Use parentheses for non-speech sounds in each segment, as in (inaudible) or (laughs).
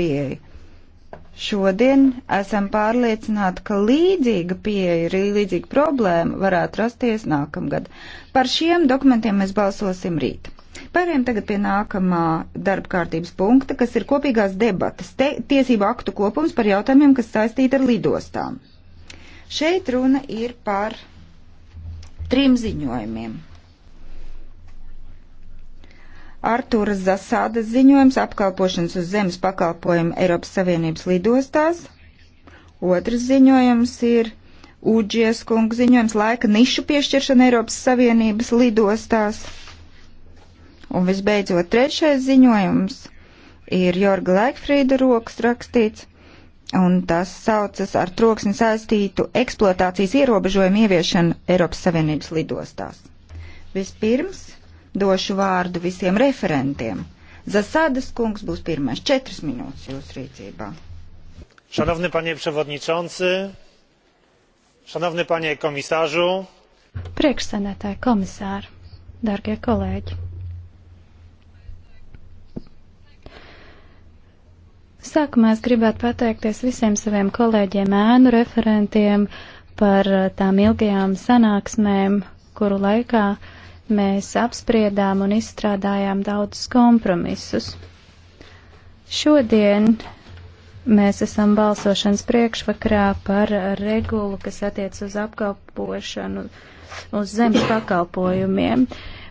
pieeja. Šodien esam pārliecināti, ka līdzīga pieeja, arī līdzīga problēma varētu rasties nākamgad. Par šiem dokumentiem mēs balsosim rīt. Pārējām tagad pie nākamā darba kārtības punkta, kas ir kopīgās debatas, te, tiesību aktu kopums par jautājumiem, kas saistīti ar lidostām. Šeit runa ir par trim ziņojumiem. Artūra Zasādas ziņojums apkalpošanas uz zemes pakalpojumu Eiropas Savienības lidostās. Otrs ziņojums ir Uģies kungu ziņojums laika nišu piešķiršana Eiropas Savienības lidostās. Un visbeidzot trešais ziņojums ir Jorga Laikfrīda rokas rakstīts, un tas saucas ar troksni saistītu eksploatācijas ierobežojumu ieviešanu Eiropas Savienības lidostās. Vispirms došu vārdu visiem referentiem. Zasādas kungs būs pirmais. Četras minūtes jūsu rīcībā. Šanovni panie prevodničonci, šanovni panie komisāžu. Priekšsēdētāji komisāri, dargie kolēģi. Sākumā es gribētu pateikties visiem saviem kolēģiem, ēnu referentiem par tām ilgajām sanāksmēm, kuru laikā uh, mēs apspriedām un izstrādājām daudzus kompromisus. Šodien mēs esam balsošanas priekšvakarā par regulu, kas attiec uz apkalpošanu uz zemes pakalpojumiem.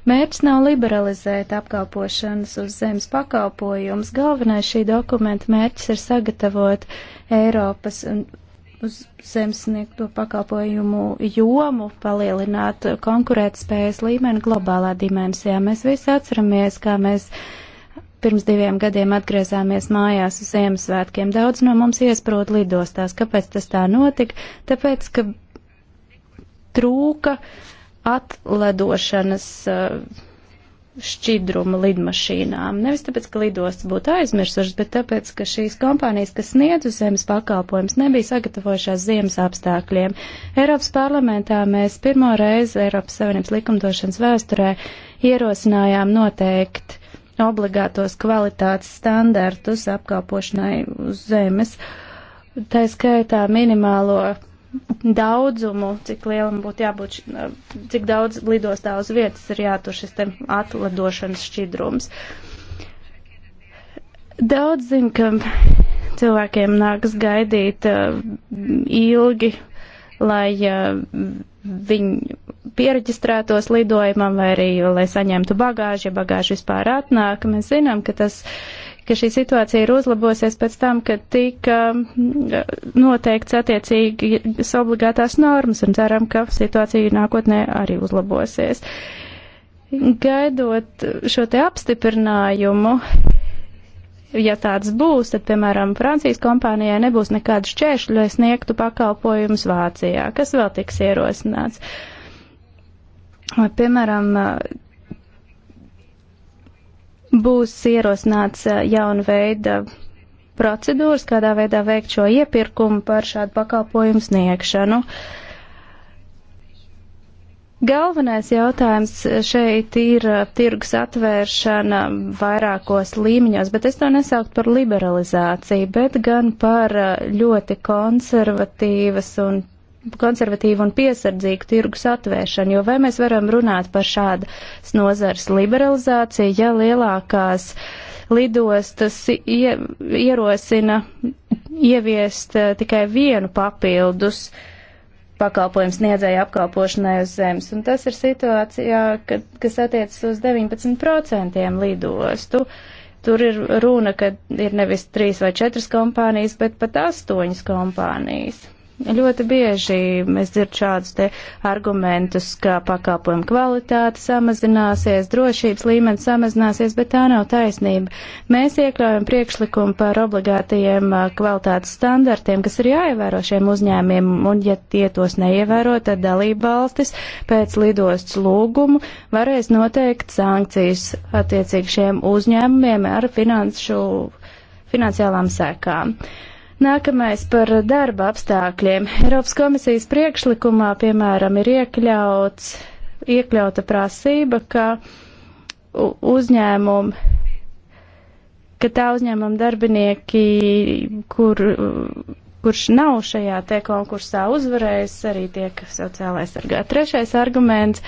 Mērķis nav liberalizēt apkalpošanas uz zemes pakalpojumus. Galvenais šī dokumenta mērķis ir sagatavot Eiropas uz zemesniegto pakalpojumu jomu palielināt konkurētspējas līmeni globālā dimensijā. Mēs visi atceramies, kā mēs pirms diviem gadiem atgriezāmies mājās uz Ziemassvētkiem. Daudz no mums iesprūd lidostās. Kāpēc tas tā notika? Tāpēc, ka trūka atledošanas. Uh, šķidrumu lidmašīnām. Nevis tāpēc, ka lidostas būtu aizmirsušas, bet tāpēc, ka šīs kompānijas, kas sniedz uz zemes pakalpojums, nebija sagatavojušās ziemas apstākļiem. Eiropas parlamentā mēs pirmo reizi Eiropas Savienības likumdošanas vēsturē ierosinājām noteikt obligātos kvalitātes standartus apkalpošanai uz zemes, tā skaitā minimālo daudzumu, cik lielam būtu jābūt, cik daudz lidostā uz vietas ir jātur šis te atlidošanas šķidrums. Daudz zin, ka cilvēkiem nāks gaidīt uh, ilgi, lai uh, viņi pieraģistrētos lidojumam vai arī, lai saņemtu bagāžu, ja bagāžu vispār atnāk. Mēs zinām, ka tas uh, ka šī situācija ir uzlabosies pēc tam, kad tika mm, noteikts attiecīgas obligātās normas, un ceram, ka situācija nākotnē arī uzlabosies. Gaidot šo te apstiprinājumu, ja tāds būs, tad, piemēram, Francijas kompānijai nebūs nekādu šķēršļu, lai sniegtu pakalpojumus Vācijā, kas vēl tiks ierosināts. Vai, piemēram, būs ierosināts jauna veida procedūras, kādā veidā veikt šo iepirkumu par šādu pakalpojumu sniegšanu. Galvenais jautājums šeit ir tirgus atvēršana vairākos līmeņos, bet es to nesauktu par liberalizāciju, bet gan par ļoti konservatīvas un konservatīvu un piesardzīgu tirgus atvēršanu, jo vai mēs varam runāt par šādas nozars liberalizāciju, ja lielākās lidostas ie, ierosina ieviest eh, tikai vienu papildus pakalpojumu sniedzēju apkalpošanai uz zemes. Un tas ir situācijā, kad, kas attiecas uz 19% lidostu. Tur ir runa, ka ir nevis trīs vai četras kompānijas, bet pat astoņas kompānijas. Ļoti bieži mēs dzird šādus te argumentus, ka pakalpojumu kvalitāte samazināsies, drošības līmenis samazināsies, bet tā nav taisnība. Mēs iekļaujam priekšlikumu par obligātajiem kvalitātes standartiem, kas ir jāievēro šiem uzņēmiem, un ja tie tos neievēro, tad dalība valstis pēc lidosts lūgumu varēs noteikt sankcijas attiecīgi šiem uzņēmumiem ar finanšu, finansiālām sekām. Uh, Nākamais par darba apstākļiem. Eiropas komisijas priekšlikumā, piemēram, ir iekļauts, iekļauta prasība, ka uzņēmumu ka tā uzņēmuma darbinieki, kur kurš nav šajā te konkursā uzvarējis, arī tiek sociāli aizsargāt. Trešais arguments,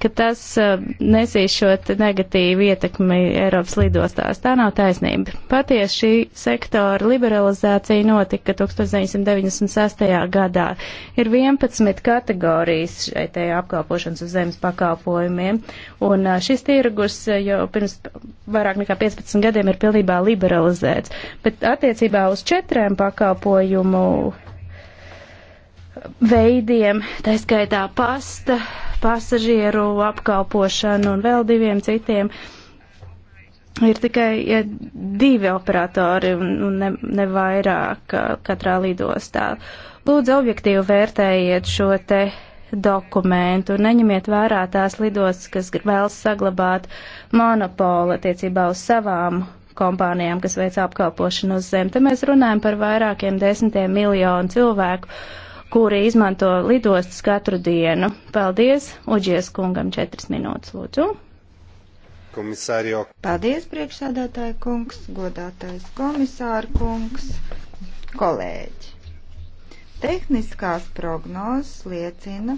ka tas e, nesīs šo negatīvu ietekmi Eiropas lidostās. Tā nav taisnība. Patiesi šī sektora liberalizācija notika 1996. gadā. Ir 11 kategorijas šeit te apkalpošanas uz zemes pakalpojumiem, un e, šis tirgus e, jau pirms vairāk nekā 15 gadiem ir pilnībā liberalizēts. Bet attiecībā uz četriem pakalpojumu maksājumu veidiem, tā skaitā pasta, pasažieru apkalpošanu un vēl diviem citiem. Ir tikai ja, divi operatori un, un ne, ne vairāk uh, katrā lidostā. Lūdzu, objektīvi vērtējiet šo te dokumentu, neņemiet vērā tās lidostas, kas vēlas saglabāt monopolu attiecībā uz savām kompānijām, kas veic apkalpošanu uz zem. Te mēs runājam par vairākiem desmitiem miljonu cilvēku, kuri izmanto lidostas katru dienu. Paldies, Uģies kungam, četras minūtes, lūdzu. Komisārio. Paldies, priekšsādātāja kungs, godātais komisāra kungs, kolēģi. Tehniskās prognozes liecina,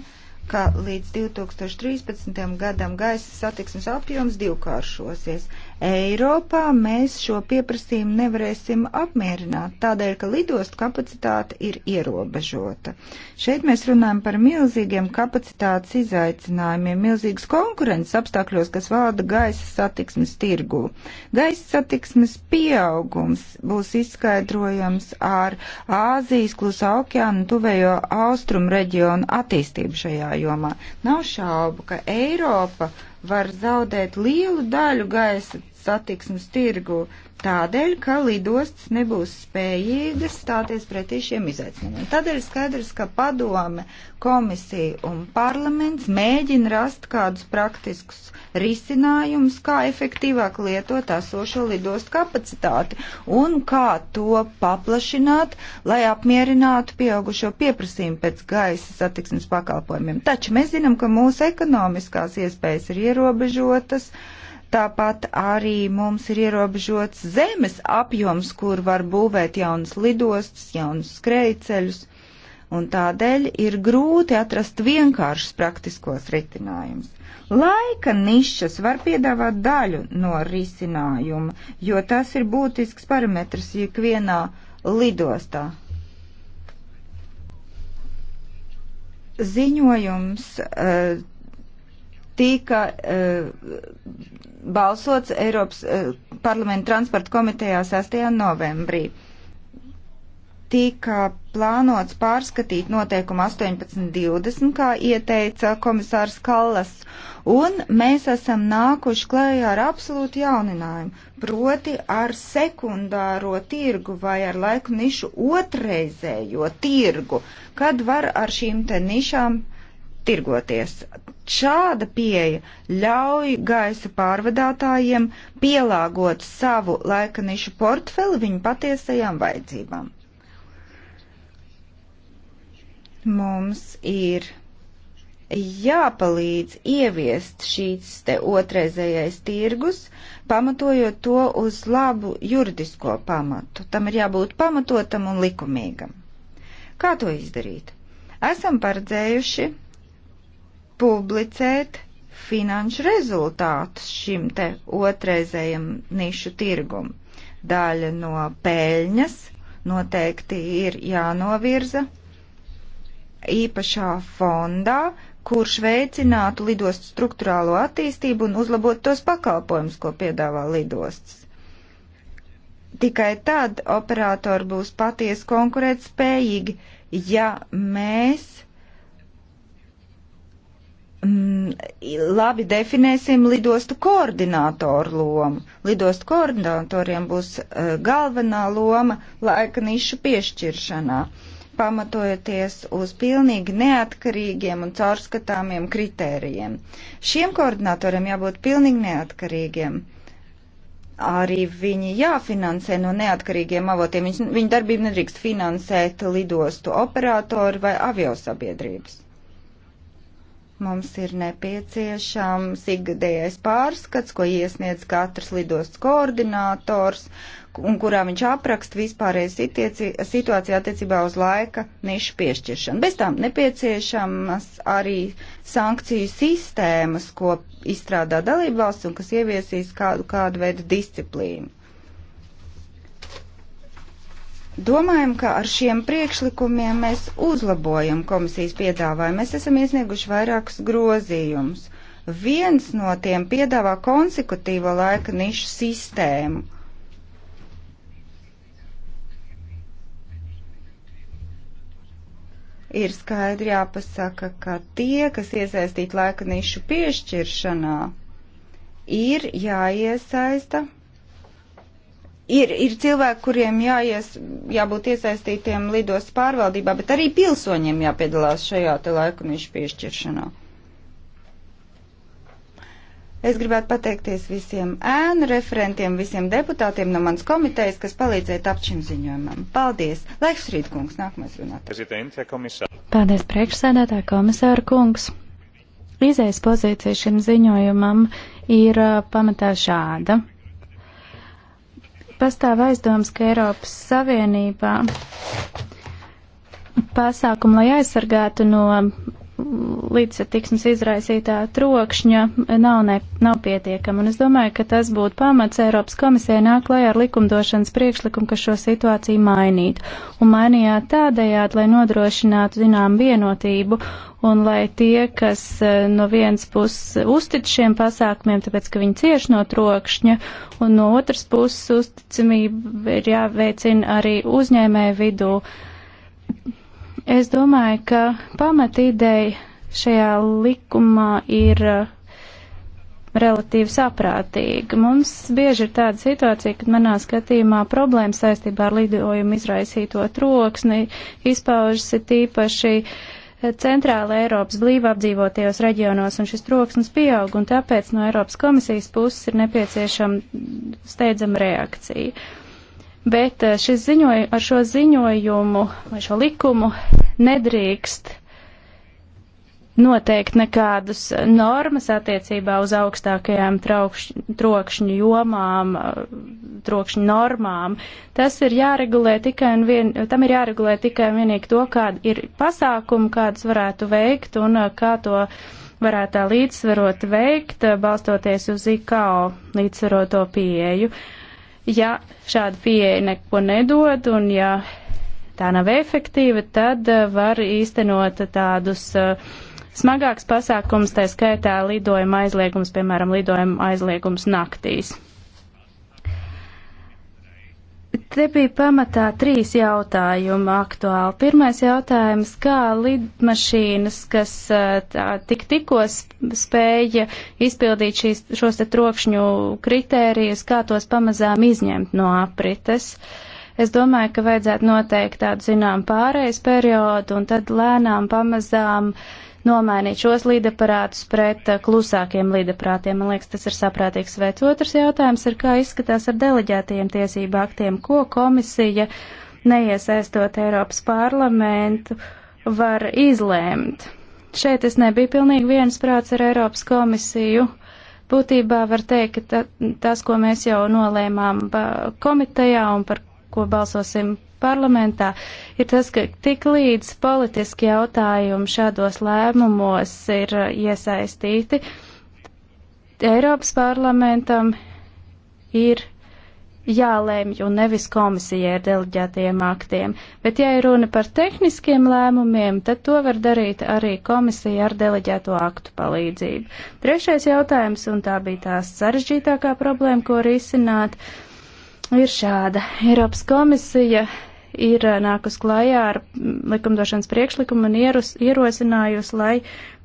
ka līdz 2013. gadam gaisa satiksmes apjoms divkāršosies. Eiropā mēs šo pieprasījumu nevarēsim apmierināt, tādēļ, ka lidostu kapacitāte ir ierobežota. Šeit mēs runājam par milzīgiem kapacitātes izaicinājumiem, milzīgas konkurences apstākļos, kas valda gaisa satiksmes tirgū. Gaisa satiksmes pieaugums būs izskaidrojams ar Āzijas, Klusā okeāna, tuvējo austrumu reģionu attīstību šajā jomā. Nav šaubu, ka Eiropa var zaudēt lielu daļu gaisa satiksmes tirgu tādēļ, ka lidostas nebūs spējīgas stāties pretī šiem izaicinājumiem. Tādēļ skaidrs, ka padome, komisija un parlaments mēģina rast kādus praktiskus risinājumus, kā efektīvāk lietot esošo lidostu kapacitāti un kā to paplašināt, lai apmierinātu pieaugušo pieprasījumu pēc gaisa satiksmes pakalpojumiem. Taču mēs zinām, ka mūsu ekonomiskās iespējas ir ierobežotas. Uh, Tāpat arī mums ir ierobežots zemes apjoms, kur var būvēt jaunas lidostas, jaunas skrejceļus, un tādēļ ir grūti atrast vienkāršus praktiskos ritinājumus. Laika nišas var piedāvāt daļu no risinājuma, jo tas ir būtisks parametrs ikvienā lidostā. Ziņojums uh, tika uh, balsots Eiropas eh, parlamenta transporta komitejā 6. novembrī. Tika plānots pārskatīt noteikumu 18.20, kā ieteica komisārs Kallas, un mēs esam nākuši klējā ar absolūtu jauninājumu, proti ar sekundāro tirgu vai ar laiku nišu otreizējo tirgu, kad var ar šīm te nišām tirgoties. Šāda pieeja ļauj gaisa pārvadātājiem pielāgot savu laika nišu portfeli viņu patiesajām vajadzībām. Mums ir jāpalīdz ieviest šīs te otrreizējais tirgus, pamatojot to uz labu juridisko pamatu. Tam ir jābūt pamatotam un likumīgam. Kā to izdarīt? Esam paredzējuši publicēt finanšu rezultātus šim te otrreizējam nišu tirgum. Daļa no peļņas noteikti ir jānovirza īpašā fondā, kurš veicinātu lidostu struktūrālo attīstību un uzlabot tos pakalpojumus, ko piedāvā lidostas. Tikai tad operatori būs patiesi konkurētspējīgi, ja mēs mm, labi definēsim lidostu koordinātoru lomu. Lidostu koordinātoriem būs uh, galvenā loma laika nišu piešķiršanā, pamatojoties uz pilnīgi neatkarīgiem un caurskatāmiem kritērijiem. Šiem koordinātoriem jābūt pilnīgi neatkarīgiem. Arī viņi jāfinansē no neatkarīgiem avotiem. Viņu, viņu darbību nedrīkst finansēt lidostu operatori vai aviosabiedrības. Mums ir nepieciešams ikgadējais pārskats, ko iesniedz katrs lidostas koordinators, un kurā viņš apraksta vispārējais situācija attiecībā uz laika nišu piešķiršanu. Bez tām nepieciešamas arī sankciju sistēmas, ko izstrādā dalībvalsts un kas ieviesīs kādu, kādu veidu disciplīnu. Domājam, ka ar šiem priekšlikumiem mēs uzlabojam komisijas piedāvājumu. Mēs esam iesnieguši vairākus grozījumus. Viens no tiem piedāvā konsekutīvo laika nišu sistēmu. ir skaidri jāpasaka, ka tie, kas iesaistīti laika nišu piešķiršanā, ir jāiesaista ir, ir cilvēki, kuriem jāies, jābūt iesaistītiem lidos pārvaldībā, bet arī pilsoņiem jāpiedalās šajā te laikumiešu piešķiršanā. Es gribētu pateikties visiem ēnu referentiem, visiem deputātiem no manas komitejas, kas palīdzēja tapt šim ziņojumam. Paldies! Laiks Rītkungs, nākamais runātājs. Paldies, priekšsēdētāja komisāra kungs! Izējas pozīcija šim ziņojumam ir pamatā šāda pastāv aizdoms, ka Eiropas Savienībā pasākumu, lai aizsargātu no līdzsatiksmes izraisītā trokšņa nav, ne, nav pietiekama. Un es domāju, ka tas būtu pamats Eiropas komisijai nāk klajā ar likumdošanas priekšlikumu, kas šo situāciju mainītu. Un mainījāt tādējādi, lai nodrošinātu, zinām, vienotību un lai tie, kas eh, no vienas puses uztic šiem pasākumiem, tāpēc, ka viņi cieši no trokšņa, un no otras puses uzticamība ir jāveicina arī uzņēmē vidū. Uh, Es domāju, ka pamatīdeja šajā likumā ir uh, relatīvi saprātīga. Mums bieži ir tāda situācija, kad manā skatījumā problēma saistībā ar lidojumu izraisīto troksni izpaužas ir tīpaši uh, centrāla Eiropas blīvi apdzīvotajos reģionos, un šis troksnis pieaug, un tāpēc no Eiropas komisijas puses ir nepieciešama steidzama reakcija. Uh, bet eh, šis ziņoj, ar šo ziņojumu vai šo likumu nedrīkst noteikt nekādus normas attiecībā uz augstākajām traukš, trokšņu jomām, eh, trokšņu normām. Tas ir jāregulē tikai un vien, tam ir jāregulē tikai un vienīgi to, kāda ir pasākuma, kādas varētu veikt un eh, kā to varētu tā līdzsvarot veikt, balstoties uz IKO līdzsvaroto pieeju. Uh, Ja šāda pieeja neko nedod un ja tā nav efektīva, tad eh, var īstenot tādus eh, smagākus pasākumus, tā skaitā lidojuma aizliegums, piemēram, lidojuma aizliegums naktīs. Te bija pamatā trīs jautājumi aktuāli. Pirmais jautājums, kā lidmašīnas, kas tā, tik tikko spēja izpildīt šīs, šos te trokšņu kritērijus, kā tos pamazām izņemt no aprites. Es domāju, ka vajadzētu noteikt tādu, zinām, pārējais periodu un tad lēnām pamazām uh, nomainīt šos līdaparātus pret eh, klusākiem līdaparātiem. Man liekas, tas ir saprātīgs veids. Otrs jautājums ir, kā izskatās ar deleģētajiem tiesību aktiem, ko komisija, neiesaistot Eiropas parlamentu, var izlēmt. Šeit es nebiju pilnīgi viensprāts ar Eiropas komisiju. Būtībā var teikt, ka tas, ko mēs jau nolēmām komitejā un par ko balsosim parlamentā, ir tas, ka tik līdz politiski jautājumi šādos lēmumos ir uh, iesaistīti, Eiropas parlamentam ir jālēmj un nevis komisijai ar deleģētajiem aktiem. Bet, ja ir runa par tehniskiem lēmumiem, tad to var darīt arī komisija ar deleģēto aktu palīdzību. Trešais jautājums, un tā bija tās sarežģītākā problēma, ko risināt, ir šāda. Eiropas komisija ir eh, nākus klajā ar mm, likumdošanas priekšlikumu un ierus, ierosinājusi, lai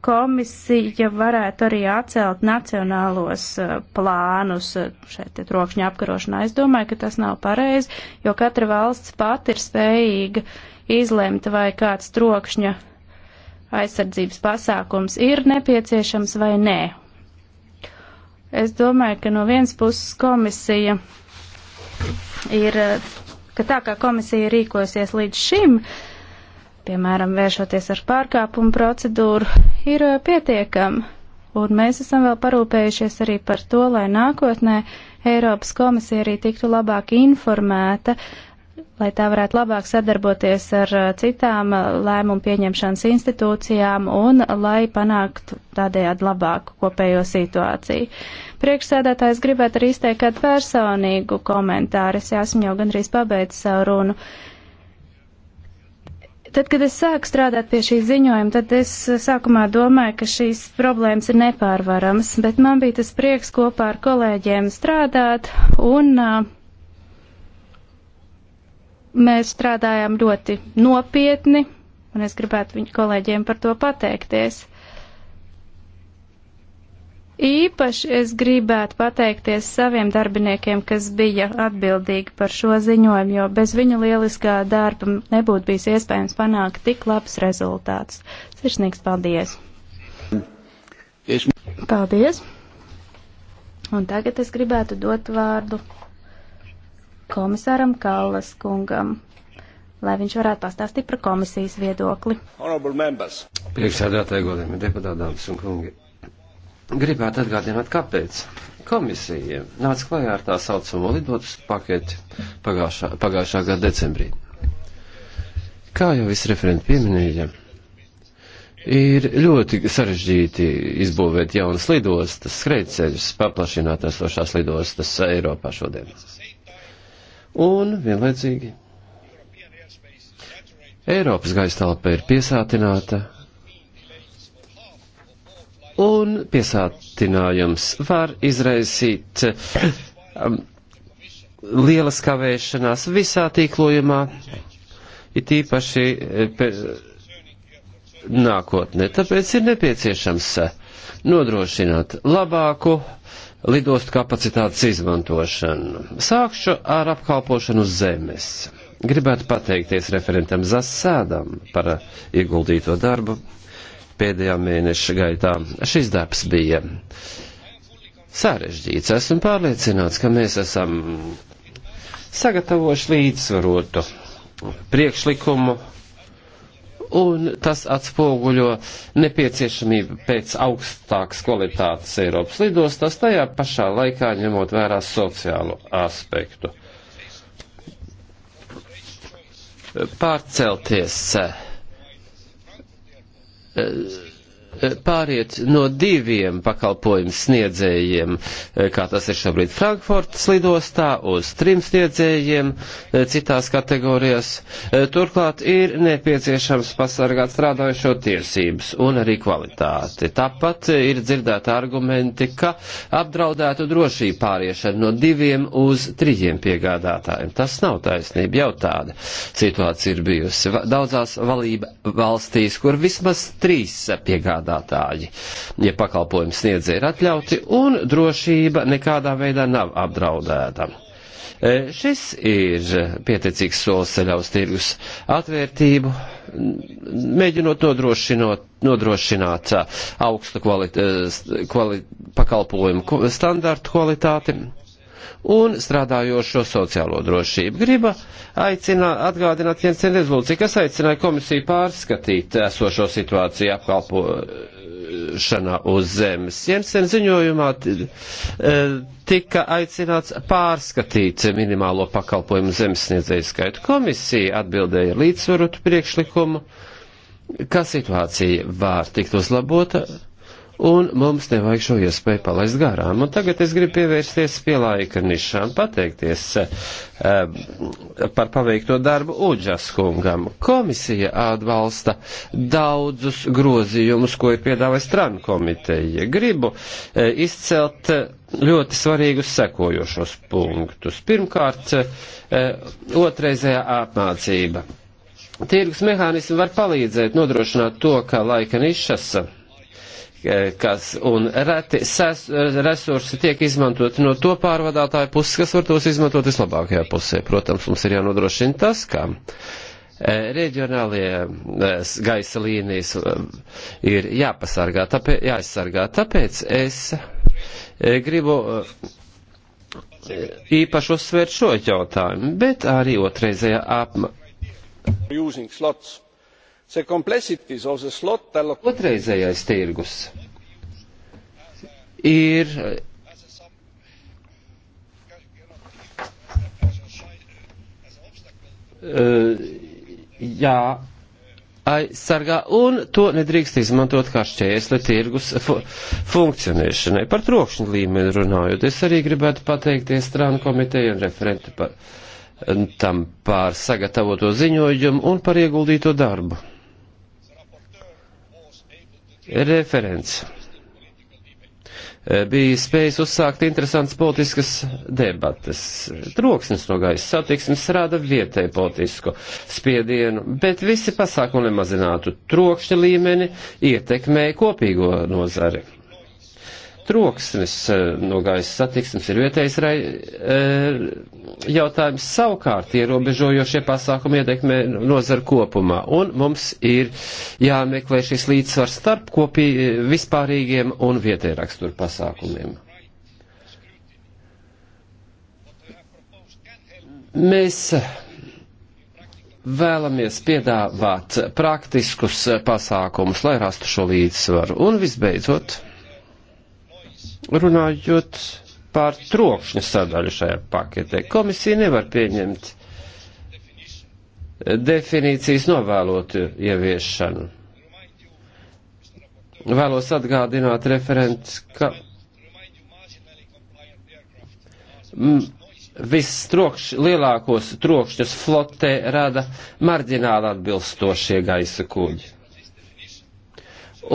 komisija varētu arī atcelt nacionālos eh, plānus eh, šeit trokšņa apkarošanā. Es domāju, ka tas nav pareizi, jo katra valsts pati ir spējīga izlemt, vai kāds trokšņa aizsardzības pasākums ir nepieciešams vai nē. Es domāju, ka no vienas puses komisija ir ka tā kā komisija rīkosies līdz šim, piemēram, vēršoties ar pārkāpumu procedūru, ir uh, pietiekama. Un mēs esam vēl parūpējušies arī par to, lai nākotnē Eiropas komisija arī tiktu labāk informēta lai tā varētu labāk sadarboties ar citām lēmumu pieņemšanas institūcijām un lai panāktu tādējādi labāku kopējo situāciju. Priekšsēdētājs gribētu arī izteikt kādu personīgu komentāru. Es esmu jau gandrīz pabeidzis savu runu. Tad, kad es sāku strādāt pie šī ziņojuma, tad es sākumā domāju, ka šīs problēmas ir nepārvaramas, bet man bija tas prieks kopā ar kolēģiem strādāt un uh, Mēs strādājām ļoti nopietni, un es gribētu viņu kolēģiem par to pateikties. Īpaši es gribētu pateikties saviem darbiniekiem, kas bija atbildīgi par šo ziņojumu, jo bez viņu lieliskā darba nebūtu bijis iespējams panākt tik labs rezultāts. Sirsnīgs paldies! Es... Paldies! Un tagad es gribētu dot vārdu komisāram Kallas kungam, lai viņš varētu pastāstīt par komisijas viedokli. Priekšsēdētāji godējumi deputāti, dāmas un kungi. Gribētu atgādināt, kāpēc komisija nāca klajā ar tā saucamo lidotas paketi pagājušā, pagājušā gada decembrī. Kā jau es referenti pieminēju, Ir ļoti sarežģīti izbūvēt jaunas lidostas, skrejceļus, paplašināt esošās lidostas Eiropā šodien un vienlaicīgi Eiropas gaistelpa ir piesātināta, un piesātinājums var izraisīt um, lielas kavēšanās visā tīklojumā, it īpaši eh, pe, nākotnē. Tāpēc ir nepieciešams eh, nodrošināt labāku uh, lidostu kapacitātes izmantošanu. Sākšu ar apkalpošanu uz zemes. Gribētu pateikties referentam Zasēdam par ieguldīto darbu pēdējā mēneša gaitā. Šis darbs bija sarežģīts. Esmu pārliecināts, ka mēs esam sagatavojuši līdzsvarotu priekšlikumu un tas atspoguļo nepieciešamību pēc augstākas kvalitātes Eiropas lidostas, tajā pašā laikā ņemot vērā sociālo aspektu. Pārcelties. Uh, Eh, pāriet no diviem pakalpojumu sniedzējiem, eh, kā tas ir šobrīd Frankfurtas lidostā, uz trim sniedzējiem eh, citās kategorijās. Turklāt ir nepieciešams pasargāt strādājušo tiesības un arī kvalitāti. Tāpat ir dzirdēti argumenti, ka apdraudētu drošību pāriešanu no diviem uz trījiem piegādātājiem. Tas nav taisnība, jau tāda situācija ir bijusi daudzās valība valstīs, kur vismaz trīs piegādātāji piegādātāji, ja pakalpojums sniedzēji ir atļauti, un drošība nekādā veidā nav apdraudēta. E, šis ir pieteicīgs solis ceļā uz tirgus atvērtību, mēģinot nodrošinot, nodrošināt augstu kvali, e, kvali, pakalpojumu standartu kvalitāti un strādājošo sociālo drošību. Griba aicinā, atgādināt Jensen rezolūciju, kas aicināja komisiju pārskatīt esošo situāciju apkalpošanā uz zemes. Jensen ziņojumā e, tika aicināts pārskatīt minimālo pakalpojumu zemes sniedzēju skaitu. Komisija atbildēja līdzsvarotu priekšlikumu, ka situācija var tikt uzlabota un mums nevajag šo iespēju palaist garām. Un tagad es gribu pievērsties pie laika nišām, pateikties eh, par paveikto darbu Uģas kungam. Komisija atbalsta daudzus grozījumus, ko ir piedāvājis Tran komiteja. Gribu eh, izcelt eh, ļoti svarīgus sekojošos punktus. Pirmkārt, eh, otrreizējā apmācība. Tirgus mehānismi var palīdzēt nodrošināt to, ka laika nišas Eh, kas un reti ses, eh, resursi tiek izmantoti no to pārvadātāju puses, kas var tos izmantot vislabākajā pusē. Protams, mums ir jānodrošina tas, ka eh, reģionālie gaisa līnijas ir jāpasargā, tāpēc, jāizsargā. Tāpēc es gribu īpaši uzsvērt šo jautājumu, bet arī otrreizējā apma. Using slots Otrreizējais tirgus ir eh, jā, aizsargā, un to nedrīkst izmantot kā šķēsli tirgus fu funkcionēšanai. Par trokšņu līmeni runājot, es arī gribētu pateikties strānu komiteju un referentu par tam par sagatavoto ziņojumu un par ieguldīto darbu. Referents eh, bija spējis uzsākt interesantas politiskas debates. Troksnis no gaisa satiksmes rada vietēju politisko spiedienu, bet visi pasākumi, lai mazinātu trokšņa līmeni, ietekmēja kopīgo nozari troksnis eh, no gaisa satiksmes ir vietējais rai, e, jautājums. Savukārt ierobežojošie pasākumi ietekmē nozar kopumā. Un mums ir jāmeklē šis līdzsvars starp kopī eh, vispārīgiem un vietēja rakstura pasākumiem. Mēs vēlamies piedāvāt praktiskus pasākumus, lai rastu šo līdzsvaru. Un visbeidzot, Runājot par trokšņa sadaļu šajā paketē, komisija nevar pieņemt definīcijas novēlotu ieviešanu. Vēlos atgādināt referents, ka visstrokš, lielākos trokšņus flotē rada marģināli atbilstošie gaisa kuģi.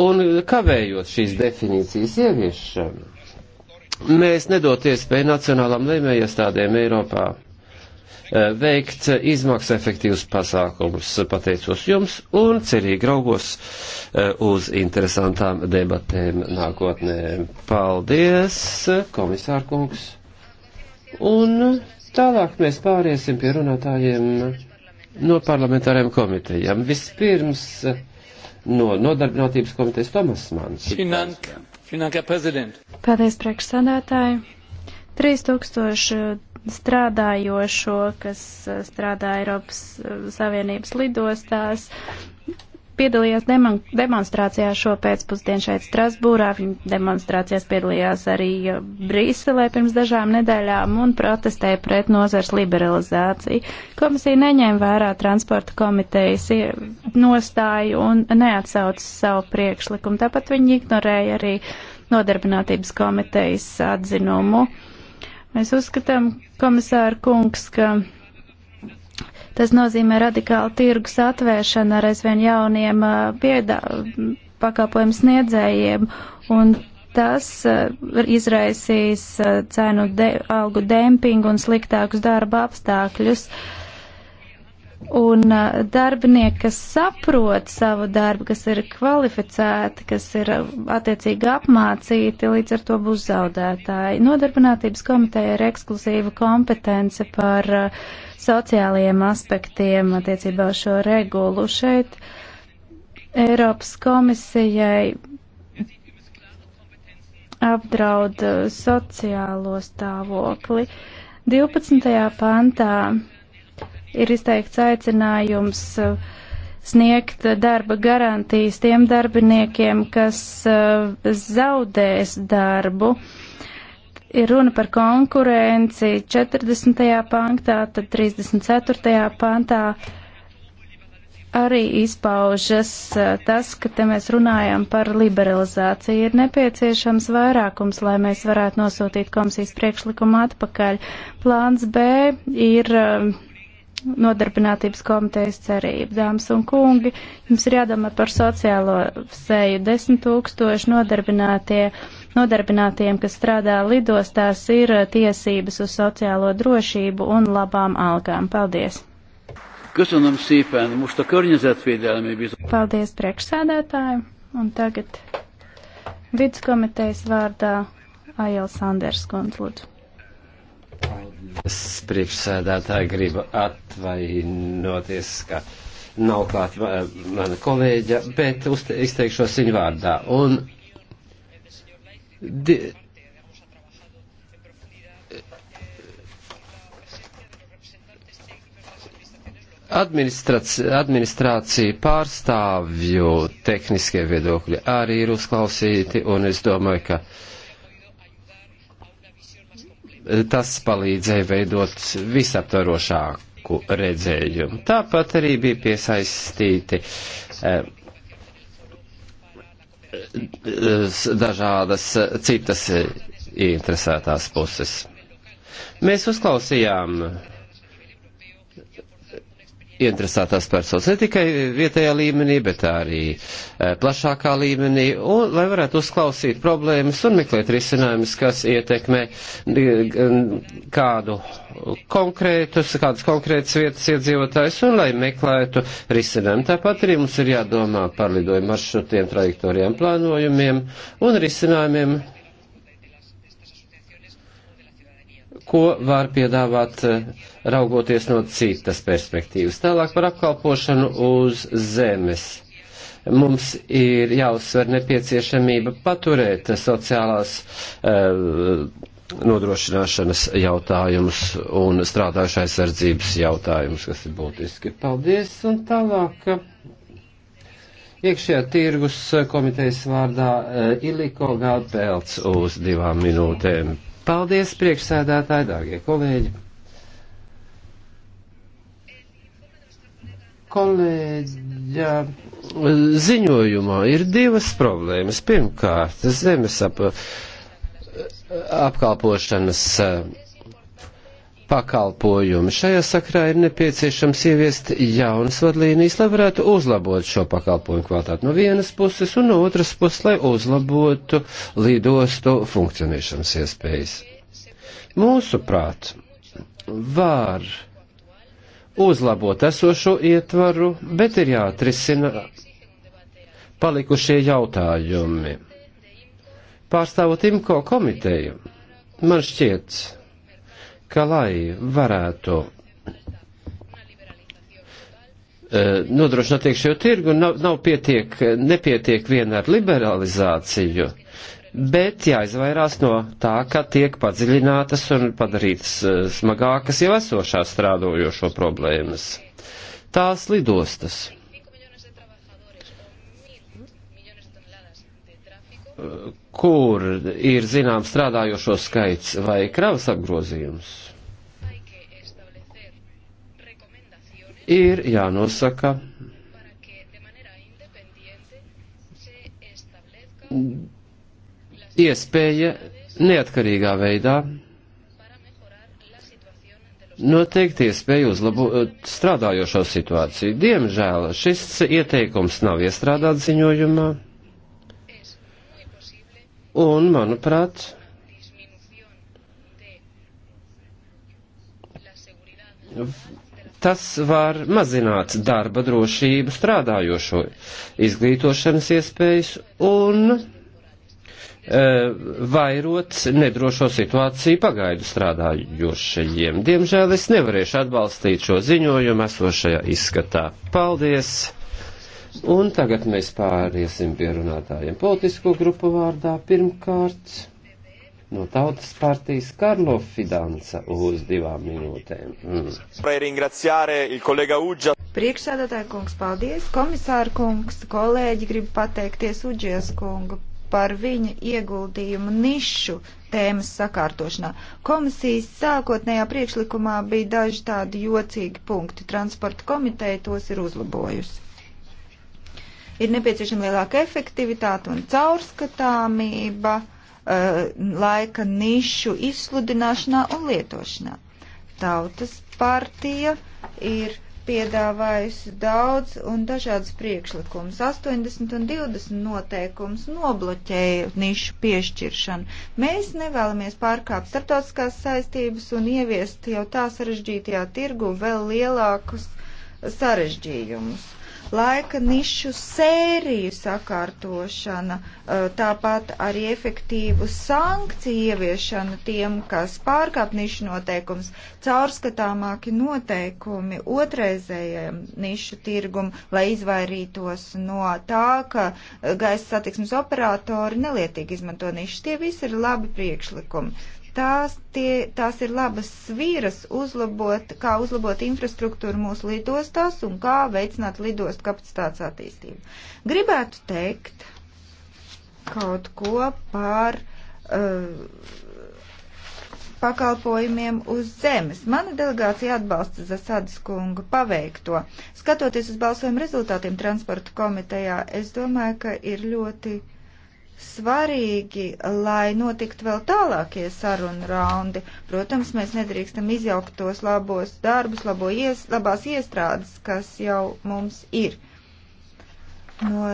Un kavējot šīs definīcijas ieviešanu, Mēs nedot iespēju nacionālām lēmējiestādēm Eiropā eh, veikt izmaksu efektīvus pasākumus. Pateicos jums un cerīgi raugos eh, uz interesantām debatēm nākotnē. Paldies, komisārkungs! Un tālāk mēs pāriesim pie runātājiem no parlamentāriem komitejām. Vispirms no nodarbinātības komitejas Tomas Mans. Finanka. Paldies, priekšsādātāji. 3000 strādājošo, kas eh, strādā Eiropas eh, Savienības lidostās, piedalījās deman demonstrācijā šo pēcpusdienu šeit Strasbūrā, viņa demonstrācijās piedalījās arī uh, Brīselē pirms dažām nedēļām un protestēja pret nozars liberalizāciju. Komisija neņēma vērā transporta komitejas nostāju un neatsauca savu priekšlikumu. Tāpat viņi ignorēja arī nodarbinātības komitejas atzinumu. Mēs uzskatām, komisāra kungs, ka Tas nozīmē radikāli tirgus atvēršanu ar aizvien jauniem uh, piedā, pakalpojumu sniedzējiem, un tas uh, izraisīs uh, cenu de, algu dempingu un sliktākus darba apstākļus. Un darbinieki, kas saprot savu darbu, kas ir kvalificēti, kas ir attiecīgi apmācīti, līdz ar to būs zaudētāji. Nodarbinātības komiteja ir ekskluzīva kompetence par uh, sociālajiem aspektiem attiecībā uz šo regulu. Šeit Eiropas komisijai apdraud uh, sociālo stāvokli. 12. pantā ir izteikts aicinājums uh, sniegt darba garantijas tiem darbiniekiem, kas uh, zaudēs darbu. Uh, ir runa par konkurenci 40. pantā, tad 34. pantā arī izpaužas eh, tas, ka te mēs runājam par liberalizāciju. Ir nepieciešams vairākums, lai mēs varētu nosūtīt komisijas priekšlikumu atpakaļ. Plāns B ir eh, nodarbinātības komitejas cerība. Dāmas un kungi, jums ir jādomā par sociālo seju. 10 tūkstoši nodarbinātie nodarbinātiem, kas strādā lidostās, ir tiesības uz sociālo drošību un labām algām. Paldies! Köszönöm szépen, most a környezetvédelmi bizottság. Paldies priekšsēdētāju, un tagad vidskomitejas vārdā Aijels Sanders Kontlūdzu. Es priekšsēdētāji gribu atvainoties, ka nav klāt eh, mana kolēģa, bet izteikšos viņa vārdā. Un de, administrācija pārstāvju tehniskie viedokļi arī ir uzklausīti, un es domāju, ka tas palīdzēja veidot visaptvarošāku redzējumu. Tāpat arī bija piesaistīti eh, dažādas citas interesētās puses. Mēs uzklausījām interesētās personas ne tikai vietējā līmenī, bet arī e, plašākā līmenī, un lai varētu uzklausīt problēmas un meklēt risinājumus, kas ietekmē e, kādu konkrētus, kādas konkrētas vietas iedzīvotājs, un lai meklētu risinājumu. Tāpat arī mums ir jādomā par lidojumu maršrutiem, trajektorijām, plānojumiem un risinājumiem ko var piedāvāt eh, raugoties no citas perspektīvas. Tālāk par apkalpošanu uz zemes. Mums ir jāuzsver nepieciešamība paturēt sociālās eh, nodrošināšanas jautājumus un strādājušā aizsardzības jautājumus, kas ir būtiski. Paldies un tālāk. Eh, iekšējā tirgus eh, komitejas vārdā eh, Iliko Gādpēlts uz divām minūtēm. Paldies, priekšsēdētāji, dārgie kolēģi! kolēģa eh, ziņojumā ir divas problēmas. Pirmkārt, zemes ap, eh, apkalpošanas eh, pakalpojumi. Šajā sakrā ir nepieciešams ieviest jaunas vadlīnijas, lai varētu uzlabot šo pakalpojumu kvalitāti no vienas puses un no otras puses, lai uzlabotu lidostu funkcionēšanas iespējas. Mūsuprāt, var uzlabot esošo ietvaru, bet ir jāatrisina palikušie jautājumi. Pārstāvot IMCO komiteju, man šķiet, ka lai varētu eh, nodrošināt iekšējo tirgu, nav, nav pietiek, nepietiek vien ar liberalizāciju, bet jāizvairās no tā, ka tiek padziļinātas un padarītas eh, smagākas jau esošās strādojošo problēmas. Tās lidostas kur ir zinām strādājošo skaits vai kravas apgrozījums, ir jānosaka iespēja neatkarīgā veidā noteikti iespēju uzlabot strādājošo situāciju. Diemžēl šis ieteikums nav iestrādāts ziņojumā. Un, manuprāt, tas var mazināt darba drošību strādājošo izglītošanas iespējas un e, vairot nedrošo situāciju pagaidu strādājošajiem. Diemžēl es nevarēšu atbalstīt šo ziņojumu esošajā izskatā. Paldies! Un tagad mēs pāriesim pie runātājiem politisko grupu vārdā. Pirmkārt, no tautas partijas Karlo Fidanca uz divām minūtēm. Mm. Priekšsēdētāja kungs, paldies. Komisāra kungs, kolēģi grib pateikties Uģies kungu par viņa ieguldījumu nišu tēmas sakārtošanā. Komisijas sākotnējā priekšlikumā bija daži tādi jocīgi punkti. Transporta komiteja tos ir uzlabojusi. Ir nepieciešama lielāka efektivitāte un caurskatāmība eh, laika nišu izsludināšanā un lietošanā. Tautas partija ir piedāvājusi daudz un dažādas priekšlikumus. 80 un 20 noteikums nobloķēja nišu piešķiršanu. Mēs nevēlamies pārkāpt starptautiskās saistības un ieviest jau tā sarežģītajā tirgu vēl lielākus sarežģījumus laika nišu sēriju sakārtošana, e, tāpat arī efektīvu sankciju ieviešana tiem, kas pārkāp nišu noteikums, caurskatāmāki noteikumi otrreizējiem nišu tirgumu, lai izvairītos no tā, ka e, gaisa satiksmes operatori nelietīgi izmanto nišas. Tie visi ir labi priekšlikumi. Tās, tie, tās ir labas svīras, uzlabot, kā uzlabot infrastruktūru mūsu lidostās un kā veicināt lidostu kapacitātes attīstību. Gribētu teikt kaut ko par uh, pakalpojumiem uz zemes. Mana delegācija atbalsta Zasadas kunga paveikto. Skatoties uz balsojumu rezultātiem transporta komitejā, es domāju, ka ir ļoti svarīgi, lai notiktu vēl tālākie sarunu raundi. Protams, mēs nedrīkstam izjaukt tos labos darbus, labo ies, labās iestrādes, kas jau mums ir. No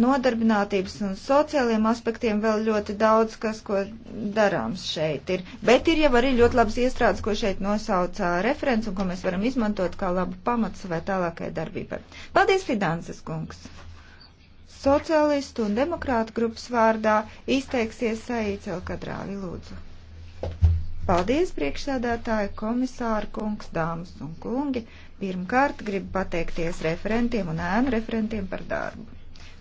nodarbinātības un sociāliem aspektiem vēl ļoti daudz, kas, ko darāms šeit ir. Bet ir jau arī ļoti labas iestrādes, ko šeit nosauca referents un ko mēs varam izmantot kā labu pamatu savai tālākajai darbībai. Paldies, Fidanses kungs! Socialistu un demokrātu grupas vārdā izteiksies Saīts Elkadrāvi lūdzu. Paldies, priekšsēdētāji, komisāri, kungs, dāmas un kungi. Pirmkārt, gribu pateikties referentiem un ēnu referentiem par darbu.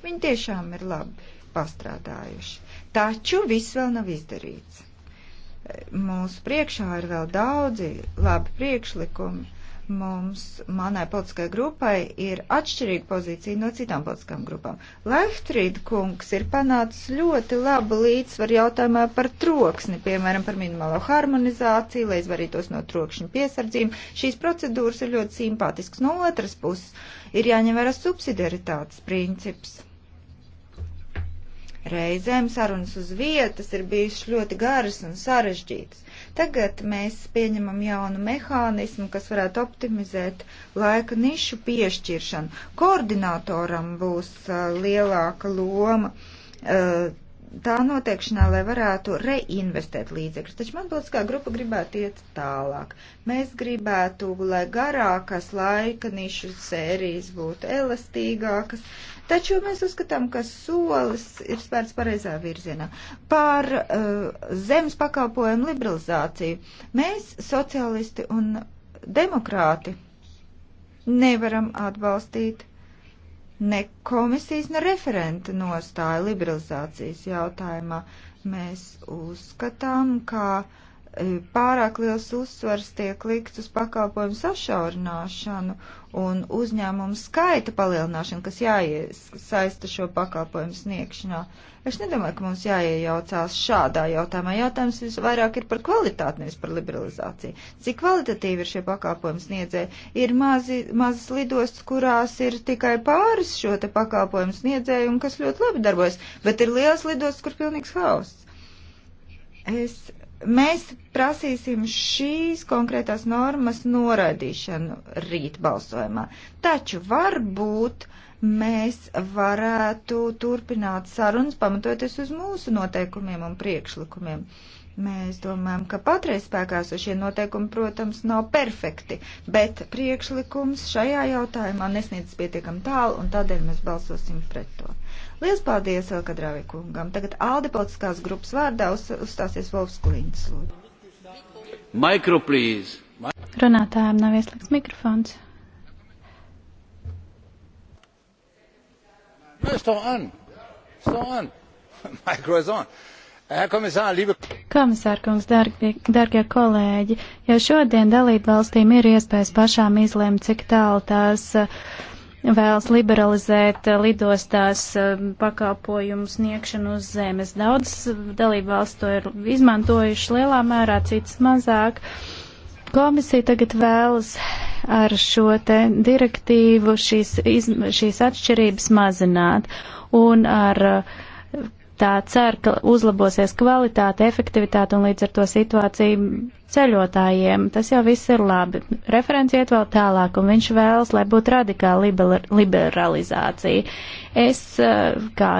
Viņi tiešām ir labi pastrādājuši. Taču viss vēl nav izdarīts. Mūsu priekšā ir vēl daudzi labi priekšlikumi Mums, manai politiskai grupai, ir atšķirīga pozīcija no citām politiskām grupām. Lehtrīd kungs ir panācis ļoti labu līdzsvaru jautājumā par troksni, piemēram, par minimālo harmonizāciju, lai izvarītos no trokšņa piesardzību. Šīs procedūras ir ļoti simpātiskas. No otras puses ir jāņem vērā subsidiaritātes princips. Reizēm sarunas uz vietas ir bijušas ļoti garas un sarežģītas. Tagad mēs pieņemam jaunu mehānismu, kas varētu optimizēt laika nišu piešķiršanu. Koordinatoram būs uh, lielāka loma. Uh, tā noteikšanā, lai varētu reinvestēt līdzekļus. Taču man būtu kā grupa gribētu iet tālāk. Mēs gribētu, lai garākas laika nišu sērijas būtu elastīgākas, Taču mēs uzskatām, ka solis ir spērts pareizā virzienā. Par uh, zemes pakalpojumu liberalizāciju mēs, sociālisti un demokrāti, nevaram atbalstīt ne komisijas, ne referenta nostāju liberalizācijas jautājumā. Mēs uzskatām, ka uh, E, pārāk liels uzsvars tiek likts uz pakalpojumu sašaurināšanu un uzņēmumu skaita palielināšanu, kas jāiesaista šo pakalpojumu sniegšanā. Es nedomāju, ka mums jāiejaucās šādā jautājumā. Jautājums visvairāk ir par kvalitāti, nevis par liberalizāciju. Cik kvalitatīvi ir šie pakalpojumi sniedzēji? Ir mazi, mazas lidostas, kurās ir tikai pāris šo te pakalpojumu sniedzēju un kas ļoti labi darbojas, bet ir liels lidostas, kur pilnīgs hauss. Es Mēs prasīsim šīs konkrētās normas noraidīšanu rīt balsojumā. Taču varbūt mēs varētu turpināt sarunas pamatoties uz mūsu noteikumiem un priekšlikumiem. Mēs domājam, ka patreiz spēkā sošie noteikumi, protams, nav perfekti, bet priekšlikums šajā jautājumā nesniedz pietiekam tālu, un tādēļ mēs balsosim pret to. Lielas paldies vēl kadrāvi kungam. Tagad Aldi politiskās grupas vārdā uz, uzstāsies Volfs Klīns. Mikro, please. Runātājiem nav ieslēgts mikrofons. (laughs) Uh, Komisārkungs, dargie, dargie kolēģi, jau šodien dalību valstīm ir iespējas pašām izlēmt, cik tālu tās uh, vēlas liberalizēt eh, lidostās eh, pakalpojumu sniegšanu uz zemes. Daudz eh, dalību valsts to ir izmantojuši lielā mērā, citas mazāk. Komisija tagad vēlas ar šo te direktīvu šīs, iz, šīs atšķirības mazināt un ar uh, tā cer, ka uzlabosies kvalitāte, efektivitāte un līdz ar to situācija ceļotājiem. Tas jau viss ir labi. Referents iet vēl tālāk, un viņš vēlas, lai būtu radikāla liberalizācija. Es eh, kā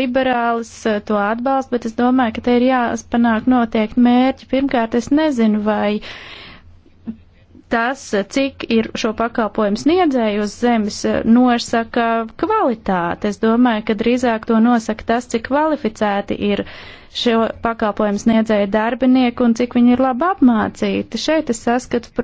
liberālis eh, to atbalstu, bet es domāju, ka te ir jāpanāk noteikti mērķi. Pirmkārt, es nezinu, vai. Uh, tas, cik ir šo pakalpojumu sniedzēju uz zemes, eh, nosaka kvalitāti. Es domāju, ka drīzāk to nosaka tas, cik kvalificēti ir šo pakalpojumu sniedzēju darbinieki un cik viņi ir labi apmācīti. Šeit es saskatu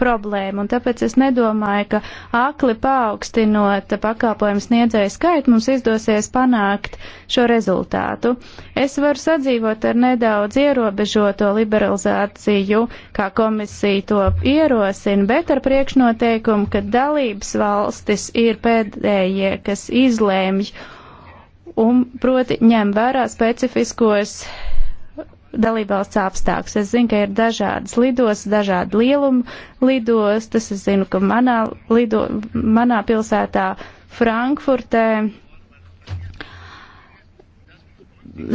problēma, un tāpēc es nedomāju, ka akli paaugstinot pakalpojumu sniedzēju skaitu mums izdosies panākt šo rezultātu. Es varu sadzīvot ar nedaudz ierobežoto liberalizāciju, kā komisija to ierosina, bet ar priekšnoteikumu, ka dalības valstis ir pēdējie, kas izlēmj un proti ņem vērā specifiskos dalībvalsts apstākļus. Es zinu, ka ir dažādas lidos, dažādi lielumi lidos, tas es zinu, ka manā, lido, manā pilsētā Frankfurtē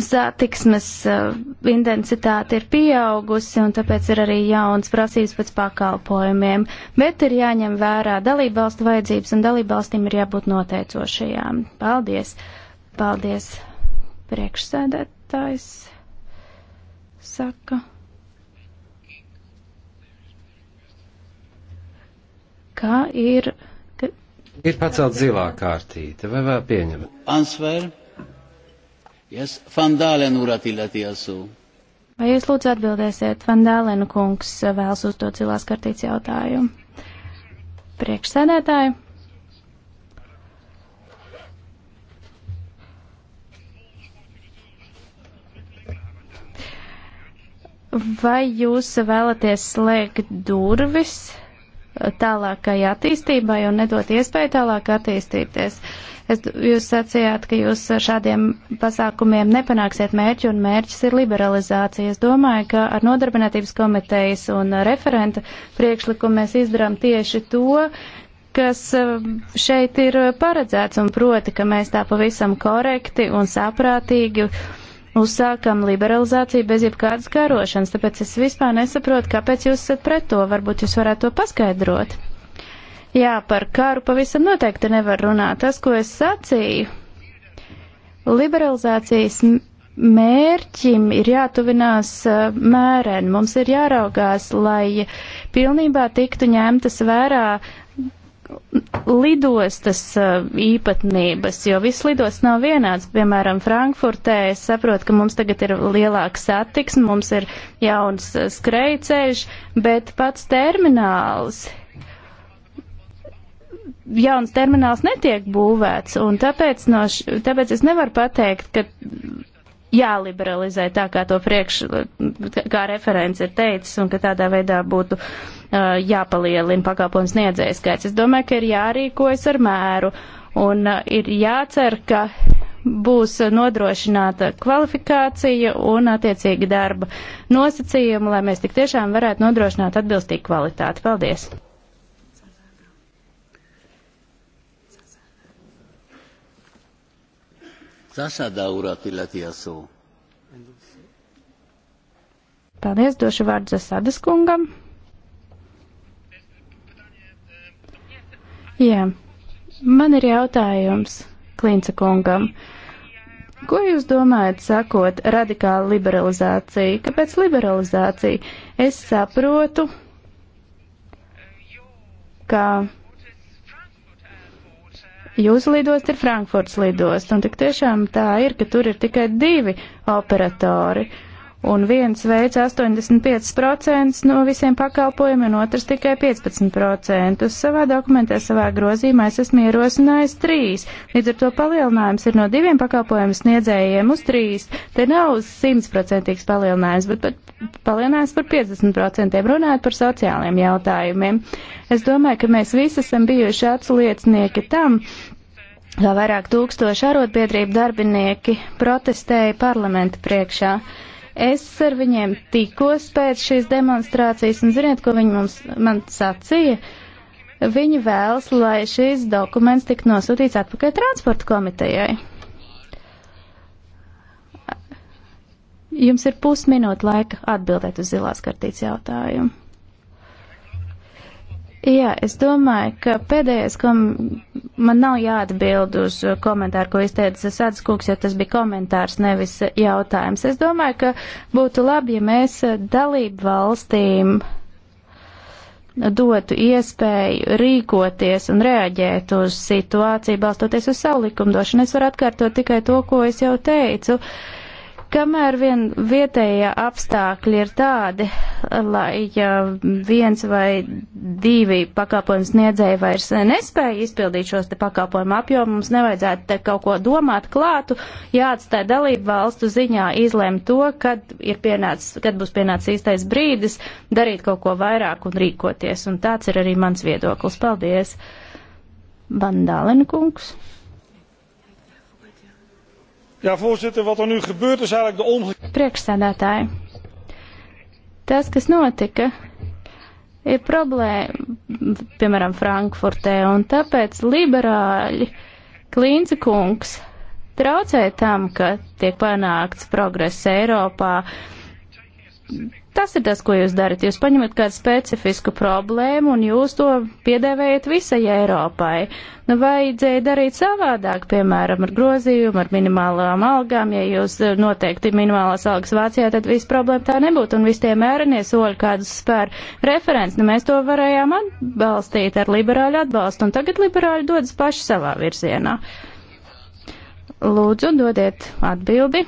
satiksmes uh, intensitāte ir pieaugusi un tāpēc ir arī jauns prasības pēc pakalpojumiem, bet ir jāņem vērā dalībvalstu vajadzības un dalībvalstīm ir jābūt noteicošajām. Paldies! Paldies, priekšsēdētājs! jāsaka, kā ir. Ka... Ir pacelt zilā kārtīte, vai vēl pieņem? Ansver, yes, Fandālen urat ilati asu. Vai jūs lūdzu atbildēsiet, Vandālēna kungs vēlas uzdot zilās kartītes jautājumu? Priekšsēdētāji. Vai jūs vēlaties slēgt durvis tālākai attīstībai un nedot iespēju tālāk attīstīties? Es, jūs sacījāt, ka jūs ar šādiem pasākumiem nepanāksiet mērķi, un mērķis ir liberalizācija. Es domāju, ka ar nodarbinātības komitejas un referenta priekšlikumu mēs izdarām tieši to, kas eh, šeit ir paredzēts, un proti, ka mēs tā pavisam korekti un saprātīgi uh, uzsākam liberalizāciju bez jebkādas kārošanas, tāpēc es vispār nesaprotu, kāpēc jūs esat pret to. Varbūt jūs varētu to paskaidrot. Jā, par kāru pavisam noteikti nevar runāt. Tas, ko es sacīju, liberalizācijas mērķim ir jātuvinās mērēn. Mums ir jāraugās, lai pilnībā tiktu ņemtas vērā lidostas eh, īpatnības, jo viss lidosts nav vienāds. Piemēram, Frankfurtē es saprotu, ka mums tagad ir lielāka satiksme, mums ir jauns eh, skrejceļš, bet pats termināls, jauns termināls netiek būvēts, un tāpēc, no š, tāpēc es nevaru pateikt, ka jāliberalizē tā, kā to priekš, kā referents ir teicis, un ka tādā veidā būtu uh, Uh, jāpalielina pakalpojums niedzējas skaits. Es domāju, ka ir jārīkojas ar mēru un uh, ir jācer, ka būs nodrošināta kvalifikācija un attiecīgi darba nosacījumi, lai mēs tik tiešām varētu nodrošināt atbilstīgu kvalitāti. Paldies! Zasada urat illeti a szó. Paldies, došu vārdu Zasadas kungam. Jā, man ir jautājums Klinca kungam. Ko jūs domājat, sakot, radikāla liberalizācija? Kāpēc liberalizācija? Es saprotu, ka jūsu lidost ir Frankfurts lidost, un tik tiešām tā ir, ka tur ir tikai divi operatori. Uh, un viens veic 85% no visiem pakalpojumiem, un otrs tikai 15%. Savā dokumentā, savā grozījumā es esmu ierosinājis trīs. Līdz ar to palielinājums ir no diviem pakalpojumu sniedzējiem uz trīs. Te nav 100% palielinājums, bet pat palielinājums par 50%, runājot par sociāliem jautājumiem. Es domāju, ka mēs visi esam bijuši atsliecinieki tam, kā vairāk tūkstoši arotbiedrību darbinieki protestēja parlamenta priekšā. Uh, Es ar viņiem tikos pēc šīs demonstrācijas, un ziniet, ko viņi mums, man sacīja? Viņi vēlas, lai šīs dokuments tik nosūtīts atpakaļ transporta komitejai. Jums ir pusminūte laika atbildēt uz zilās kartītes jautājumu. Jā, es domāju, ka pēdējais, ko man nav jāatbild uz komentāru, ko izteica Sāds Kungs, jo tas bija komentārs, nevis jautājums. Es domāju, ka būtu labi, ja mēs dalību valstīm dotu iespēju rīkoties un reaģēt uz situāciju, balstoties uz savu likumdošanu. Es varu atkārtot tikai to, ko es jau teicu. Uh, Kamēr vien vietējie apstākļi ir tādi, lai ja viens vai divi pakalpojums sniedzēji vairs nespēja izpildīt šos te pakalpojumu apjomu, mums nevajadzētu te kaut ko domāt klātu, jāatstāja dalību valstu ziņā izlēmt to, kad, ir pienācis, kad būs pienācis īstais brīdis darīt kaut ko vairāk un rīkoties. Un tāds ir arī mans viedoklis. Paldies! Vandālenkungs. kungs. Ja, voorzitter, wat er nu gebeurt is eigenlijk de omgekeerde. Priekšsēdētāji, tas, kas notika, ir problēma, piemēram, Frankfurtē, un tāpēc liberāļi Klīnce kungs traucē tam, ka tiek panākts progress Eiropā, Tas ir tas, ko jūs darat. Jūs paņemat kādu specifisku problēmu un jūs to piedēvējat visai Eiropai. Nu, vajadzēja darīt savādāk, piemēram, ar grozījumu, ar minimālām algām. Ja jūs eh, noteikti minimālās algas Vācijā, tad viss problēma tā nebūtu un visi tie mērenie soļi, kādus spēr referents. Nu, mēs to varējām atbalstīt ar liberāļu atbalstu un tagad liberāļi dodas paši savā virzienā. Lūdzu, dodiet atbildi.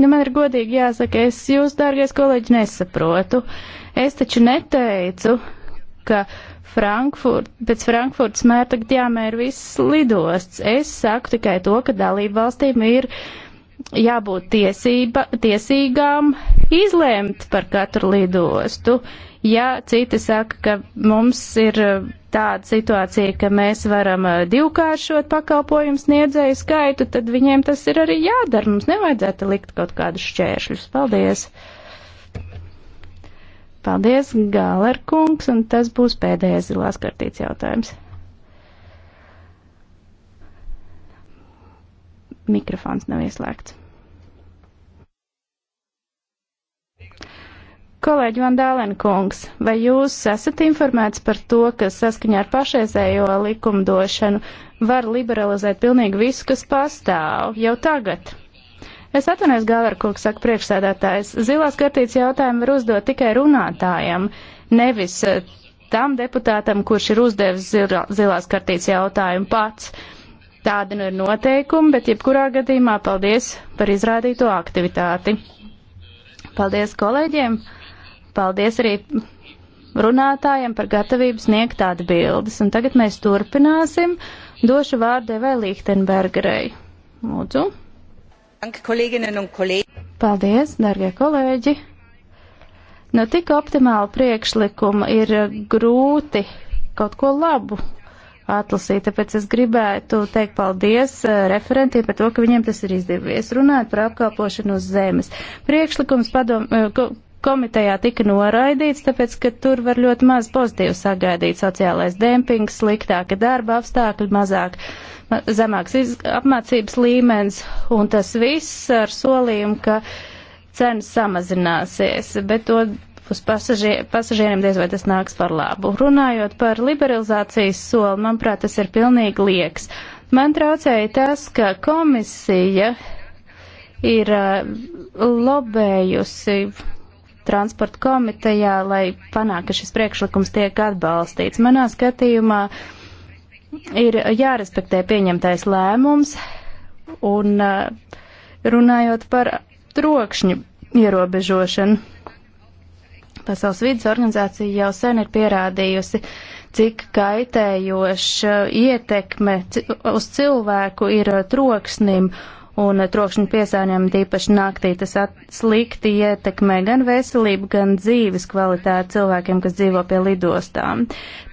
Ja nu, man ir godīgi jāsaka, es jūs, dārgais kolēģi, nesaprotu. Es taču neteicu, ka Frankfurt, pēc Frankfurtas mēra tagad jāmēra viss lidosts. Es saku tikai to, ka dalību valstīm ir jābūt tiesība, tiesīgām izlēmt par katru lidostu. Uh, Ja citi saka, ka mums ir uh, tāda situācija, ka mēs varam uh, divkāršot pakalpojumu sniedzēju skaitu, tad viņiem tas ir arī jādara. Mums nevajadzētu likt kaut kādus šķēršļus. Paldies! Paldies, Gāler kungs, un tas būs pēdējais zilās kartīts jautājums. Mikrofons nav ieslēgts. Kolēģi Van Dālenkungs, vai jūs esat informēts par to, ka saskaņā ar pašreizējo likumdošanu var liberalizēt pilnīgi visu, kas pastāv jau tagad? Es atvainojos, Gāvērkungs, saka priekšsēdētājs. Zilās kartītes jautājumu var uzdot tikai runātājam, nevis eh, tam deputātam, kurš ir uzdevis zilās kartītes jautājumu pats. Tāda nu ir noteikuma, bet jebkurā gadījumā paldies par izrādīto aktivitāti. Paldies kolēģiem! paldies arī runātājiem par gatavību sniegt atbildes. Un tagad mēs turpināsim. Došu vārdu Evai Lichtenbergerei. Lūdzu. Paldies, darbie kolēģi. No nu, tik optimāla priekšlikuma ir grūti kaut ko labu atlasīt, tāpēc es gribētu teikt paldies eh, referentiem par to, ka viņiem tas ir izdevies runāt par apkalpošanu uz zemes. Priekšlikums padom, eh, komitejā tika noraidīts, tāpēc, ka tur var ļoti maz pozitīvi sagaidīt sociālais dempings, sliktāka darba apstākļi, mazāk, ma zemāks iz, apmācības līmenis, un tas viss ar solījumu, ka cenas samazināsies, bet to uz pasažie, pasažieriem diez vai tas nāks par labu. Runājot par liberalizācijas soli, manuprāt, tas ir pilnīgi lieks. Man traucēja tas, ka komisija ir eh, lobējusi transporta komitejā, lai panāk, ka šis priekšlikums tiek atbalstīts. Manā skatījumā ir jārespektē pieņemtais lēmums un uh, runājot par trokšņu ierobežošanu. Pasaules vidas organizācija jau sen ir pierādījusi, cik kaitējoša ietekme uz cilvēku ir troksnim un trokšņa piesārņojumi tīpaši naktī. Tas slikti ietekmē gan veselību, gan dzīves kvalitāti cilvēkiem, kas dzīvo pie lidostām.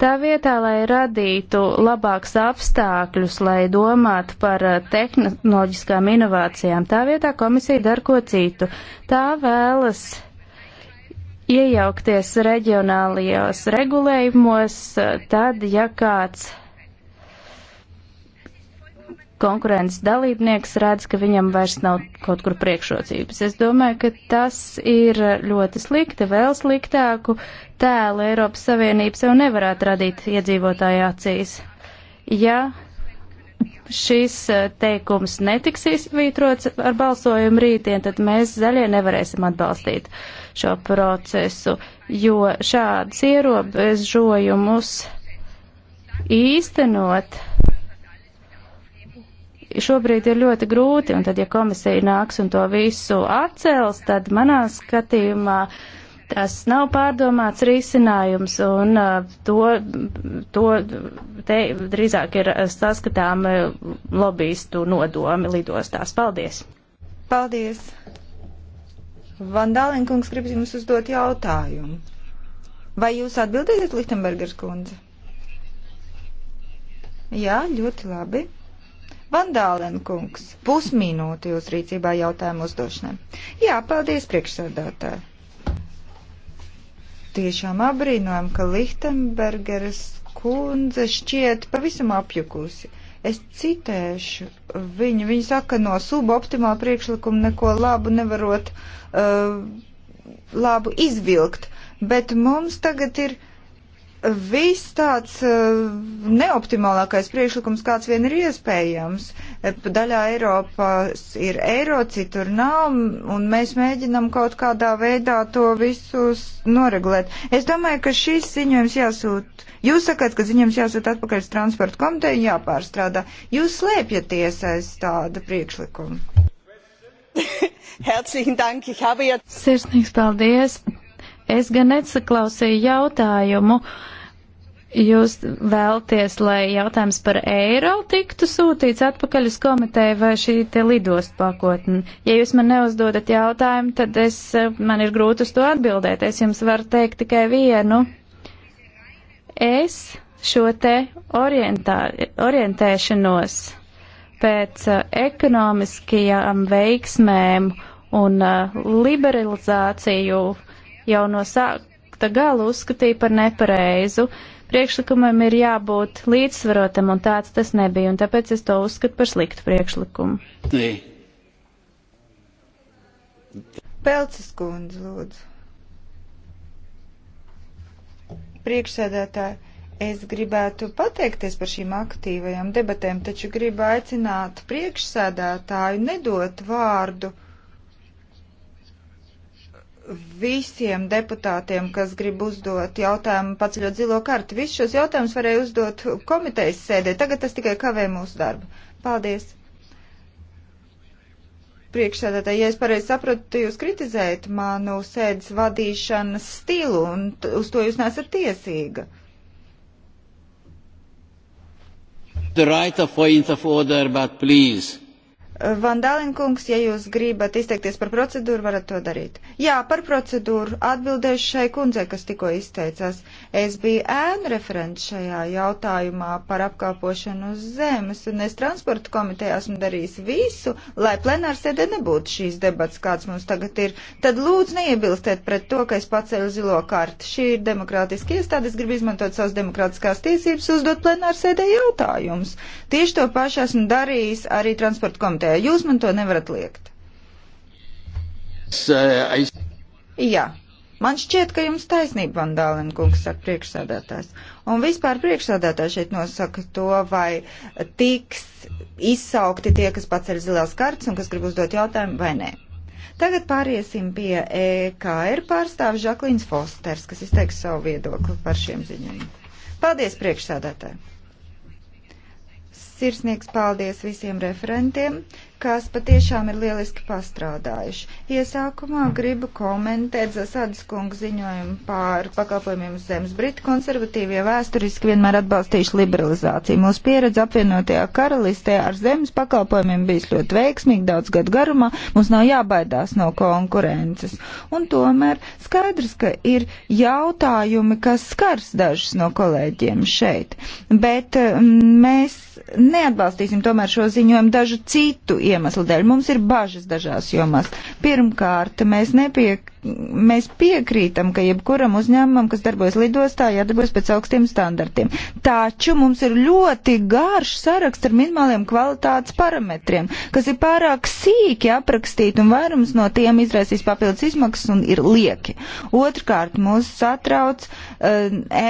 Tā vietā, lai radītu labāks apstākļus, lai domātu par eh, tehnoloģiskām inovācijām, tā vietā komisija dar ko citu. Tā vēlas iejaukties reģionālajos regulējumos, eh, tad, ja kāds konkurences dalībnieks redz, ka viņam vairs nav kaut kur priekšrocības. Es domāju, ka tas ir ļoti slikti, vēl sliktāku tēlu Eiropas Savienība sev nevarētu radīt iedzīvotāju acīs. Ja šis eh, teikums netiks izvītrots ar balsojumu rītdien, tad mēs zaļie nevarēsim atbalstīt šo procesu, jo šādas ierobežojumus īstenot šobrīd ir ļoti grūti, un tad, ja komisija nāks un to visu atcels, tad manā skatījumā tas nav pārdomāts risinājums, un uh, to, to te drīzāk ir uh, saskatām uh, lobbyistu nodomi lidostās. Paldies! Paldies! Vandālinkungs grib jums uzdot jautājumu. Vai jūs atbildēsiet, Lichtenbergers kundze? Jā, ļoti labi. Vandālen kungs, pusminūte jūs rīcībā jautājumu uzdošanai. Jā, paldies priekšsēdētāji. Tiešām abrīnojam, ka Lichtenbergeras kundze šķiet pavisam apjukusi. Es citēšu viņu. Viņa saka, no suboptimāla priekšlikuma neko labu nevarot uh, labu izvilkt, bet mums tagad ir uh, viss tāds eh, neoptimālākais priekšlikums, kāds vien ir iespējams. Eh, daļā Eiropas ir eiro, citur nav, un mēs mēģinam kaut kādā veidā to visus noregulēt. Es domāju, ka šis ziņojums jāsūt. Jūs sakat, ka ziņojums jāsūt atpakaļ uz transporta komiteju un jāpārstrādā. Jūs slēpjaties aiz tāda priekšlikuma. (laughs) Sirsnīgs paldies! Es gan nesaklausīju jautājumu. Jūs vēlties, lai jautājums par eiro tiktu sūtīts atpakaļ uz komiteju vai šī te lidost pakotni? Ja jūs man neuzdodat jautājumu, tad es, man ir grūti uz to atbildēt. Es jums varu teikt tikai vienu. Es šo te orientā, orientēšanos pēc uh, ekonomiskajām veiksmēm un uh, liberalizāciju jau no sākta gala uzskatīja par nepareizu. Priekšlikumam ir jābūt līdzsvarotam, un tāds tas nebija, un tāpēc es to uzskatu par sliktu priekšlikumu. Nē. Pelcis kundze, lūdzu. Priekšsēdētāji, es gribētu pateikties par šīm aktīvajām debatēm, taču gribu aicināt priekšsēdētāju nedot vārdu visiem deputātiem, kas grib uzdot jautājumu, paceļot zilo kartu. Visus šos jautājumus varēja uzdot komitejas sēdē. Tagad tas tikai kavē mūsu darbu. Paldies! Priekšsēdētāji, ja es pareizi saprotu, jūs kritizējat manu sēdes vadīšanas stilu, un uz to jūs nesat tiesīga. The right of point of order, but please. Vandālinkungs, ja jūs gribat izteikties par procedūru, varat to darīt. Jā, par procedūru atbildēšu šai kundzei, kas tikko izteicās. Es biju ēnu referents šajā jautājumā par apkalpošanu uz zemes, un es transporta komitejā esmu darījis visu, lai plenārsēdē nebūtu šīs debats, kāds mums tagad ir. Tad lūdzu neiebilstiet pret to, ka es paceļu zilo karti. Šī ir demokrātiski iestāde, es gribu izmantot savas demokrātiskās tiesības uzdot plenārsēdē jautājumus. Tieši to pašu esmu darījis arī transporta komitejā komitejā. Jūs man to nevarat liekt. Eh, Jā. Man šķiet, ka jums taisnība, Vandālina kungs, saka priekšsādātājs. Un vispār priekšsādātājs šeit nosaka to, vai tiks izsaukti tie, kas paceļ zilās kartas un kas grib uzdot jautājumu, vai nē. Tagad pāriesim pie EKR pārstāvis Žaklīns Fosters, kas izteiks savu viedokli par šiem ziņojumiem. Paldies priekšsādātājai! Sirsnīgs paldies visiem referentiem, kas patiešām ir lieliski pastrādājuši. Iesākumā gribu komentēt Zasadas kunga ziņojumu pār pakalpojumiem uz zemes. Briti konservatīvie vēsturiski vienmēr atbalstījuši liberalizāciju. Mūsu pieredze apvienotajā karalistē ar zemes pakalpojumiem bijis ļoti veiksmīgi daudz gadu garumā. Mums nav jābaidās no konkurences. Un tomēr skaidrs, ka ir jautājumi, kas skars dažus no kolēģiem šeit. Bet mm, mēs neatbalstīsim tomēr šo ziņojumu dažu citu iemeslu dēļ. Mums ir bažas dažās jomās. Pirmkārt, mēs, nepiek, mēs piekrītam, ka jebkuram uzņēmumam, kas darbojas lidostā, jādarbojas pēc augstiem standartiem. Taču mums ir ļoti garš saraksts ar minimāliem kvalitātes parametriem, kas ir pārāk sīki aprakstīti un vairums no tiem izraisīs papildus izmaksas un ir lieki. Otrkārt, mūs satrauc uh, eh,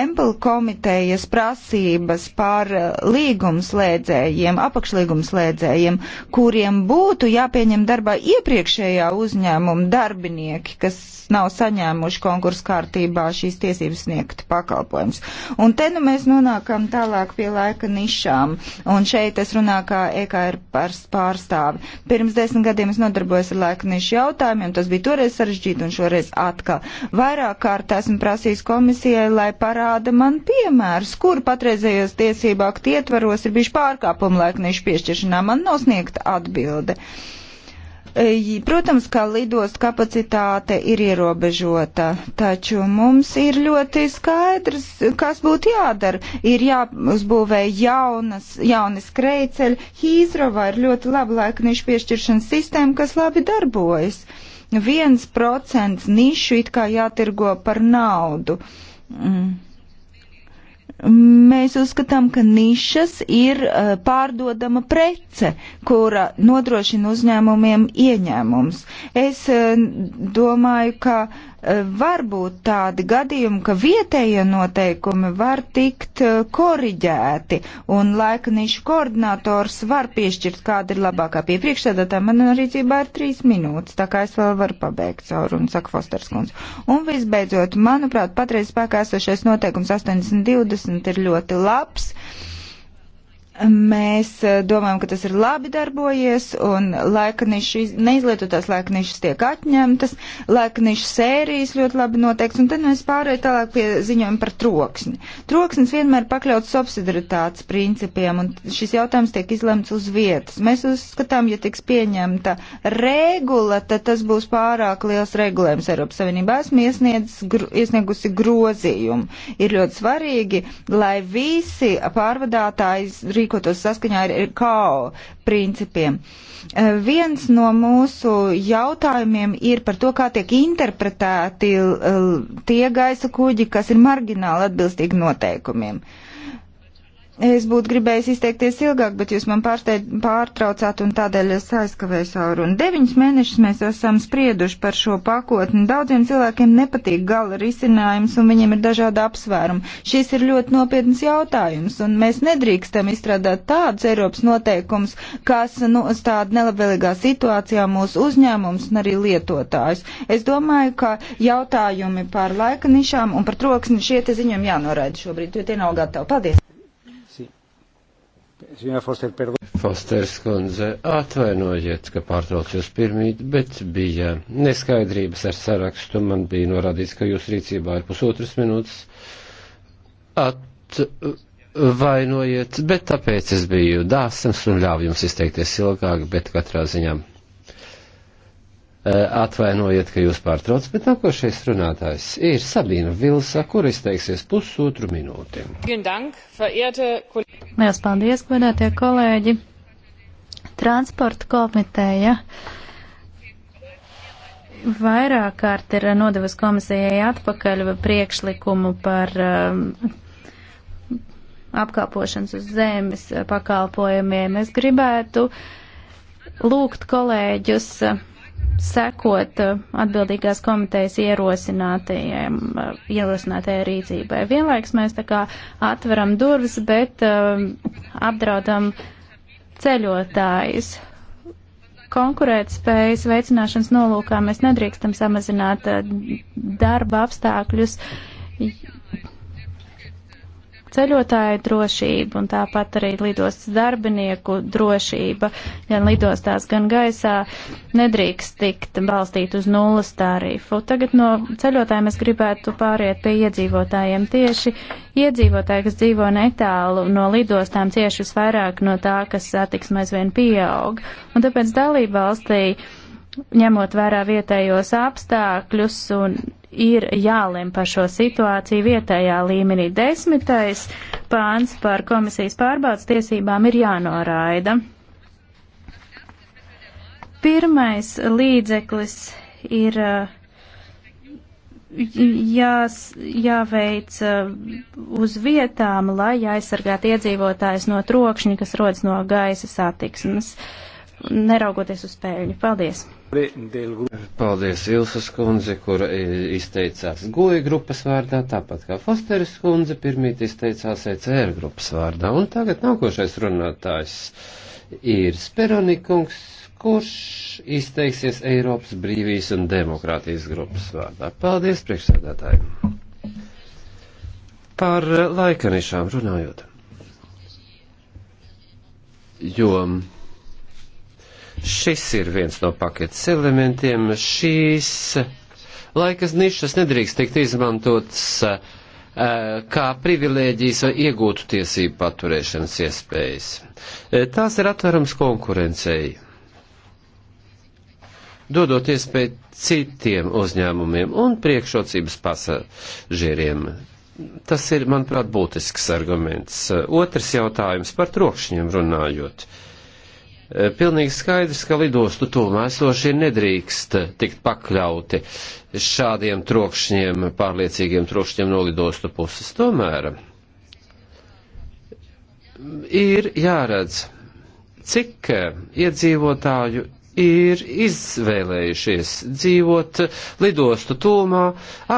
Empel komitejas prasības par uh, līgums slēdzējiem, apakšlīguma slēdzējiem, kuriem būtu jāpieņem darbā iepriekšējā uzņēmuma darbinieki, kas nav saņēmuši konkursu kārtībā šīs tiesības sniegt pakalpojumus. Un te nu mēs nonākam tālāk pie laika nišām. Un šeit es runāju kā EKR pārstāvi. Pirms desmit gadiem es nodarbojos ar laika nišu jautājumiem. Tas bija toreiz sarežģīti un šoreiz atkal. Vairāk kārt esmu prasījis komisijai, lai parāda man piemērus, kur patreizējos tiesību aktu ietvaros ir bijuši laiknišu pārkāpumu laiknišu piešķiršanā. Man nav sniegta atbilde. E, protams, ka lidostu kapacitāte ir ierobežota, taču mums ir ļoti skaidrs, kas būtu jādara. Ir jāuzbūvē jaunas, jauni skrejceļi. Hīzrovā ir ļoti laba laiknišu piešķiršanas sistēma, kas labi darbojas. Viens procents nišu it kā jātirgo par naudu. Mm. Mēs uzskatām, ka nišas ir uh, pārdodama prece, kura nodrošina uzņēmumiem ieņēmums. Es uh, domāju, ka uh, Eh, var būt tādi gadījumi, ka vietējie noteikumi var tikt eh, koriģēti, un laika nišu koordinators var piešķirt, kāda ir labākā pie priekšsēdētā. Man rīcībā ir trīs minūtes, tā kā es vēl varu pabeigt savu runu, saka Fosters kundze. Un visbeidzot, manuprāt, patreiz spēkā esošais noteikums 80-20 ir ļoti labs. Uh, Mēs eh, domājam, ka tas ir labi darbojies, un laikanišas, neizlietotās laikanišas tiek atņemtas, laikanišas sērijas ļoti labi noteikts, un tad mēs pārējām tālāk pie ziņojuma par troksni. Troksnis vienmēr pakļauts subsidaritātes principiem, un šis jautājums tiek izlemts uz vietas. Mēs uzskatām, ja tiks pieņemta regula, tad tas būs pārāk liels regulējums Eiropas Savienībā. Esmu gro, iesniegusi grozījumu. Ir ļoti svarīgi, lai visi pārvadātāji rīkotos saskaņā ar KO principiem. Eh, viens no mūsu jautājumiem ir par to, kā tiek interpretēti eh, tie gaisa kuģi, kas ir margināli atbilstīgi noteikumiem. Uh, Es būtu gribējis izteikties ilgāk, bet jūs man pārsteid, pārtraucāt un tādēļ es aizkavēju savu runu. Deviņus mēnešus mēs esam sprieduši par šo pakotni. Daudziem cilvēkiem nepatīk gala risinājums un viņiem ir dažādi apsvērumi. Šis ir ļoti nopietns jautājums un mēs nedrīkstam izstrādāt tādus Eiropas noteikumus, kas nostāda nu, nelabvēlīgā situācijā mūsu uzņēmumus un arī lietotājus. Es domāju, ka jautājumi par laika nišām un par troksni šie te ziņojumi jānoraida šobrīd, jo tie nav gatavi. Paldies! Fosters kundze, atvainojiet, ka pārtraucu jūs pirmīt, bet bija neskaidrības ar sarakstu. Man bija norādīts, ka jūs rīcībā ir pusotras minūtes. Atvainojiet, bet tāpēc es biju dāsams un ļāvu jums izteikties ilgāk, bet katrā ziņā Eh, atvainojiet, ka jūs pārtraucat, bet nākošais runātājs ir Sabīna Vilsa, kur izteiksies pusotru minūti. Lielas paldies, godātie kolēģi! Transporta komiteja vairāk kārt ir nodevusi komisijai atpakaļ priekšlikumu par um, apkalpošanas uz zemes pakalpojumiem. Es gribētu lūgt kolēģus. Uh, sekot uh, atbildīgās komitejas uh, ierosinātajai rīcībai. Vienlaiks mēs tā kā atveram durvis, bet uh, apdraudam ceļotājus. Konkurētspējas veicināšanas nolūkā mēs nedrīkstam samazināt darba apstākļus, ceļotāju drošība un tāpat arī lidostas darbinieku drošība, gan lidostās, gan gaisā, nedrīkst tikt balstīt uz nulles tarifu. Tagad no ceļotājiem es gribētu pāriet pie iedzīvotājiem. Tieši iedzīvotāji, kas dzīvo netālu no lidostām, cieši visvairāk no tā, kas satiksme aizvien pieaug. Un tāpēc dalība valstī ņemot vērā vietējos apstākļus un ir jālem par šo situāciju vietējā līmenī. Desmitais pāns par komisijas pārbaudas tiesībām ir jānoraida. Pirmais līdzeklis ir uh, jās, jāveic uh, uz vietām, lai aizsargātu iedzīvotājs no trokšņa, kas rodas no gaisa satiksmes. Uh, neraugoties uz pēļņu. Paldies! Paldies Ilsas kundze, kura izteicās goja grupas vārdā, tāpat kā Fosteris kundze pirmīt izteicās ECR grupas vārdā. Un tagad nākošais runātājs ir Speronikungs, kurš izteiksies Eiropas brīvīs un demokrātijas grupas vārdā. Paldies priekšsēdētājiem! Par laikanišām runājot. Jo Šis ir viens no paketes elementiem. Šīs laikas nišas nedrīkst tikt izmantotas uh, kā privilēģijas vai iegūtu tiesību paturēšanas iespējas. Eh, tās ir atverams konkurencei, dodot iespēju citiem uzņēmumiem un priekšrocības pasažieriem. Tas ir, manuprāt, būtisks arguments. Eh, otrs jautājums par trokšņiem runājot. Uh, Eh, pilnīgi skaidrs, ka lidostu tūmā esošie nedrīkst tikt pakļauti šādiem trokšņiem, pārliecīgiem trokšņiem no lidostu puses. Tomēr mm, ir jāredz, cik eh, iedzīvotāju ir izvēlējušies dzīvot lidostu tūmā,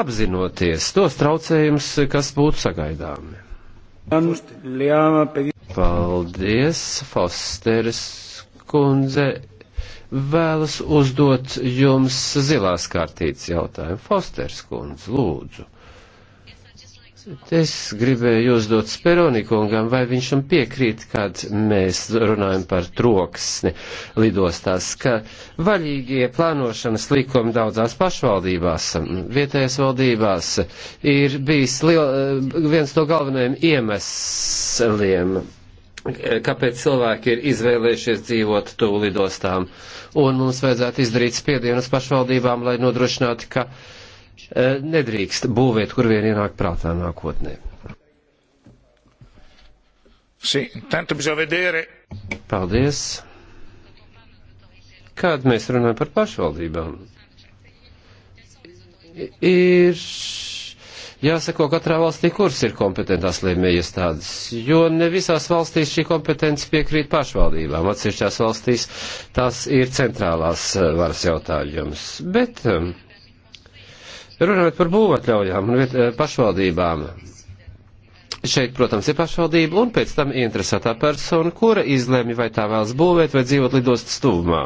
apzinoties tos traucējumus, kas būtu sagaidāmi. Paldies, Fosteris kundze vēlas uzdot jums zilās kārtītes jautājumu. Fosters kundze, lūdzu. Es gribēju uzdot Speronikungam, vai viņš tam piekrīt, kad mēs runājam par troksni lidostās, ka vaļīgie plānošanas likumi daudzās pašvaldībās, vietējās valdībās ir bijis liel, viens no galvenajiem iemesliem kāpēc cilvēki ir izvēlējušies dzīvot tuvu lidostām. Un mums vajadzētu izdarīt spiedienu uz pašvaldībām, lai nodrošinātu, ka e, nedrīkst būvēt, kur vien ienāk prātā nākotnē. Sí, tanto bisogna vedere. Paldies. Kad mēs runājam par pašvaldībām, ir jāsako katrā valstī, kuras ir kompetentās lēmēja iestādes, jo ne visās valstīs šī kompetence piekrīt pašvaldībām. Atsevišķās valstīs tās ir centrālās eh, varas jautājums. Bet um, runājot par būvatļaujām un eh, pašvaldībām Šeit, protams, ir pašvaldība un pēc tam interesētā persona, kura izlēma, vai tā vēlas būvēt vai dzīvot lidostas tuvumā.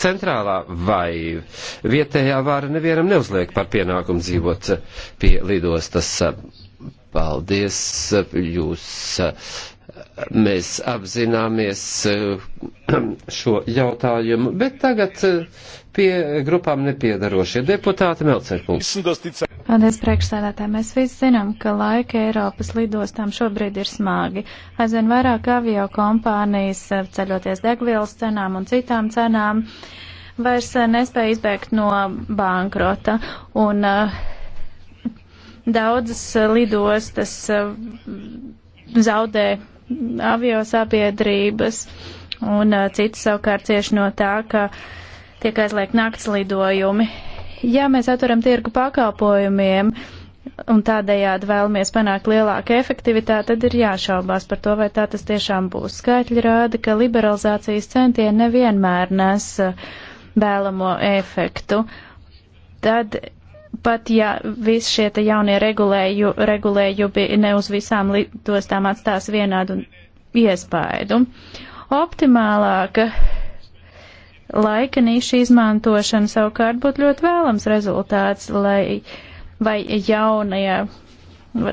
Centrālā vai vietējā vāra nevienam neuzliek par pienākumu dzīvot pie lidostas. Paldies, jūs. Mēs apzināmies šo jautājumu, bet tagad pie grupām nepiedarošie deputāti Melcerkungs. Paldies, priekšsēdētāji. Mēs visi zinām, ka laika Eiropas lidostām šobrīd ir smagi. Aizvien vairāk avio kompānijas, eh, ceļoties degvielas cenām un citām cenām, vairs eh, nespēja izbēgt no bankrota. Un uh, daudzas lidostas uh, zaudē avio sabiedrības, un uh, citas savukārt cieši no tā, ka tiek aizliegt nakts lidojumi Ja mēs atveram tirgu pakalpojumiem un tādējādi vēlamies panākt lielāku efektivitāti, tad ir jāšaubās par to, vai tā tas tiešām būs. Skaitļi rāda, ka liberalizācijas centieni nevienmēr nes uh, vēlamo efektu. Tad pat ja visi šie jaunie regulēju, regulējumi ne uz visām lidostām atstās vienādu iespaidu. Optimālāka laika nišu izmantošana savukārt būtu ļoti vēlams rezultāts, lai vai jaunie,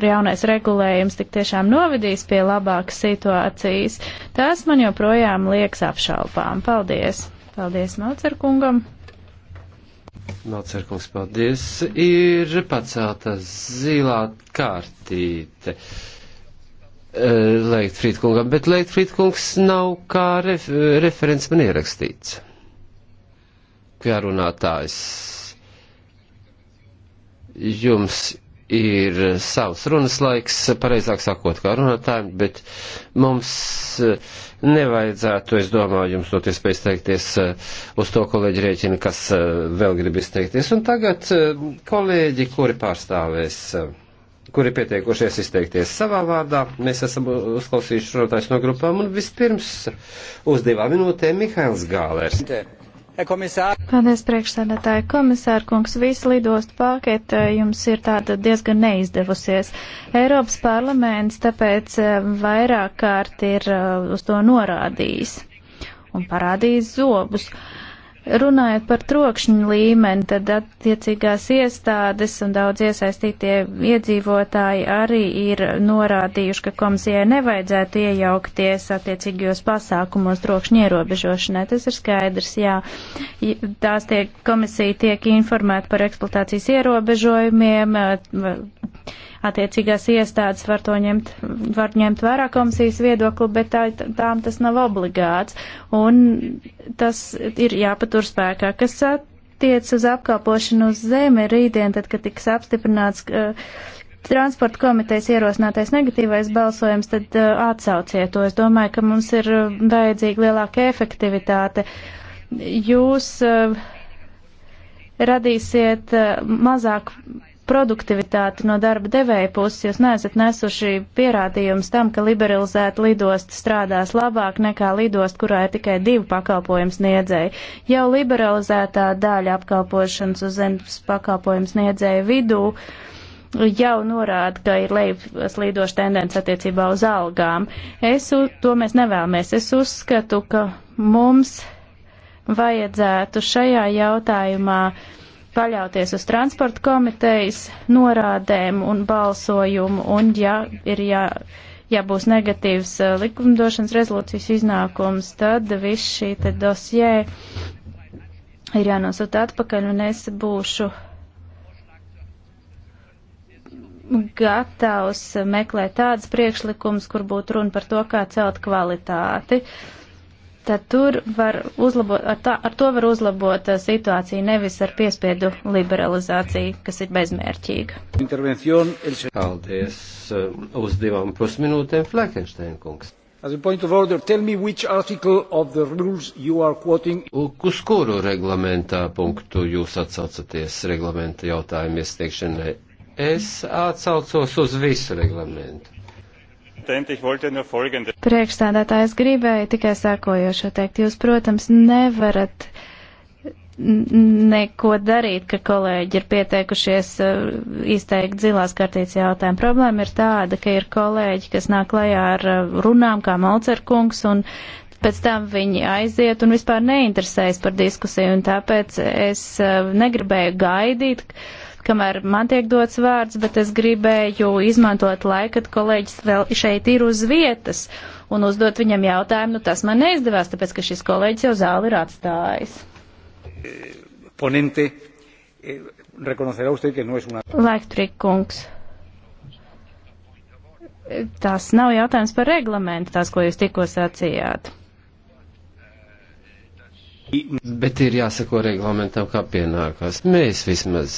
jaunais regulējums tik tiešām novedīs pie labākas situācijas. Tās man joprojām liekas apšaupām. Paldies! Paldies Malcerkungam! Malcerkungs, paldies! Ir pacelta zilā kārtīte. Eh, Leikt Frīdkungam, bet Leikt Frīdkungs nav kā ref, referents man ierakstīts kā runātājs. Jums ir savs runas laiks, pareizāk sakot, kā runātājiem, bet mums eh, nevajadzētu, es domāju, jums dot iespēju izteikties eh, uz to kolēģi rēķinu, kas eh, vēl grib izteikties. Un tagad kolēģi, kuri pārstāvēs, kuri pietiekušies izteikties savā vārdā, mēs esam uzklausījuši runātājs no grupām un vispirms uz divām minūtēm Mihails Gālērs. Dēļ. Komisār... Paldies, priekšsēdētāji. Komisāra kungs, visa lidostu pakete eh, jums ir tāda diezgan neizdevusies. Eiropas parlaments tāpēc eh, vairāk kārt ir eh, uz to norādījis un parādījis zobus. Uh, Runājot par trokšņu līmeni, tad attiecīgās iestādes un daudz iesaistītie iedzīvotāji arī ir norādījuši, ka komisijai nevajadzētu iejaukties attiecīgajos pasākumos trokšņu ierobežošanai. Tas ir skaidrs, jā. Tās tiek, komisija tiek informēta par eksploatācijas ierobežojumiem attiecīgās iestādes var to ņemt, var ņemt vērā komisijas viedokli, bet tā, tām tas nav obligāts. Un tas ir jāpatur spēkā, kas attiec uz apkalpošanu uz zemi rītdien, tad, kad tiks apstiprināts. Uh, transporta komitejas ierosinātais negatīvais balsojums, tad uh, atsauciet to. Es domāju, ka mums ir uh, vajadzīga lielāka efektivitāte. Jūs uh, radīsiet uh, mazāk produktivitāti no darba devēja puses. Jūs neesat nesuši pierādījums tam, ka liberalizēta lidosta strādās labāk nekā lidosta, kurā ir tikai divi pakalpojums niedzēji. Jau liberalizētā daļa apkalpošanas uz zemes pakalpojums niedzēju vidū jau norāda, ka ir lejupslīdoša tendence attiecībā uz algām. Es to mēs nevēlamies. Es uzskatu, ka mums vajadzētu šajā jautājumā uh, paļauties uz transporta komitejas norādēm un balsojumu, un ja ir jā. Ja, ja būs negatīvs eh, likumdošanas rezolūcijas iznākums, tad viss šī te dosjē ir jānosūta atpakaļ, un es būšu gatavs meklēt tādas priekšlikumas, kur būtu runa par to, kā celt kvalitāti. Uh, tad tur var uzlabot, ar, tā, ar to var uzlabot uh, situāciju, nevis ar piespiedu liberalizāciju, kas ir bezmērķīga. Paldies uh, uz divām pusminūtēm, Fleckenstein kungs. As a point of order, tell me which article of the rules you are quoting. Uz kuru reglamentā punktu jūs atsaucaties reglamenta jautājumu iesniegšanai? Es atsaucos uz visu reglamentu. Priekšstādātājs gribēja tikai sākojošo teikt. Jūs, protams, nevarat neko darīt, ka kolēģi ir pieteikušies uh, izteikt zilās kartītes jautājumu. Problēma ir tāda, ka ir kolēģi, kas nāk klajā ar uh, runām kā Malcerkungs un pēc tam viņi aiziet un vispār neinteresējas par diskusiju, un tāpēc es uh, negribēju gaidīt, uh, kamēr man tiek dots vārds, bet es gribēju izmantot laiku, kad kolēģis vēl šeit ir uz vietas un uzdot viņam jautājumu. Nu, tas man neizdevās, tāpēc, ka šis kolēģis jau zāli ir atstājis. Ponente, eh, reconocerá usted que no es una. Laiktrik kungs. Tas nav jautājums par reglamentu, tās, ko jūs tikko sacījāt. Bet ir jāsako reglamentam, kā pienākās. Mēs vismaz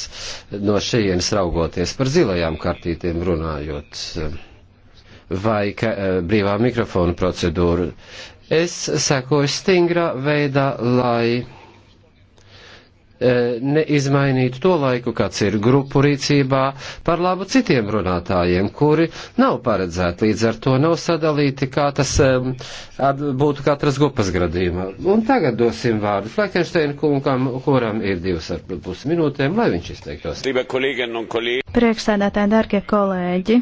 no šejienes raugoties par zilajām kartītēm runājot vai ka, e, brīvā mikrofona procedūru. Es sekoju stingrā veidā, lai E, neizmainītu to laiku, kāds ir grupu rīcībā, par labu citiem runātājiem, kuri nav paredzēti, līdz ar to nav sadalīti, kā tas e, būtu katras grupas gadījumā. Un tagad dosim vārdu Fleckensteina kungam, kuram ir divas ar pus minūtēm, lai viņš izteiktos. Priekšsēdētāji, darbie kolēģi!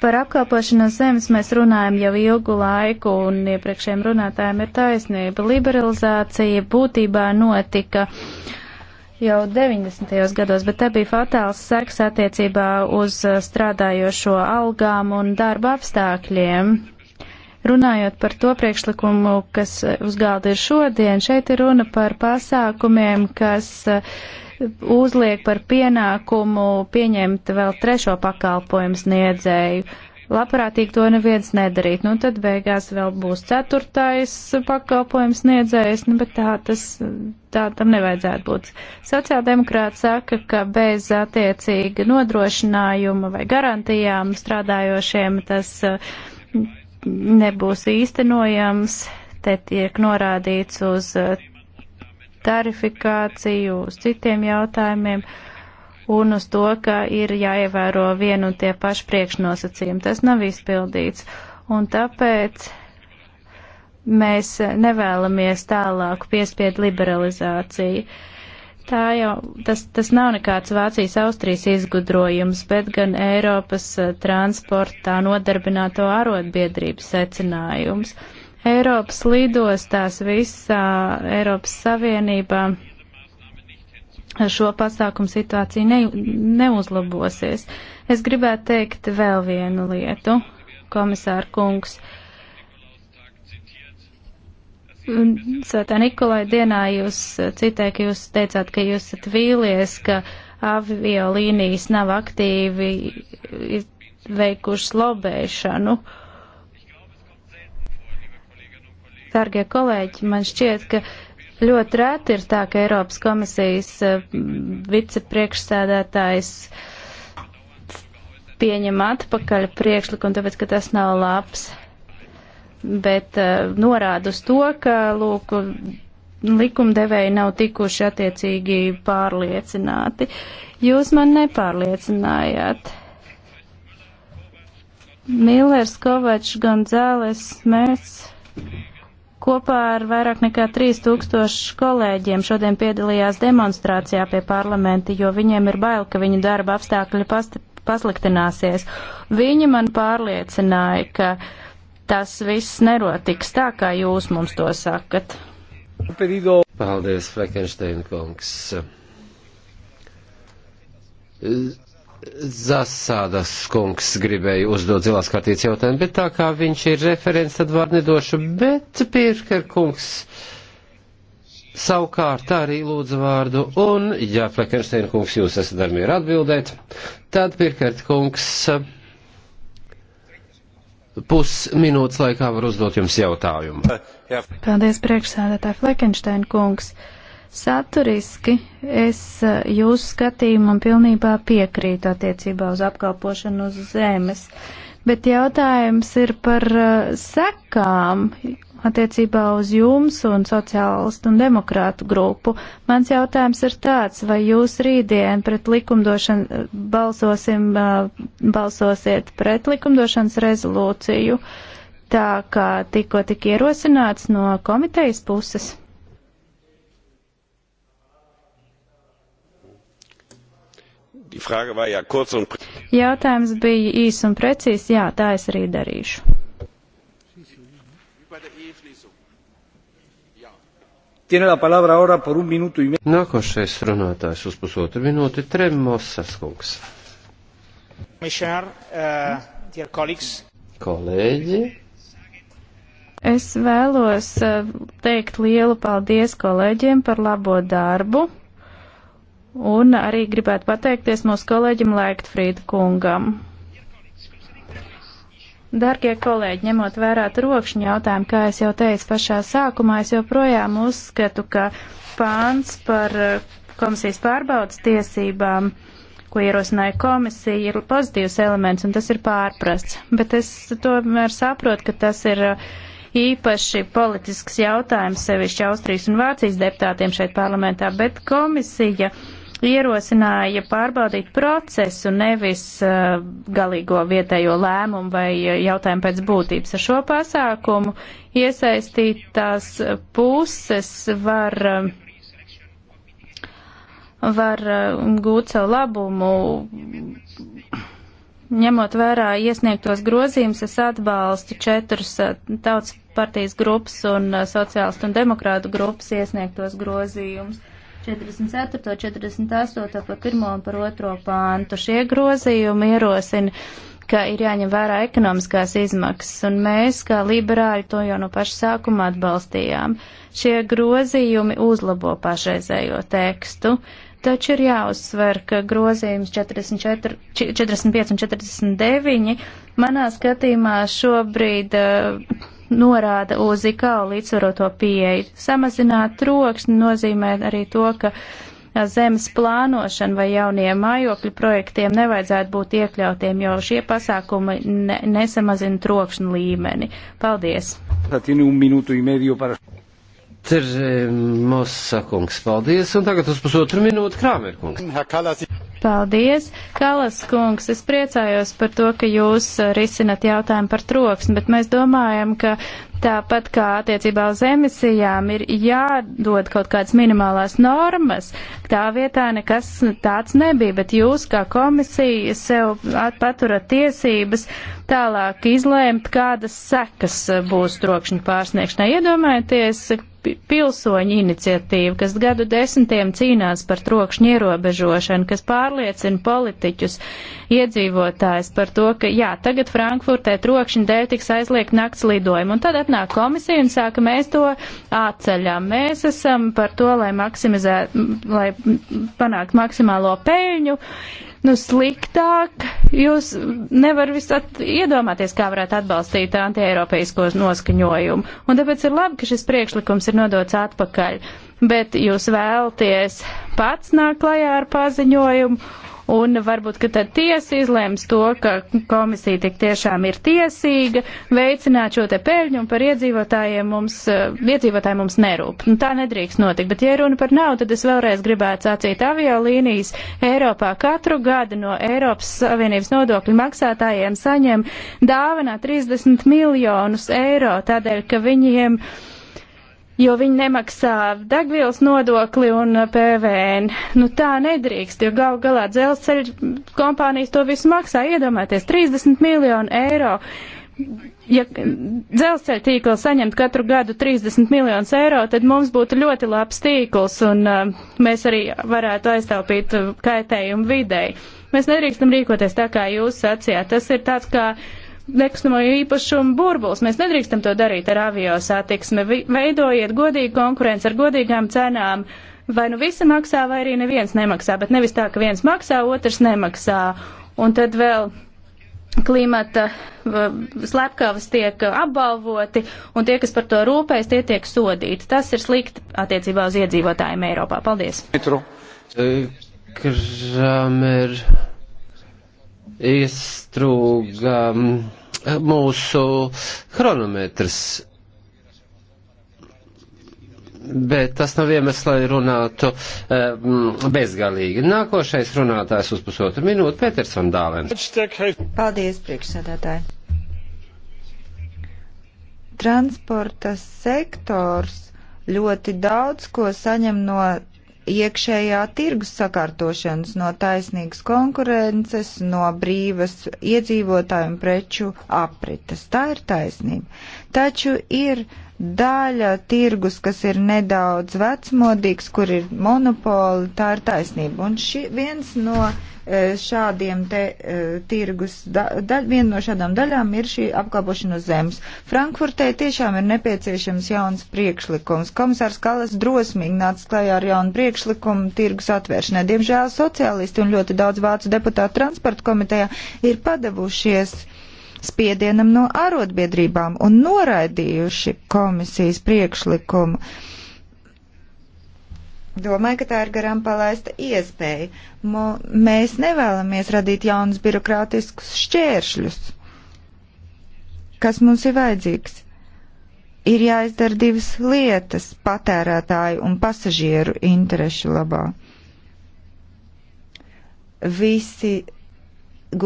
Par apkalpošanu no zemes mēs runājam jau ilgu laiku, un iepriekšējiem runātājiem ir taisnība. Liberalizācija būtībā notika jau 90. gados, bet te bija fatāls sarks attiecībā uz strādājošo algām un darba apstākļiem. Runājot par to priekšlikumu, kas uz galda ir šodien, šeit ir runa par pasākumiem, kas uh, uzliek par pienākumu pieņemt vēl trešo pakalpojumu sniedzēju. Labprātīgi to neviens nedarīt. Nu, tad beigās vēl būs ceturtais pakalpojums sniedzējs, nu, bet tā tas, tā tam nevajadzētu būt. Sociāldemokrāti saka, ka bez attiecīga nodrošinājuma vai garantijām strādājošiem tas uh, nebūs īstenojams. Te tiek norādīts uz uh, tarifikāciju, uz citiem jautājumiem un uz to, ka ir jāievēro vien un tie paši priekšnosacījumi. Tas nav izpildīts. Un tāpēc mēs nevēlamies tālāku piespiedu liberalizāciju. Tā jau, tas, tas nav nekāds Vācijas Austrijas izgudrojums, bet gan Eiropas eh, transportā nodarbināto arotbiedrību secinājums. Uh, Eiropas lidostās visā Eiropas Savienībā šo pasākumu situācija ne, neuzlabosies. Es gribētu teikt vēl vienu lietu, komisāra kungs. Svētā Nikolai dienā jūs citē, ka jūs teicāt, ka jūs esat vīlies, ka aviolīnijas nav aktīvi veikušas lobēšanu. Uh, Dargie kolēģi, man šķiet, ka ļoti rēti ir tā, ka Eiropas komisijas eh, vicepriekšsēdētājs pieņem atpakaļ priekšlikumu, tāpēc, ka tas nav labs. Bet uh, norāda uz to, ka, lūk, likumdevēji nav tikuši attiecīgi pārliecināti. Jūs man nepārliecinājāt. Millers, Kovačs, Gonzāles, Mērts. Kopā ar vairāk nekā 3000 kolēģiem šodien piedalījās demonstrācijā pie parlamenta, jo viņiem ir bail, ka viņu darba apstākļi pasliktināsies. Viņi man pārliecināja, ka tas viss nerotiks tā, kā jūs mums to sakat. Paldies, Frekensteina kungs. Zasādas kungs gribēja uzdot zilās kārtītas jautājumu, bet tā kā viņš ir referents, tad var nedošu, bet Pirker kungs savukārt arī lūdzu vārdu, un, ja Flekensteina kungs jūs esat ar mieru atbildēt, tad Pirker kungs pusminūtes laikā var uzdot jums jautājumu. Paldies, priekšsēdētāji Flekensteina kungs. Uh, Saturiski es eh, jūsu skatījumam pilnībā piekrītu attiecībā uz apkalpošanu uz zemes, bet jautājums ir par eh, sekām attiecībā uz jums un sociālistu un demokrātu grupu. Mans jautājums ir tāds, vai jūs rītdien pret likumdošanu eh, balsosim, balsosiet pret likumdošanas rezolūciju, tā kā tikko tik ierosināts no komitejas puses? Jautājums bija īs un precīzs. Jā, tā es arī darīšu. Nākošais runātājs uz pusotru minūti - Tremosas kungs. Uh, Kolēģi. Es vēlos uh, teikt lielu paldies kolēģiem par labo darbu. Un arī gribētu pateikties mūsu kolēģim Laiktfrīda kungam. Dargie kolēģi, ņemot vērā trokšņu jautājumu, kā es jau teicu pašā sākumā, es joprojām uzskatu, ka pāns par eh, komisijas pārbaudas tiesībām, ko ierosināja komisija, ir pozitīvs elements un tas ir pārprasts. Bet es tomēr saprotu, ka tas ir eh, īpaši politisks jautājums sevišķi Austrijas un Vācijas deputātiem šeit parlamentā, bet komisija. Uh, ierosināja pārbaudīt procesu, nevis uh, galīgo vietējo lēmumu vai uh, jautājumu pēc būtības. Ar šo pasākumu iesaistītās puses var, uh, var uh, gūt savu labumu. Ņemot vērā iesniegtos grozījumus, es atbalstu četrus tautas partijas grupas un sociālistu un demokrātu grupas iesniegtos grozījumus. 44, 48 par pirmo un par otro pāntu. Šie grozījumi ierosina, ka ir jāņem vērā ekonomiskās izmaksas, un mēs, kā liberāļi, to jau no paša sākuma atbalstījām. Šie grozījumi uzlabo pašreizējo tekstu. Taču ir jāuzsver, ka grozījums 44, 45 un 49 manā skatījumā šobrīd uh, norāda uz IKAU līdzsvaroto pieeju. Samazināt troksni nozīmē arī to, ka zemes plānošana vai jauniem mājokļu projektiem nevajadzētu būt iekļautiem, jo šie pasākumi ne, nesamazina trokšņu līmeni. Paldies! Ter eh, Mosakungs, paldies, un tagad uz pusotru minūtu Krāmerkungs. Paldies, Kalas kungs. Es priecājos par to, ka jūs eh, risinat jautājumu par troksni, bet mēs domājam, ka tāpat kā attiecībā uz emisijām ir jādod kaut kādas minimālās normas. Tā vietā nekas tāds nebija, bet jūs kā komisija sev paturat tiesības tālāk izlēmt, kādas sekas eh, būs trokšņu pārsniegšanai. Iedomājieties, pilsoņu iniciatīva, kas gadu desmitiem cīnās par trokšņu ierobežošanu, kas pārliecina politiķus, iedzīvotājs par to, ka jā, tagad Frankfurtē trokšņu dēļ tiks aizliegt nakts lidojumu. Un tad atnāk komisija un saka, mēs to atceļam. Mēs esam par to, lai maksimizētu, lai panāktu maksimālo peļņu nu, sliktāk jūs nevar visat iedomāties, kā varētu atbalstīt antieiropeisko noskaņojumu. Un tāpēc ir labi, ka šis priekšlikums ir nodots atpakaļ, bet jūs vēlties pats nāk klajā ar paziņojumu un varbūt, ka tad tiesa izlēms to, ka komisija tik tiešām ir tiesīga veicināt šo te peļņu un par iedzīvotājiem mums, eh, iedzīvotājiem mums nerūp. Un nu, tā nedrīkst notikt, bet ja runa par naudu, tad es vēlreiz gribētu sacīt aviolīnijas Eiropā katru gadu no Eiropas Savienības nodokļu maksātājiem saņem dāvanā 30 miljonus eiro, tādēļ, ka viņiem jo viņi nemaksā degvielas nodokli un uh, PVN. Nu tā nedrīkst, jo gal galā dzelzceļa kompānijas to visu maksā. Iedomājieties, 30 miljonu eiro ja dzelzceļa tīkls saņemtu katru gadu 30 miljonus eiro, tad mums būtu ļoti labs tīkls un uh, mēs arī varētu aiztaupīt uh, kaitējumu videi. Mēs nedrīkstam rīkoties tā, kā jūs sacījāt. Tas ir tāds kā nekustamo īpašumu burbulis. Mēs nedrīkstam to darīt ar avio satiksmi. Veidojiet godīgu konkurenci ar godīgām cenām. Vai nu visi maksā, vai arī neviens nemaksā, bet nevis tā, ka viens maksā, otrs nemaksā. Un tad vēl klimata slepkavas tiek apbalvoti, un tie, kas par to rūpējas, tie tiek sodīti. Tas ir slikti attiecībā uz iedzīvotājiem Eiropā. Paldies! Metru. Kramer iestrūga mūsu chronometrs. Bet tas nav iemesls, lai runātu eh, bezgalīgi. Nākošais runātājs uz pusotru minūtu - Peters van Dālens. Paldies, priekšsēdētāji. Transporta sektors ļoti daudz ko saņem no iekšējā tirgus sakārtošanas, no taisnīgas konkurences, no brīvas iedzīvotāju un preču aprites. Tā ir taisnība. Taču ir daļa tirgus, kas ir nedaudz vecmodīgs, kur ir monopoli, tā ir taisnība. Un šī viens no E, šādiem te e, tirgus, da, da, viena no šādām daļām ir šī apkalpošana uz zemes. Frankfurtē tiešām ir nepieciešams jauns priekšlikums. Komisārs Kalas drosmīgi nāca klajā ar jaunu priekšlikumu tirgus atvēršanai. Diemžēl sociālisti un ļoti daudz vācu deputātu transporta komitejā ir padavušies spiedienam no arotbiedrībām un noraidījuši komisijas priekšlikumu. Uh, Domāju, ka tā ir garām palaista iespēja. Mo, mēs nevēlamies radīt jaunus birokrātiskus šķēršļus. Kas mums ir vajadzīgs? Ir jāizdara divas lietas - patērētāju un pasažieru interešu labā. Visi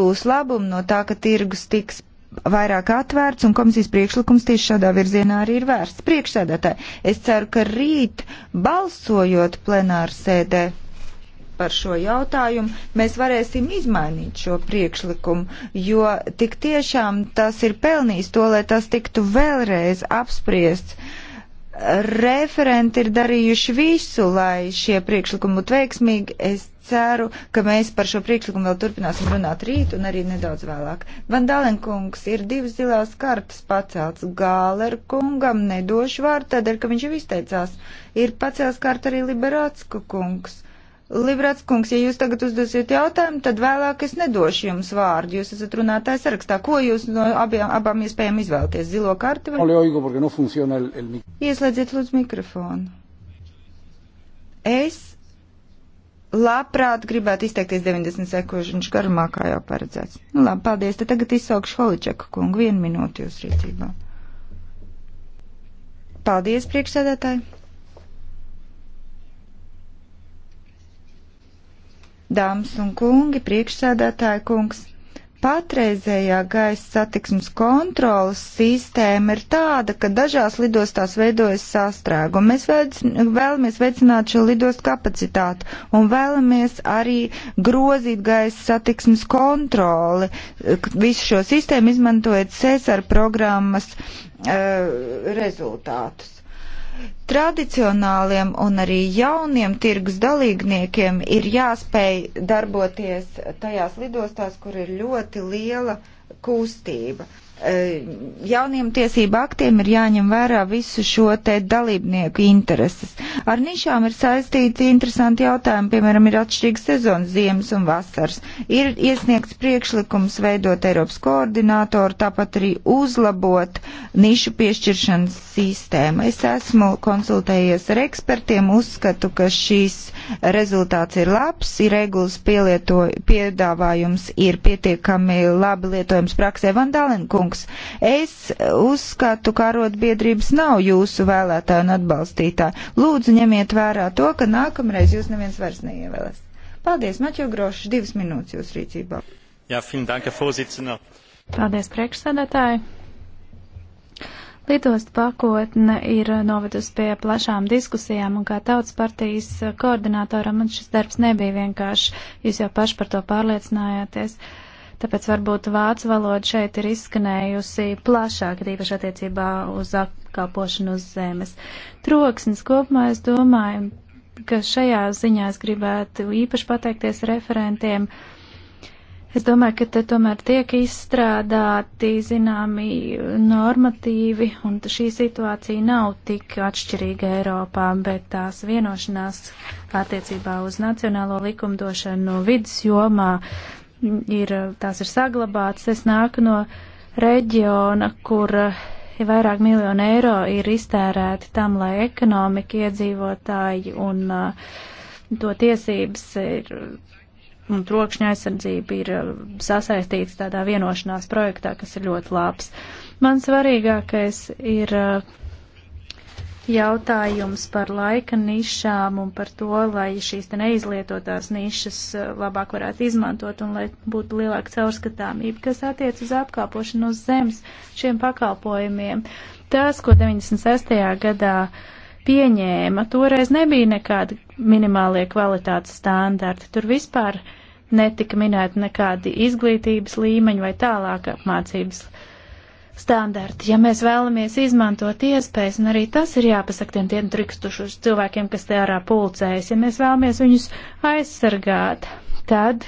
gūs labumu no tā, ka tirgus tiks vairāk atvērts, un komisijas priekšlikums tieši šādā virzienā arī ir vērsts. Priekšsēdētāji, es ceru, ka rīt balsojot plenāru sēdē par šo jautājumu, mēs varēsim izmainīt šo priekšlikumu, jo tik tiešām tas ir pelnījis to, lai tas tiktu vēlreiz apspriests referenti ir darījuši visu, lai šie priekšlikumi būtu veiksmīgi. Es ceru, ka mēs par šo priekšlikumu vēl turpināsim runāt rīt un arī nedaudz vēlāk. Vandalenkungs ir divas zilās kartas pacelts. Gāler kungam nedošu vārdu tādēļ, ka viņš jau izteicās. Ir pacēls karta arī Liberātsku kungs. Librāts kungs, ja jūs tagad uzdosiet jautājumu, tad vēlāk es nedošu jums vārdu. Jūs esat runātājs sarakstā. Ko jūs no abiem, abām iespējām izvēlties? Zilo karti vai? No Ieslēdziet lūdzu mikrofonu. Es labprāt gribētu izteikties 90 sekošanas garumā, kā jau paredzēts. Nu, labi, paldies. Tad tagad izsaukšu Holičaku kungu. Vienu minūti jūs rīcībā. Paldies, priekšsēdētāji. Dāmas un kungi, priekšsēdētāja kungs, patreizējā gaisa satiksmes kontrolas sistēma ir tāda, ka dažās lidostās veidojas sastrēgumi. Mēs veic, vēlamies veicināt šo lidostu kapacitāti un vēlamies arī grozīt gaisa satiksmes kontroli. Visu šo sistēmu izmantojot CESAR programmas uh, rezultātus. Tradicionāliem un arī jauniem tirgus dalībniekiem ir jāspēj darboties tajās lidostās, kur ir ļoti liela kustība. Eh, jauniem tiesību aktiem ir jāņem vērā visu šo te dalībnieku intereses. Ar nišām ir saistīti interesanti jautājumi, piemēram, ir atšķirīgs sezons ziemas un vasaras. Ir iesniegts priekšlikums veidot Eiropas koordinātoru, tāpat arī uzlabot nišu piešķiršanas sistēmu. Es esmu konsultējies ar ekspertiem, uzskatu, ka šīs rezultāts ir labs, ir regulas piedāvājums, ir pietiekami labi lietojums praksē. Vandālenku kungs, es uzskatu, ka arotbiedrības nav jūsu vēlētāji un atbalstītāji. Lūdzu, ņemiet vērā to, ka nākamreiz jūs neviens vairs neievēlēs. Paldies, Maķo Grošs, divas minūtes jūs rīcībā. Jā, fin, danke, pozicinā. Paldies, priekšsēdētāji. Lidost pakotne ir novedusi pie plašām diskusijām, un kā tautas partijas koordinātoram man šis darbs nebija vienkārši. Jūs jau paši par to pārliecinājāties. Uh, Tāpēc varbūt vācu valoda šeit ir izskanējusi plašāk, tīpaši attiecībā uz apkalpošanu uz zemes. Troksnis kopumā es domāju, ka šajā ziņā es gribētu īpaši pateikties referentiem. Es domāju, ka te tomēr tiek izstrādāti zināmi normatīvi, un šī situācija nav tik atšķirīga Eiropā, bet tās vienošanās attiecībā uz nacionālo likumdošanu no vidas jomā ir, eh, tās ir saglabātas. Es nāku no reģiona, kur eh, ja vairāk miljonu eiro ir iztērēti tam, lai ekonomika iedzīvotāji un eh, to tiesības ir un trokšņa aizsardzība ir sasaistīts tādā vienošanās projektā, kas ir ļoti labs. Man svarīgākais ir jautājums par laika nišām un par to, lai šīs te neizlietotās nišas eh, labāk varētu izmantot un lai būtu lielāka caurskatāmība, kas attiec uz apkalpošanu uz zemes šiem pakalpojumiem. Tas, ko 96. gadā pieņēma, toreiz nebija nekādi minimālie kvalitātes standarti. Tur vispār netika minēti nekādi izglītības līmeņi vai tālāk apmācības līmeņi standarti. Ja mēs vēlamies izmantot iespējas, un arī tas ir jāpasaka tiem, tiem trikstušus cilvēkiem, kas te ārā pulcējas, ja mēs vēlamies viņus aizsargāt, tad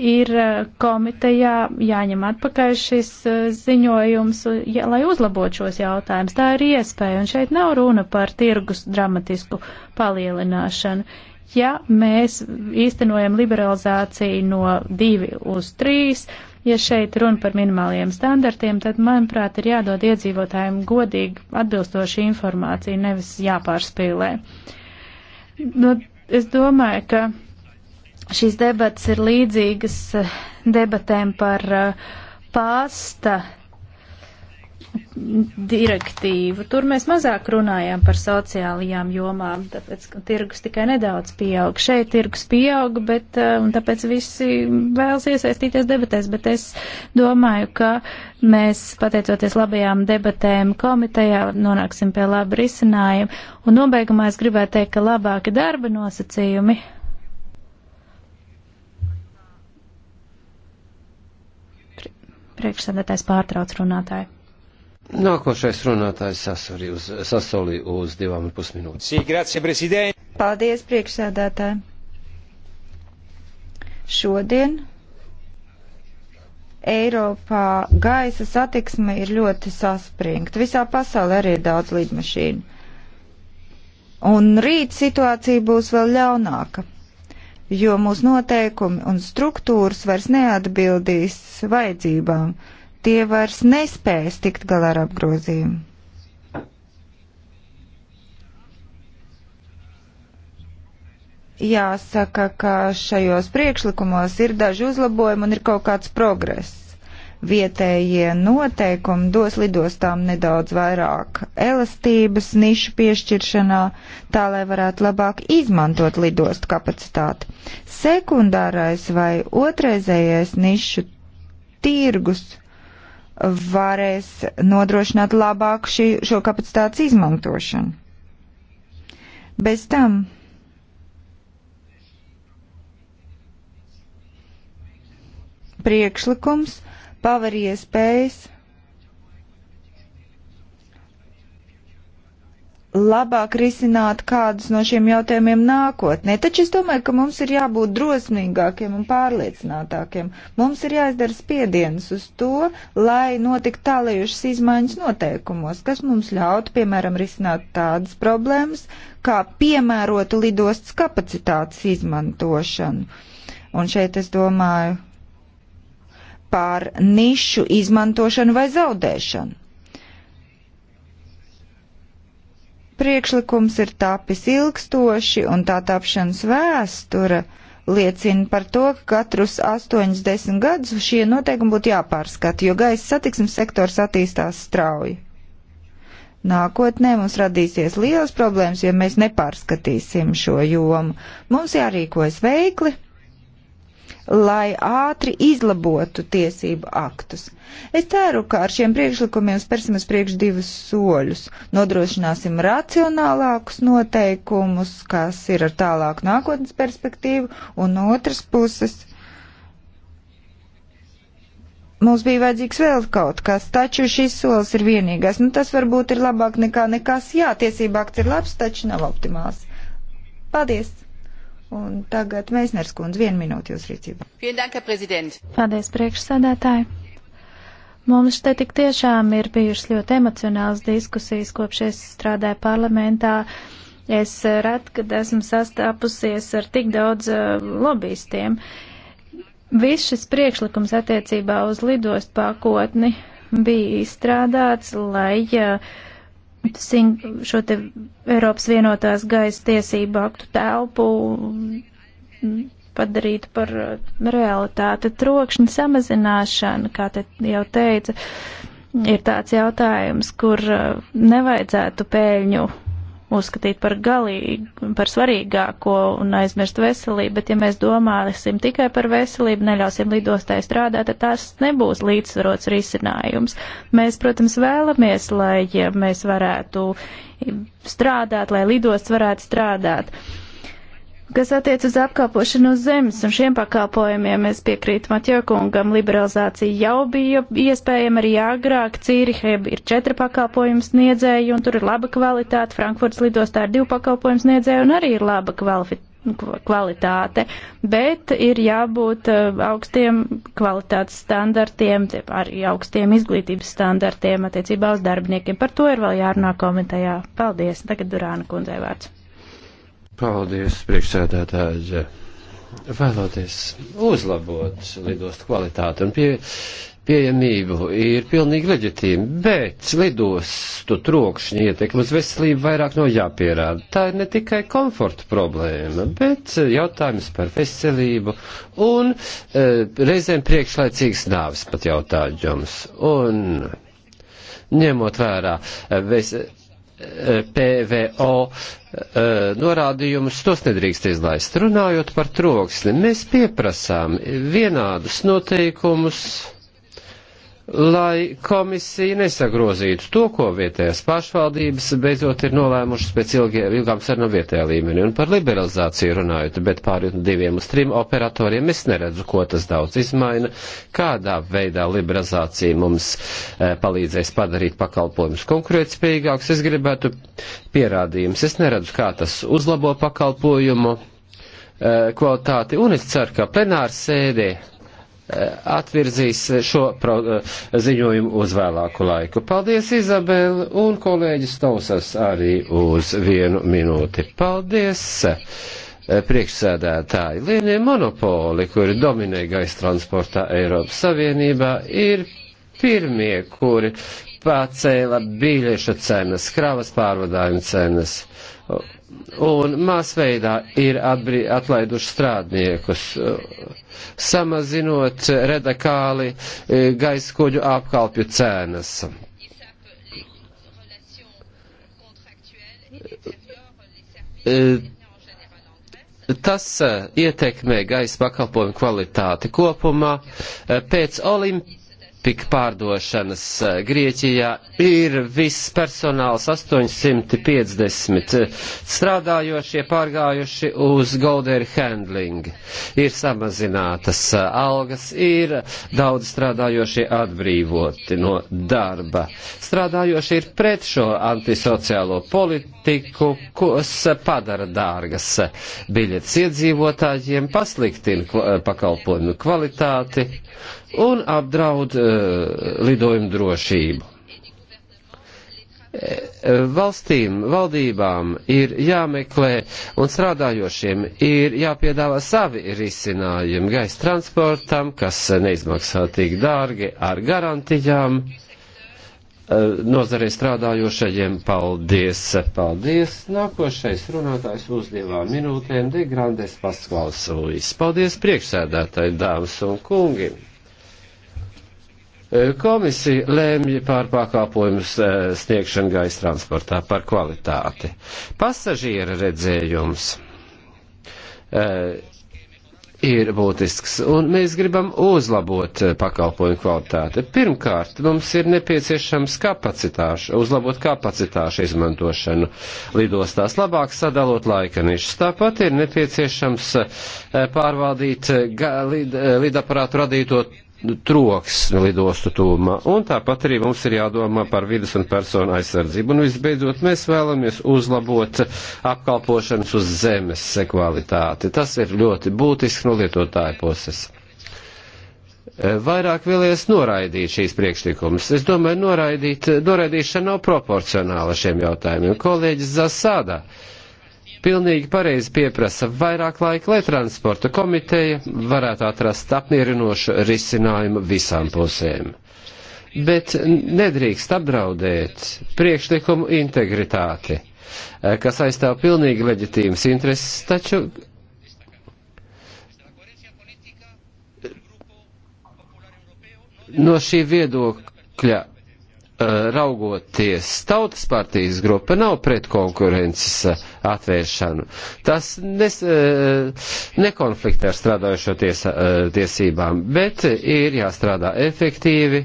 ir eh, komitejā jāņem atpakaļ šis eh, ziņojums, ja, lai uzlabotu šos jautājumus. Tā ir iespēja, un šeit nav runa par tirgus dramatisku palielināšanu ja mēs īstenojam liberalizāciju no 2 uz 3, Ja šeit runa par minimāliem standartiem, tad, manuprāt, ir jādod iedzīvotājiem godīgi atbilstoši informācija, nevis jāpārspīlē. Nu, es domāju, ka šīs debatas ir līdzīgas eh, debatēm par eh, pasta direktīvu. Tur mēs mazāk runājām par sociālajām jomām, tāpēc ka tirgus tikai nedaudz pieaug. Šeit tirgus pieaug, bet eh, tāpēc visi vēlas iesaistīties debatēs, bet es domāju, ka mēs, pateicoties labajām debatēm komitejā, nonāksim pie laba risinājuma. Un nobeigumā es gribētu teikt, ka labāki darba nosacījumi priekšsēdētājs pārtrauc runātāju. Nākošais runātājs sasolī uz, sasolī uz divām un pusminūtes. Sī, grazie, prezident. Paldies, priekšsēdētāji. Šodien Eiropā gaisa satiksme ir ļoti saspringta. Visā pasaulē arī ir daudz lidmašīnu. Un rīt situācija būs vēl ļaunāka jo mūsu noteikumi un struktūras vairs neatbildīs vajadzībām tie vairs nespējas tikt galā ar apgrozījumu. Jāsaka, ka šajos priekšlikumos ir daži uzlabojumi un ir kaut kāds progress. Vietējie noteikumi dos lidostām nedaudz vairāk elastības nišu piešķiršanā, tā lai varētu labāk izmantot lidostu kapacitāti. Sekundārais vai otrreizējais nišu tirgus varēs nodrošināt labāku šī, šo kapacitātes izmantošanu. Bez tam priekšlikums paver iespējas labāk risināt kādus no šiem jautājumiem nākotnē. Taču es domāju, ka mums ir jābūt drosmīgākiem un pārliecinātākiem. Mums ir jāizdara spiediens uz to, lai notiktu tālējušas izmaiņas noteikumos, kas mums ļautu, piemēram, risināt tādas problēmas, kā piemērotu lidostas kapacitātes izmantošanu. Un šeit es domāju par nišu izmantošanu vai zaudēšanu priekšlikums ir tapis ilgstoši un tā tapšanas vēstura liecina par to, ka katrus 80 gadus šie noteikumi būtu jāpārskata, jo gaisa satiksmes sektors attīstās strauji. Nākotnē mums radīsies liels problēmas, ja mēs nepārskatīsim šo jomu. Mums jārīkojas veikli lai ātri izlabotu tiesību aktus. Es ceru, ka ar šiem priekšlikumiem spērsim uz priekš divus soļus. Nodrošināsim racionālākus noteikumus, kas ir ar tālāku nākotnes perspektīvu, un no otras puses mums bija vajadzīgs vēl kaut kas, taču šis solis ir vienīgais. Nu, tas varbūt ir labāk nekā nekas. Jā, tiesība akts ir labs, taču nav optimāls. Paldies! Un tagad Meisners kundze, vienu minūti jūs rīcībā. Paldies, priekšsēdētāji. Mums te tik tiešām ir bijušas ļoti emocionāls diskusijas, kopš es strādāju parlamentā. Es ret, kad esmu sastāpusies ar tik daudz uh, lobbyistiem. Viss šis priekšlikums attiecībā uz lidostu pakotni bija izstrādāts, lai uh, šo te Eiropas vienotās gaisa tiesību aktu telpu padarītu par uh, realitāti. Trokšņa samazināšana, kā te jau teica, ir tāds jautājums, kur uh, nevajadzētu pēļņu uzskatīt par galīgi, par svarīgāko un aizmirst veselību, bet ja mēs domāsim tikai par veselību, neļausim lidostai strādāt, tad tas nebūs līdzsvarots risinājums. Mēs, protams, vēlamies, lai ja mēs varētu strādāt, lai lidosts varētu strādāt kas attiec uz apkalpošanu uz zemes un šiem pakalpojumiem, es piekrītu Matjokungam, liberalizācija jau bija iespējama arī agrāk. Cīrihe ir četri pakalpojumu sniedzēji un tur ir laba kvalitāte, Frankfurts lidostā ir divi pakalpojumu sniedzēji un arī ir laba kvalitāte, bet ir jābūt eh, augstiem kvalitātes standartiem, arī augstiem izglītības standartiem attiecībā uz darbiniekiem. Par to ir vēl jārunā komentējā. Paldies. Tagad Durāna kundzei vārds. Paldies, priekšsēdētāji. Vēloties uzlabot lidostu kvalitāti un pie, pieejamību ir pilnīgi leģitīmi, bet lidostu trokšņi ietekmi uz veselību vairāk nav no jāpierāda. Tā ir ne tikai komforta problēma, bet jautājums par veselību un e, reizēm priekšlaicīgs nāvis pat jautājums. Un ņemot vērā ves, PVO e, norādījumus, tos nedrīkst izlaist. Runājot par troksni, mēs pieprasām vienādus noteikumus lai komisija nesagrozītu to, ko vietējās pašvaldības beidzot ir nolēmušas pēc ilgie, ilgām sarunām vietējā līmenī. Un par liberalizāciju runājot, bet pāri diviem uz trim operatoriem es neredzu, ko tas daudz izmaina, kādā veidā liberalizācija mums e, palīdzēs padarīt pakalpojumus konkurētspējīgāks. Es gribētu pierādījumus. Es neredzu, kā tas uzlabo pakalpojumu e, kvalitāti, un es ceru, ka plenārs sēdē Eh, atvirzīs šo eh, ziņojumu uz vēlāku laiku. Paldies, Izabela, un kolēģis Tausas arī uz vienu minūti. Paldies! Eh, priekšsēdētāji, lielie monopoli, kuri dominē gaisa transportā Eiropas Savienībā, ir pirmie, kuri pacēla biļešu cenas, kravas pārvadājumu cenas un masveidā ir atbrī, atlaiduši strādniekus samazinot radikāli e, gaiskuļu apkalpju cenas. E, tas e, ietekmē gaisa pakalpojumu kvalitāti kopumā. Pēc olimpiskajiem narkotiku pārdošanas eh, Grieķijā ir viss personāls 850 strādājošie pārgājuši uz Golder Handling. Ir samazinātas eh, algas, ir daudz strādājošie atbrīvoti no darba. Strādājošie ir pret šo antisociālo politiku, kas padara dārgas biļetes iedzīvotājiem, pasliktina pakalpojumu kvalitāti un apdraud uh, lidojumu drošību. Eh, valstīm, valdībām ir jāmeklē un strādājošiem ir jāpiedāvā savi risinājumi gaisa transportam, kas neizmaksā tik dārgi ar garantijām. Eh, nozarē strādājošajiem paldies, paldies. Nākošais runātājs būs divām minūtēm, Degrandes Paskvalsūjas. Paldies priekšsēdētāji, dāmas un kungi. Komisija lēmja pār pakāpojumu eh, sniegšanu gaisa transportā par kvalitāti. Pasažiera redzējums eh, ir būtisks, un mēs gribam uzlabot eh, pakalpojumu kvalitāti. Pirmkārt, mums ir nepieciešams kapacitāšu, uzlabot kapacitāšu izmantošanu lidostās, labāk sadalot laikanišus. Tāpat ir nepieciešams pārvaldīt lid, lidaparātu radīto troksni lidostu tūmā. Un tāpat arī mums ir jādomā par vidas un personu aizsardzību. Un visbeidzot, mēs vēlamies uzlabot apkalpošanas uz zemes kvalitāti. Tas ir ļoti būtiski no lietotāja puses. Vairāk vēlies noraidīt šīs priekšlikumus. Es domāju, noraidīt, noraidīšana nav proporcionāla šiem jautājumiem. Kolēģis Zasādā. Uh, pilnīgi pareizi pieprasa vairāk laika, lai transporta komiteja varētu atrast apmierinošu risinājumu visām pusēm. Bet nedrīkst apdraudēt priekšlikumu integritāti, eh, kas aizstāv pilnīgi leģitīmas intereses, taču no šī viedokļa Eh, raugoties, tautas partijas grupa nav pret konkurences eh, atvēršanu. Tas nes, eh, nekonfliktē ar strādājušo ties, tiesībām, bet ir jāstrādā efektīvi.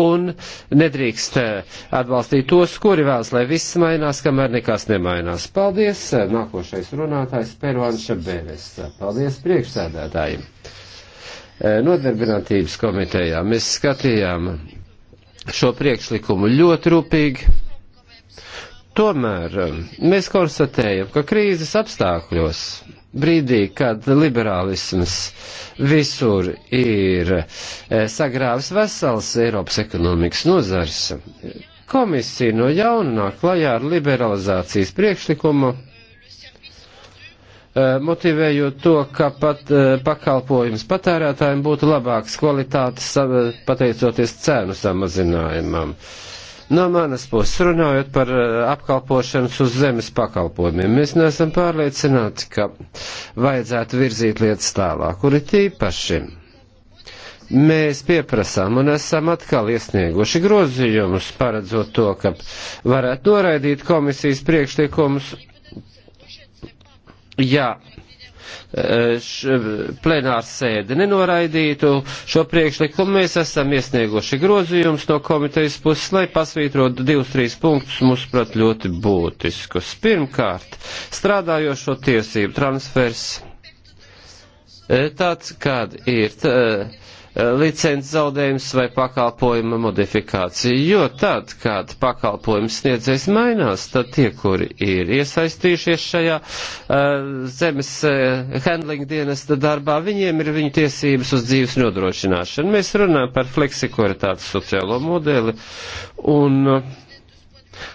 Un nedrīkst atbalstīt tos, kuri vēlas, lai viss mainās, kamēr nekas nemainās. Paldies! Nākošais runātājs Peruanša Bēves. Paldies priekšsēdētājiem! Eh, Nodarbinātības komitejā mēs skatījām šo priekšlikumu ļoti rūpīgi. Tomēr eh, mēs konstatējam, ka krīzes apstākļos, brīdī, kad liberālisms visur ir eh, sagrāvis vesels Eiropas ekonomikas nozars, komisija no jauna klajā ar liberalizācijas priekšlikumu Eh, motivējot to, ka pat, eh, pakalpojums patērētājiem būtu labāks kvalitātes eh, pateicoties cēnu samazinājumam. No manas puses runājot par apkalpošanas uz zemes pakalpojumiem, mēs neesam pārliecināti, ka vajadzētu virzīt lietas tālāk, un it īpaši mēs pieprasām un esam atkal iesnieguši grozījumus, paredzot to, ka varētu noraidīt komisijas priekšlikumus ja e, plenārs sēde nenoraidītu šo priekšlikumu, mēs esam iesnieguši grozījums no komitejas puses, lai pasvītrotu divus, trīs punktus, mūsuprāt, ļoti būtiskus. Pirmkārt, strādājošo tiesību transfers e, tāds, kad ir. Tā, Eh, licences zaudējums vai pakalpojuma modifikācija, jo tad, kad pakalpojums sniedzējs mainās, tad tie, kuri ir iesaistījušies šajā uh, zemes uh, handling dienesta darbā, viņiem ir viņu tiesības uz dzīves nodrošināšanu. Mēs runājam par fleksikoritātes sociālo modeli un uh,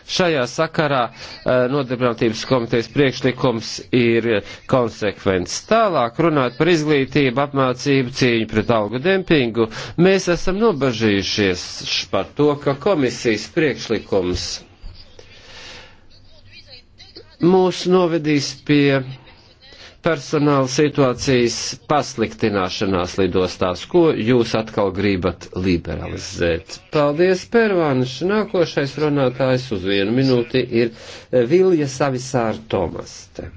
Šajā sakarā eh, nodarbinātības komitejas priekšlikums ir konsekvents. Tālāk runāt par izglītību, apmācību, cīņu pret algu dempingu, mēs esam nobažījušies par to, ka komisijas priekšlikums mūs novedīs pie personāla situācijas pasliktināšanās lidostās, ko jūs atkal gribat liberalizēt. Paldies, Pērvāniš. Nākošais runātājs uz vienu minūti ir eh, Vilja Savisāra Tomaste.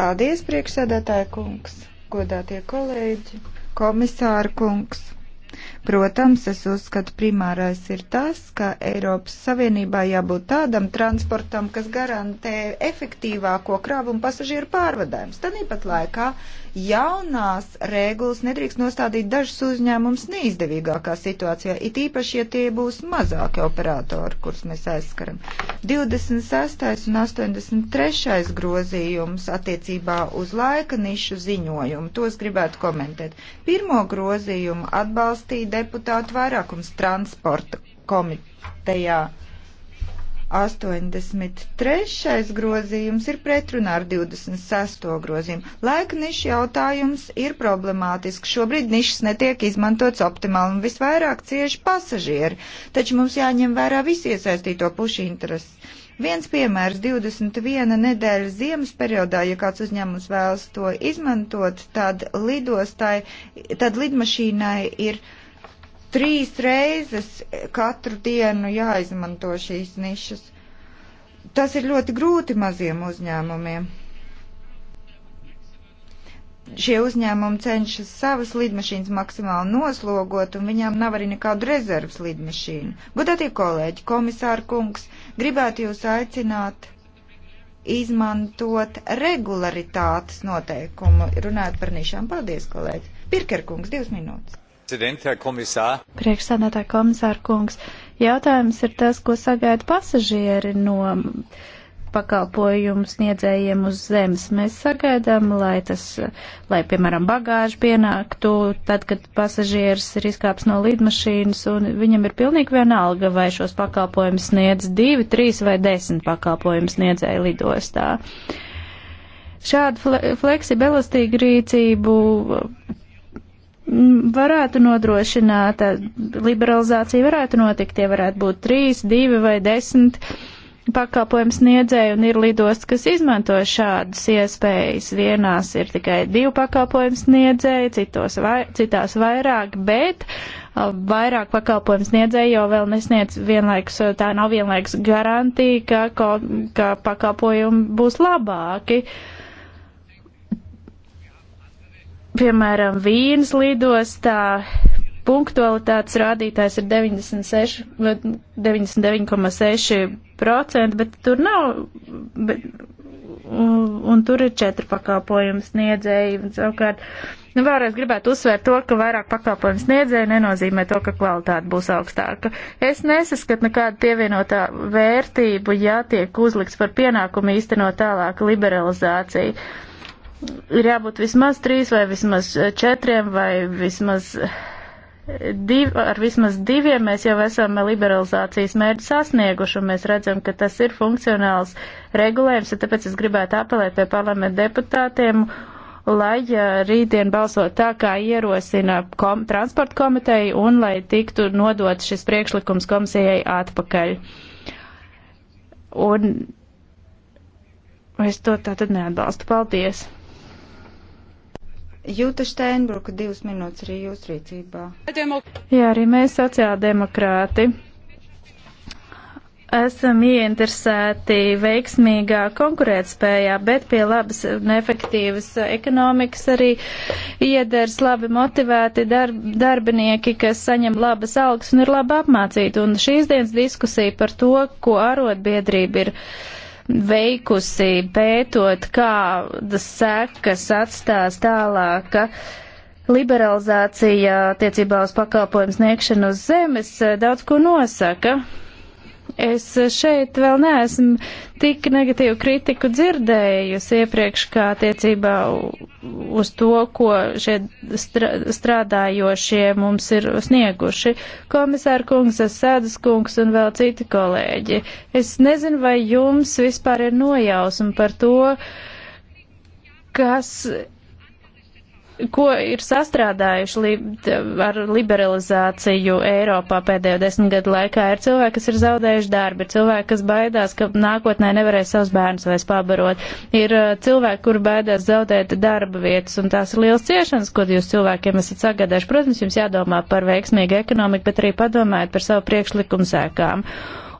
Paldies, priekšsēdētāja kungs, godātie kolēģi, komisāra kungs. Protams, es uzskatu, primārais ir tas, ka Eiropas Savienībā jābūt tādam transportam, kas garantē efektīvāko kravu un pasažieru pārvadājumus. Tad īpat laikā jaunās regulas nedrīkst nostādīt dažus uzņēmumus neizdevīgākā situācijā, it īpaši, ja tie būs mazāki operatori, kurus mēs aizskaram. 26. un 83. grozījums attiecībā uz laika nišu ziņojumu, tos gribētu komentēt. Pirmo grozījumu atbalstīja deputātu vairākums transporta komitejā. 83. grozījums ir pretrunā ar 26. grozījumu. Laika nišs jautājums ir problemātisks. Šobrīd nišs netiek izmantots optimāli un visvairāk cieši pasažieri, taču mums jāņem vērā visi iesaistīto pušu intereses. Viens piemērs 21 nedēļas ziemas periodā, ja kāds uzņēmums vēlas to izmantot, tad lidostai, tad lidmašīnai ir trīs reizes katru dienu jāizmanto šīs nišas. Tas ir ļoti grūti maziem uzņēmumiem. Šie uzņēmumi cenšas savas lidmašīnas maksimāli noslogot, un viņām nav arī nekādu rezerves lidmašīnu. Godātie kolēģi, komisāra kungs, gribētu jūs aicināt izmantot regularitātes noteikumu, runājot par nišām. Paldies, kolēģi! Pirkerkungs, divas minūtes! Priekšsēdētāja komisāra kungs, jautājums ir tas, ko sagaida pasažieri no pakalpojumu sniedzējiem uz zemes. Mēs sagaidām, lai tas, lai, piemēram, bagāži pienāktu, tad, kad pasažieris ir izkāps no lidmašīnas, un viņam ir pilnīgi vienalga, vai šos pakalpojumus sniedz divi, trīs vai desmit pakalpojumu sniedzēji lidostā. Šādu fle fleksibilistīgu rīcību Mm, varētu nodrošināt, eh, liberalizācija varētu notikt, tie varētu būt trīs, divi vai desmit pakalpojums sniedzēju un ir lidost, kas izmanto šādas iespējas. Vienās ir tikai divi pakalpojums sniedzēji, citos vai, citās vairāk, bet eh, vairāk pakalpojums sniedzēji jau vēl nesniedz vienlaikus, eh, tā nav vienlaikus garantija, ka, ka pakalpojumi būs labāki. Uh, Piemēram, Vīnas lidostā punktualitātes rādītājs ir 96, 99,6%, bet tur nav, bet, un, un tur ir četri pakalpojumu sniedzēji. Savukārt, nu, vēlreiz gribētu uzsvērt to, ka vairāk pakalpojumu sniedzēji nenozīmē to, ka kvalitāte būs augstāka. Es nesaskatu nekādu pievienotā vērtību, ja tiek uzlikts par pienākumu īstenot tālāk liberalizāciju. Uh, ir jābūt vismaz trīs vai vismaz eh, četriem vai vismaz eh, div, ar vismaz diviem mēs jau esam liberalizācijas mērķi sasnieguši, un mēs redzam, ka tas ir funkcionāls regulējums, un tāpēc es gribētu apelēt pie parlamenta deputātiem, lai eh, rītdien balsot tā, kā ierosina kom, transporta komiteja, un lai tiktu nodot šis priekšlikums komisijai atpakaļ. Un es to tātad neatbalstu. Paldies! Jūta Steinbruka, divas minūtes arī jūs rīcībā. Jā, arī mēs sociāldemokrāti esam ieinteresēti veiksmīgā konkurētspējā, bet pie labas un efektīvas ekonomikas arī iedars labi motivēti darb darbinieki, kas saņem labas algas un ir labi apmācīti. Un šīs dienas diskusija par to, ko arotbiedrība ir veikusi pētot, kādas sekas atstās tālāka liberalizācija attiecībā uz pakalpojumu sniegšanu uz zemes, eh, daudz ko nosaka. Es šeit vēl neesmu tik negatīvu kritiku dzirdējusi iepriekš, kā attiecībā uz to, ko šie strādājošie mums ir snieguši. Komisāra kungs, Sēdas kungs un vēl citi kolēģi. Es nezinu, vai jums vispār ir nojausma par to, kas ko ir sastrādājuši li ar liberalizāciju Eiropā pēdējo desmit gadu laikā. Ir cilvēki, kas ir zaudējuši darbu, ir cilvēki, kas baidās, ka nākotnē nevarēs savus bērnus vairs pabarot. Ir uh, cilvēki, kuri baidās zaudēt darba vietas, un tās ir liels ciešanas, ko jūs cilvēkiem esat sagādājuši. Protams, jums jādomā par veiksmīgu ekonomiku, bet arī padomājiet par savu priekšlikumu sēkām.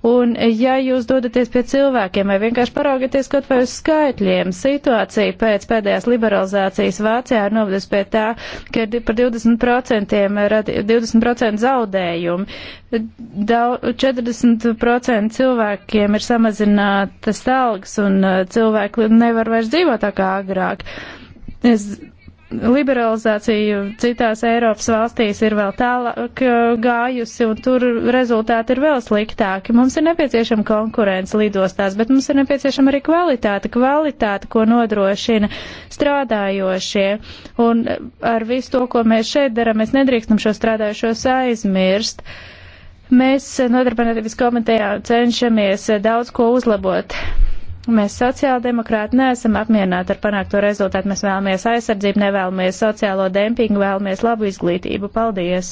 Un ja jūs dodaties pie cilvēkiem vai vienkārši paraugieties kaut vai uz skaitļiem, situācija pēc pēdējās liberalizācijas Vācijā ir novedus pie tā, ka ir par 20%, 20 zaudējumi. Dau, 40% cilvēkiem ir samazinātas algas un eh, cilvēki nevar vairs dzīvot tā kā agrāk. Es liberalizācija citās Eiropas valstīs ir vēl tālāk uh, gājusi, un tur rezultāti ir vēl sliktāki. Mums ir nepieciešama konkurence lidostās, bet mums ir nepieciešama arī kvalitāte, kvalitāte, ko nodrošina strādājošie. Un ar visu to, ko mēs šeit darām, mēs nedrīkstam šo strādājošos aizmirst. Mēs eh, nodarbinātības komitejā cenšamies eh, daudz ko uzlabot Mēs sociāldemokrāti neesam apmierināti ar panākto rezultātu. Mēs vēlamies aizsardzību, nevēlamies sociālo dempingu, vēlamies labu izglītību. Paldies!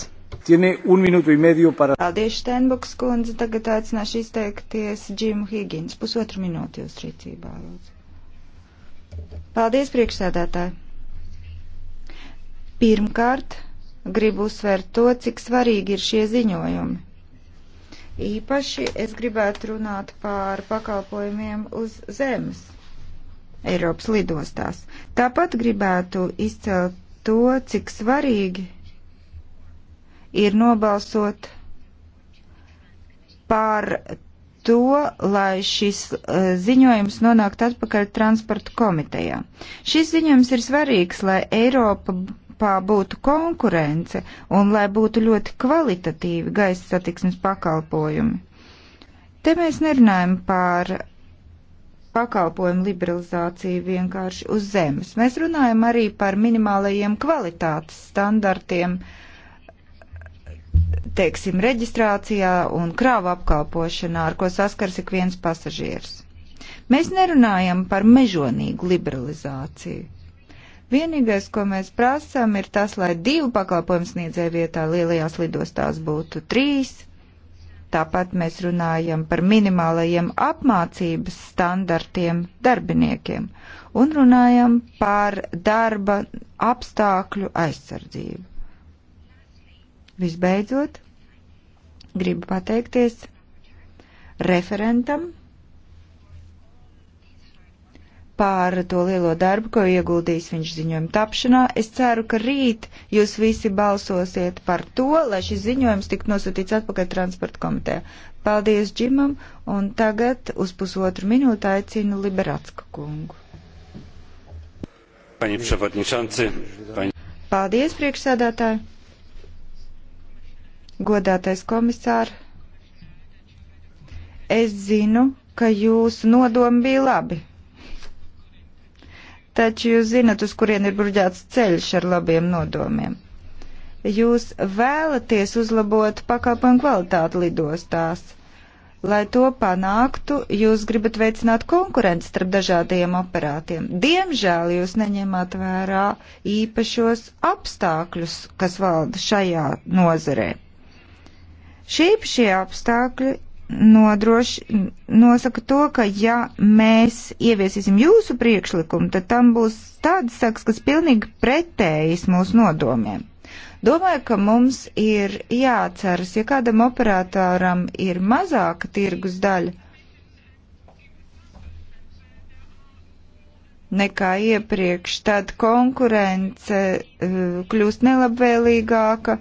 Para... Paldies, Štenbuks kundze. Tagad aicināšu izteikties Džimu Higgins. Pusotru minūti jūs rīcībā, lūdzu. Paldies, priekšsēdētāji. Pirmkārt, gribu uzsvērt to, cik svarīgi ir šie ziņojumi. Īpaši es gribētu runāt par pakalpojumiem uz zemes Eiropas lidostās. Tāpat gribētu izcelt to, cik svarīgi ir nobalsot par to, lai šis uh, ziņojums nonāktu atpakaļ transporta komitejā. Šis ziņojums ir svarīgs, lai Eiropa Eiropā būtu konkurence un lai būtu ļoti kvalitatīvi gaisa satiksmes pakalpojumi. Te mēs nerunājam par pakalpojumu liberalizāciju vienkārši uz zemes. Mēs runājam arī par minimālajiem kvalitātes standartiem, teiksim, reģistrācijā un krāvu apkalpošanā, ar ko saskars ik viens pasažieris. Mēs nerunājam par mežonīgu liberalizāciju. Vienīgais, ko mēs prasām, ir tas, lai divu pakalpojumu sniedzēju vietā lielajās lidostās būtu trīs. Tāpat mēs runājam par minimālajiem apmācības standartiem darbiniekiem un runājam par darba apstākļu aizsardzību. Visbeidzot, gribu pateikties referentam par to lielo darbu, ko ieguldījis viņš ziņojuma tapšanā. Es ceru, ka rīt jūs visi balsosiet par to, lai šis ziņojums tiktu nosūtīts atpakaļ transporta komitē. Paldies Džimam, un tagad uz pusotru minūtu aicinu Liberatska kungu. Paldies, priekšsēdētāji! Godātais komisār, es zinu, ka jūsu nodomi bija labi taču jūs zinat, uz kurien ir bruģēts ceļš ar labiem nodomiem. Jūs vēlaties uzlabot pakalpojumu kvalitāti lidostās. Lai to panāktu, jūs gribat veicināt konkurenci starp dažādiem operātiem. Diemžēl jūs neņemat vērā īpašos apstākļus, kas valda šajā nozarē. Šī īpašie apstākļi nodroši, nosaka to, ka ja mēs ieviesīsim jūsu priekšlikumu, tad tam būs tāds saks, kas pilnīgi pretējas mūsu nodomiem. Domāju, ka mums ir jāatceras, ja kādam operatoram ir mazāka tirgus daļa, nekā iepriekš. Tad konkurence eh, kļūst nelabvēlīgāka,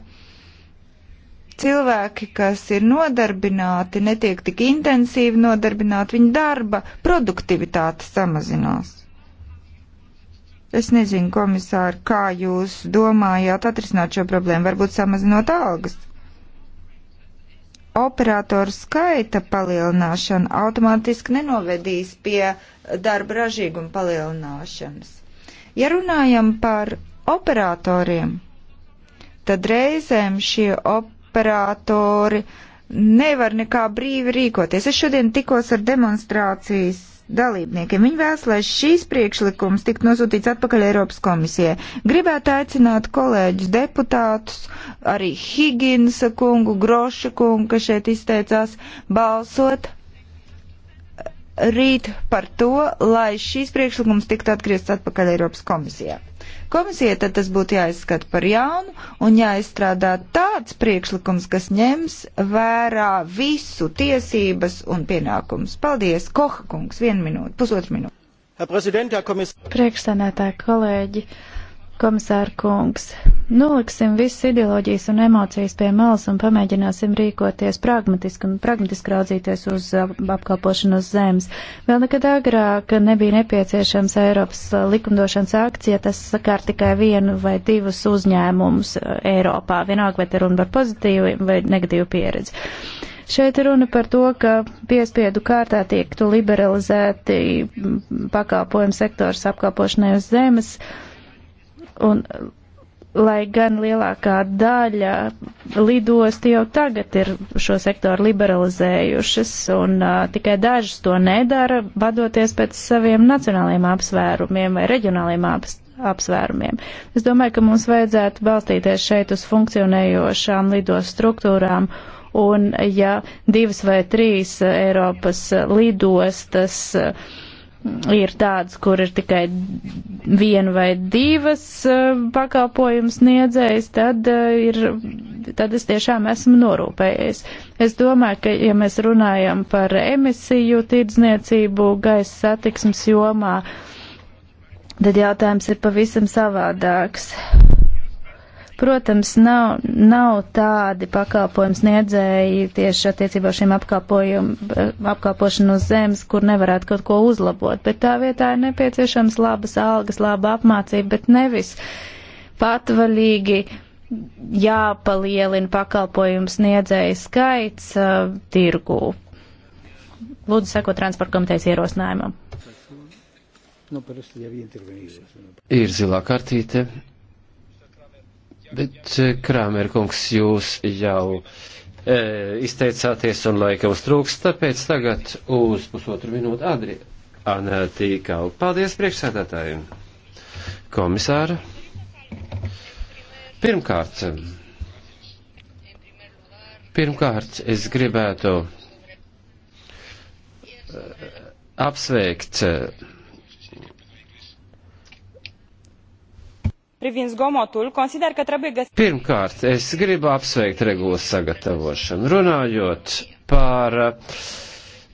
cilvēki, kas ir nodarbināti, netiek tik intensīvi nodarbināti, viņa darba produktivitāte samazinās. Es nezinu, komisāri, kā jūs domājāt atrisināt šo problēmu, varbūt samazinot algas. Operatoru skaita palielināšana automātiski nenovedīs pie darba ražīguma palielināšanas. Ja runājam par operatoriem, tad reizēm šie op operatori nevar nekā brīvi rīkoties. Es šodien tikos ar demonstrācijas dalībniekiem. Viņi vēlas, lai šīs priekšlikums tiktu nosūtīts atpakaļ Eiropas komisijai. Gribētu aicināt kolēģus deputātus, arī Higinsa kungu, Groša kungu, kas šeit izteicās, balsot rīt par to, lai šīs priekšlikums tiktu atgriezts atpakaļ Eiropas komisijai. Komisija tad tas būtu jāizskata par jaunu un jāizstrādā tāds priekšlikums, kas ņems vērā visu tiesības un pienākums. Paldies, Koha kungs, vienu minūtu, pusotru minūtu. Priekšsēdētāji, kolēģi! komisāra kungs, noliksim visas ideoloģijas un emocijas pie malas un pamēģināsim rīkoties pragmatiski un pragmatiski raudzīties uz apkalpošanu uz zemes. Vēl nekad agrāk nebija nepieciešams Eiropas likumdošanas akcija, tas sakār tikai vienu vai divus uzņēmumus e, Eiropā, vienalga vai te runa par pozitīvu vai negatīvu pieredzi. Šeit runa par to, ka piespiedu kārtā tiektu liberalizēti pakalpojumu sektors apkalpošanai uz zemes. Uh, Un, lai gan lielākā daļa lidosti jau tagad ir šo sektoru liberalizējušas, un uh, tikai dažas to nedara, vadoties pēc saviem nacionāliem apsvērumiem vai reģionāliem apsvērumiem apsvērumiem. Es domāju, ka mums vajadzētu balstīties šeit uz funkcionējošām lidos struktūrām, un ja divas vai trīs Eiropas lidostas uh, ir tādas, kur ir tikai viena vai divas eh, pakalpojums niedzējs, tad, eh, ir, tad es tiešām esmu norūpējies. Es domāju, ka, ja mēs runājam par emisiju tirdzniecību gaisa satiksmes jomā, tad jautājums ir pavisam savādāks. Protams, nav, nav tādi pakalpojums niedzēji tieši attiecībā šiem apkalpošanu uz zemes, kur nevarētu kaut ko uzlabot, bet tā vietā ir nepieciešams labas algas, laba apmācība, bet nevis patvaļīgi jāpalielina pakalpojums niedzēju skaits uh, tirgū. Lūdzu, seko transporta komitejas ierosinājumam. Ir zilā kartīte Bet, eh, Krāmer kungs, jūs jau e, izteicāties un laika mums trūks, tāpēc tagad uz pusotru minūtu Adri Anā Tīkau. Paldies priekšsēdētājiem. Komisāra. Pirmkārt, pirmkārt, es gribētu eh, apsveikt privind zgomotul, consider că trebuie găsit... Pirmkārt, es gribu apsveikt regulas sagatavošanu. Runājot par uh,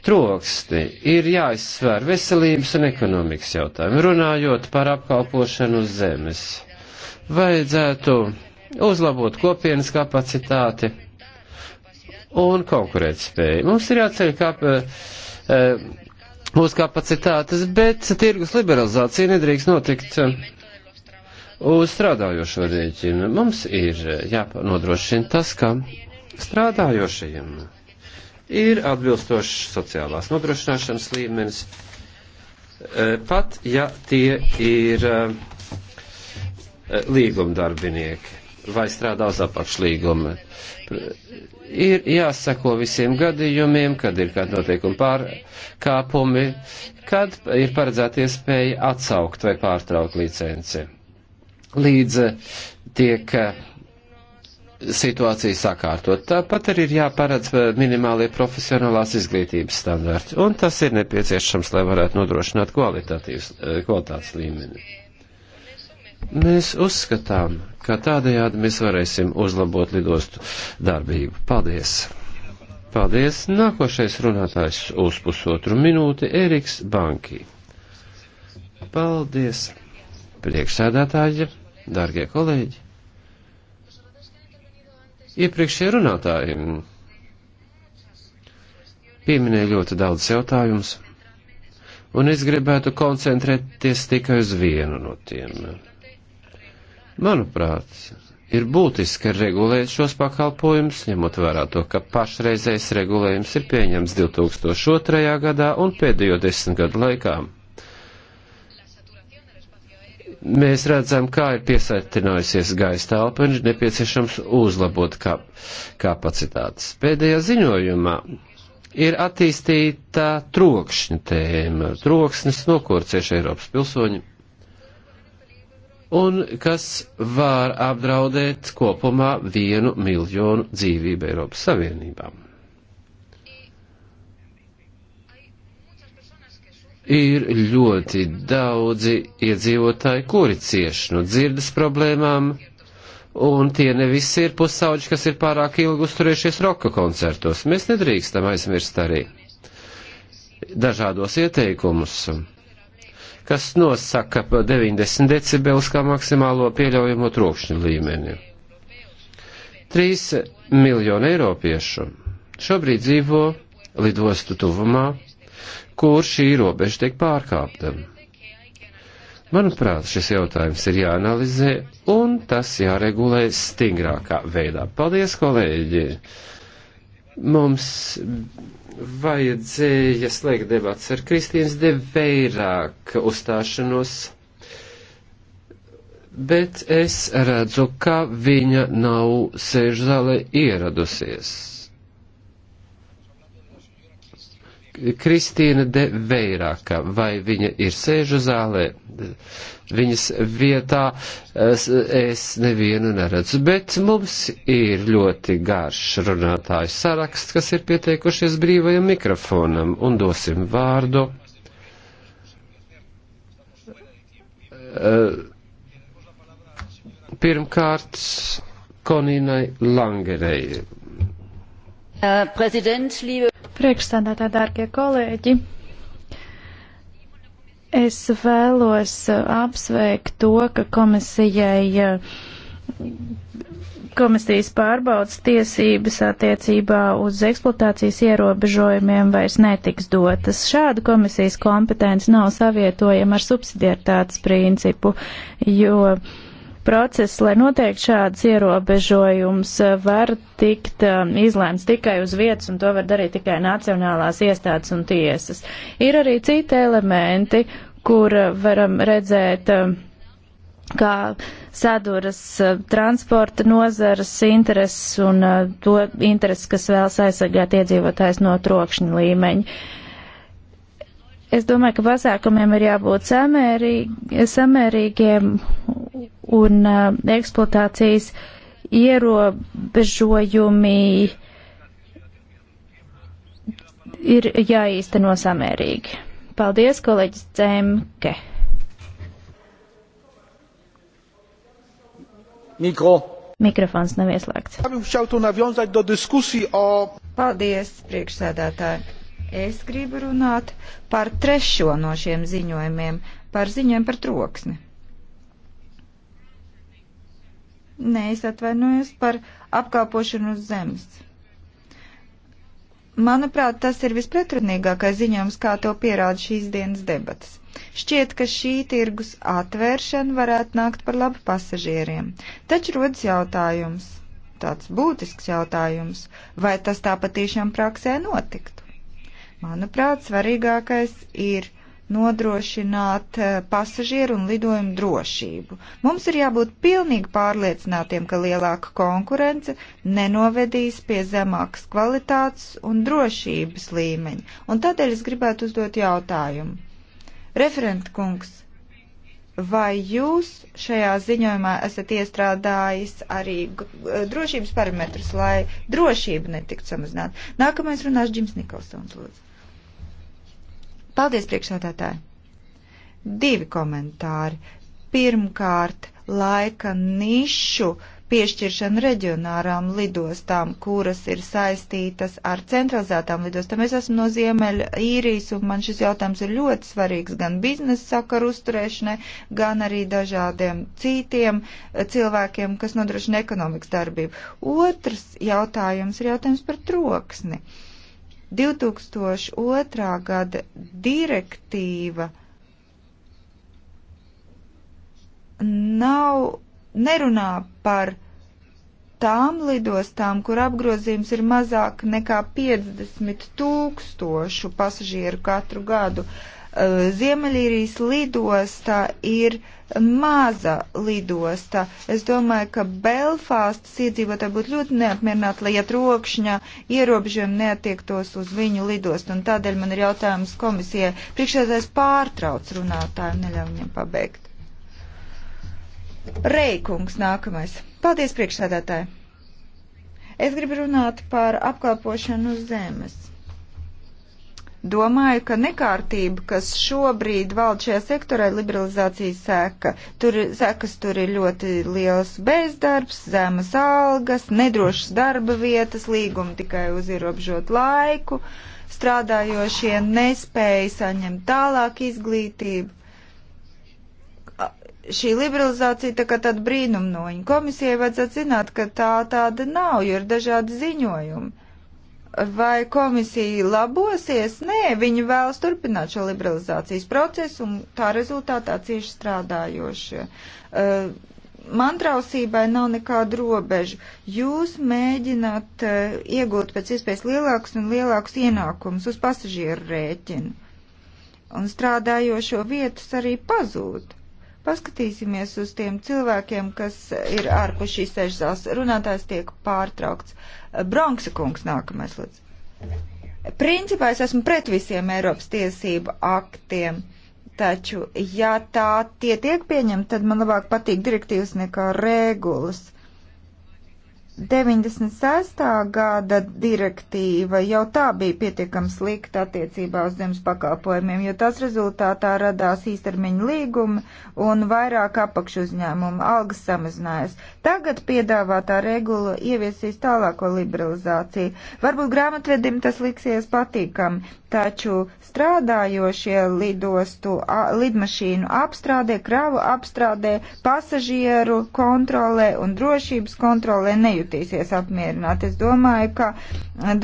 troksni, ir jāizsver veselības un ekonomikas jautājumi. Runājot par apkalpošanu uz zemes, vajadzētu uzlabot kopienas kapacitāti un konkurētspēju. Mums ir jāceļ kap, uh, uh, mūsu kapacitātes, bet tirgus liberalizācija nedrīkst notikt uz strādājošo rēķinu. Mums ir eh, jānodrošina tas, ka strādājošajiem ir atbilstošs sociālās nodrošināšanas līmenis, eh, pat ja tie ir eh, līgumdarbinieki vai strādā uz apakšlīguma. Ir jāsako visiem gadījumiem, kad ir kāda noteikuma pārkāpumi, kad ir paredzēta iespēja atsaukt vai pārtraukt licenci līdz eh, tiek eh, situācija sakārtot. Tāpat arī ir jāparedz eh, minimālie profesionālās izglītības standarti, un tas ir nepieciešams, lai varētu nodrošināt kvalitātes līmeni. Mēs uzskatām, ka tādējādi mēs varēsim uzlabot lidostu darbību. Paldies! Paldies! Nākošais runātājs uz pusotru minūti - Eriks Banki. Paldies! Priekšsēdētāji! dārgie kolēģi, iepriekšējie runātāji pieminēja ļoti daudz jautājumus, un es gribētu koncentrēties tikai uz vienu no tiem. Manuprāt, ir būtiski regulēt šos pakalpojumus, ņemot vērā to, ka pašreizējs regulējums ir pieņemts 2002. gadā un pēdējo desmit gadu laikā mēs redzam, kā ir piesaistinājusies gaisa telpa un ir nepieciešams uzlabot kapacitātes. Pēdējā ziņojumā ir attīstīta trokšņa tēma, troksnis, no kur cieši Eiropas pilsoņi, un kas var apdraudēt kopumā vienu miljonu dzīvību Eiropas Savienībām. ir ļoti daudzi iedzīvotāji, kuri cieši no dzirdes problēmām, un tie ne visi ir pusauģi, kas ir pārāk ilgi uzturējušies roka koncertos. Mēs nedrīkstam aizmirst arī dažādos ieteikumus, kas nosaka 90 decibels kā maksimālo pieļaujamo trokšņu līmeni. 3 miljoni eiropiešu šobrīd dzīvo lidostu tuvumā, kur šī robeža tiek pārkāpta. Manuprāt, šis jautājums ir jāanalizē un tas jāregulē stingrākā veidā. Paldies, kolēģi! Mums vajadzēja slēgt debats ar Kristīnas de vairāk uzstāšanos bet es redzu, ka viņa nav sēžzālē ieradusies. Kristīna de Veirāka, vai viņa ir sēžu zālē? Viņas vietā es, es nevienu neredzu, bet mums ir ļoti garš runātājs saraksts, kas ir pieteikušies brīvajam mikrofonam, un dosim vārdu. Eh, pirmkārt, Koninai Langerei Priekšsēdētāji, dārgie kolēģi, es vēlos apsveikt to, ka komisijai komisijas pārbaudas tiesības attiecībā uz eksploatācijas ierobežojumiem vairs netiks dotas. Šāda komisijas kompetence nav savietojama ar subsidiartātes principu, jo uh, process, lai noteikti šāds ierobežojums eh, var tikt eh, izlēmts tikai uz vietas, un to var darīt tikai nacionālās iestādes un tiesas. Ir arī citi elementi, kur eh, varam redzēt, kā saduras transporta nozaras intereses un to intereses, kas vēlas aizsargāt iedzīvotājs no trokšņa līmeņa es domāju, ka pasākumiem ir jābūt samērīgi, samērīgiem un uh, eksploatācijas ierobežojumi ir jāīsteno samērīgi. Paldies, kolēģis Cemke. Mikro. Mikrofons nav ieslēgts. Paldies, priekšsēdētāji. Es gribu runāt par trešo no šiem ziņojumiem, par ziņojumu par troksni. Nē, es atvainojos par apkalpošanu uz zemes. Manuprāt, tas ir vispretrunīgākais ziņojums, kā to pierāda šīs dienas debatas. Šķiet, ka šī tirgus atvēršana varētu nākt par labu pasažieriem. Taču rodas jautājums, tāds būtisks jautājums, vai tas tā patiešām praksē notikt? Manuprāt, svarīgākais ir nodrošināt eh, pasažieru un lidojumu drošību. Mums ir jābūt pilnīgi pārliecinātiem, ka lielāka konkurence nenovedīs pie zemākas kvalitātes un drošības līmeņa. Un tādēļ es gribētu uzdot jautājumu. Referent kungs, vai jūs šajā ziņojumā esat iestrādājis arī eh, drošības parametrus, lai drošība netiktu samazināta? Nākamais runās Džims Nikolsons, lūdzu. Paldies, priekšsādātāji! Divi komentāri. Pirmkārt, laika nišu piešķiršana reģionārām lidostām, kuras ir saistītas ar centralizētām lidostām. Es esmu no Ziemeļa īrijas, un man šis jautājums ir ļoti svarīgs gan biznesa sakaru uzturēšanai, gan arī dažādiem citiem eh, cilvēkiem, kas nodrošina ekonomikas darbību. Otrs jautājums ir jautājums par troksni. Uh, 2002. gada direktīva nav, nerunā par tām lidostām, kur apgrozījums ir mazāk nekā 50 tūkstošu pasažieru katru gadu. Uh, Eh, Ziemeļīrijas lidostā ir maza lidostā. Es domāju, ka Belfāstas iedzīvotāji būtu ļoti neapmierināti, lai atrokšņā ierobežojumi neatiektos uz viņu lidostu. Un tādēļ man ir jautājums komisijai. Priekšēdājs pārtrauc runātājiem, neļauj viņiem pabeigt. Reikungs nākamais. Paldies priekšsēdētāji. Es gribu runāt par apkalpošanu uz zemes Domāju, ka nekārtība, kas šobrīd valda šajā sektorā, ir liberalizācijas sēka. Tur, sēkas tur ir ļoti liels bezdarbs, zemas algas, nedrošas darba vietas, līgumi tikai uz ierobežotu laiku, strādājošie nespēja saņemt tālāk izglītību šī liberalizācija tā kā tāda brīnumnoņa. Komisijai vajadzētu zināt, ka tā tāda nav, jo ir dažādi ziņojumi. Vai komisija labosies? Nē, viņi vēlas turpināt šo liberalizācijas procesu un tā rezultātā cieši strādājošie. Uh, mantrausībai nav nekāda robeža. Jūs mēģināt uh, iegūt pēc iespējas lielākus un lielākus ienākumus uz pasažieru rēķinu. Un strādājošo vietas arī pazūd. Paskatīsimies uz tiem cilvēkiem, kas ir ārpus šīs sešzās. Runātājs tiek pārtraukts. Uh, Bronksa kungs nākamais lūdzu. Principā es esmu pret visiem Eiropas tiesību aktiem, taču ja tā tie tiek pieņemti, tad man labāk patīk direktīvas nekā regulas. Uh, 96. gada direktīva jau tā bija pietiekami slikta attiecībā uz zemes pakalpojumiem, jo tās rezultātā radās īstermiņa līgumi un vairāk apakšu uzņēmumu algas samazinājās. Tagad piedāvātā regula ieviesīs tālāko liberalizāciju. Varbūt grāmatvedim tas liksies patīkami, taču strādājošie lidostu, a, lidmašīnu apstrādē, kravu apstrādē, pasažieru kontrolē un drošības kontrolē nejutīsies apmierināti. Es domāju, ka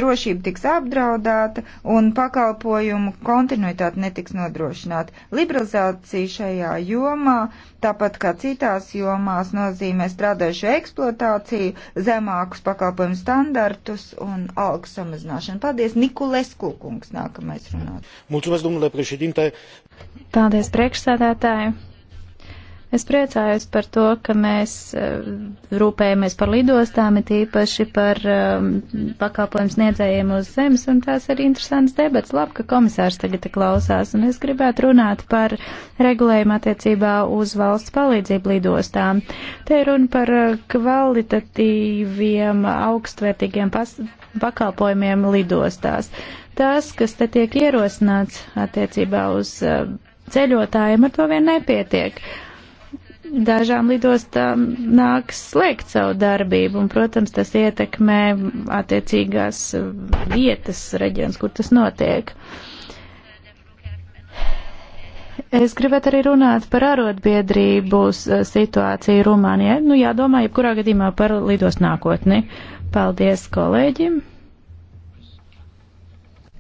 drošība tiks apdraudēta un pakalpojumu kontinuitāte netiks nodrošināta. Liberalizācija šajā jomā, tāpat kā citās jomās, nozīmē strādājušo eksploatāciju, zemākus pakalpojumu standartus un algu samazināšanu. Paldies, Nikolesku kungs nāk nākamais runāt. Mulțumesc, domnule președinte. Paldies, priekšsēdētāji. Es priecājos par to, ka mēs eh, rūpējamies par lidostām, it īpaši par um, eh, pakāpojumu sniedzējiem uz zemes, un tās ir interesants debats. Labi, ka komisārs tagad klausās, un es gribētu runāt par regulējumu attiecībā uz valsts palīdzību lidostām. Te ir runa par eh, kvalitatīviem, augstvērtīgiem pakalpojumiem lidostās. Uh, Tas, kas te tiek ierosināts attiecībā uz eh, ceļotājiem, ar to vien nepietiek. Dažām lidostām nāks slēgt savu darbību, un, protams, tas ietekmē attiecīgās eh, vietas reģions, kur tas notiek. Es gribētu arī runāt par arotbiedrību eh, situāciju Rumānijā. Nu, jādomā, jebkurā gadījumā par lidos nākotni. Paldies kolēģim!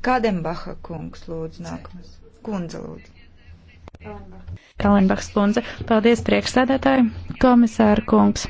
Kādenbaha kungs lūdzu nākamais. Kundze lūdzu. Kalenbachs kundze. Paldies priekšsēdētāji, komisāra kungs.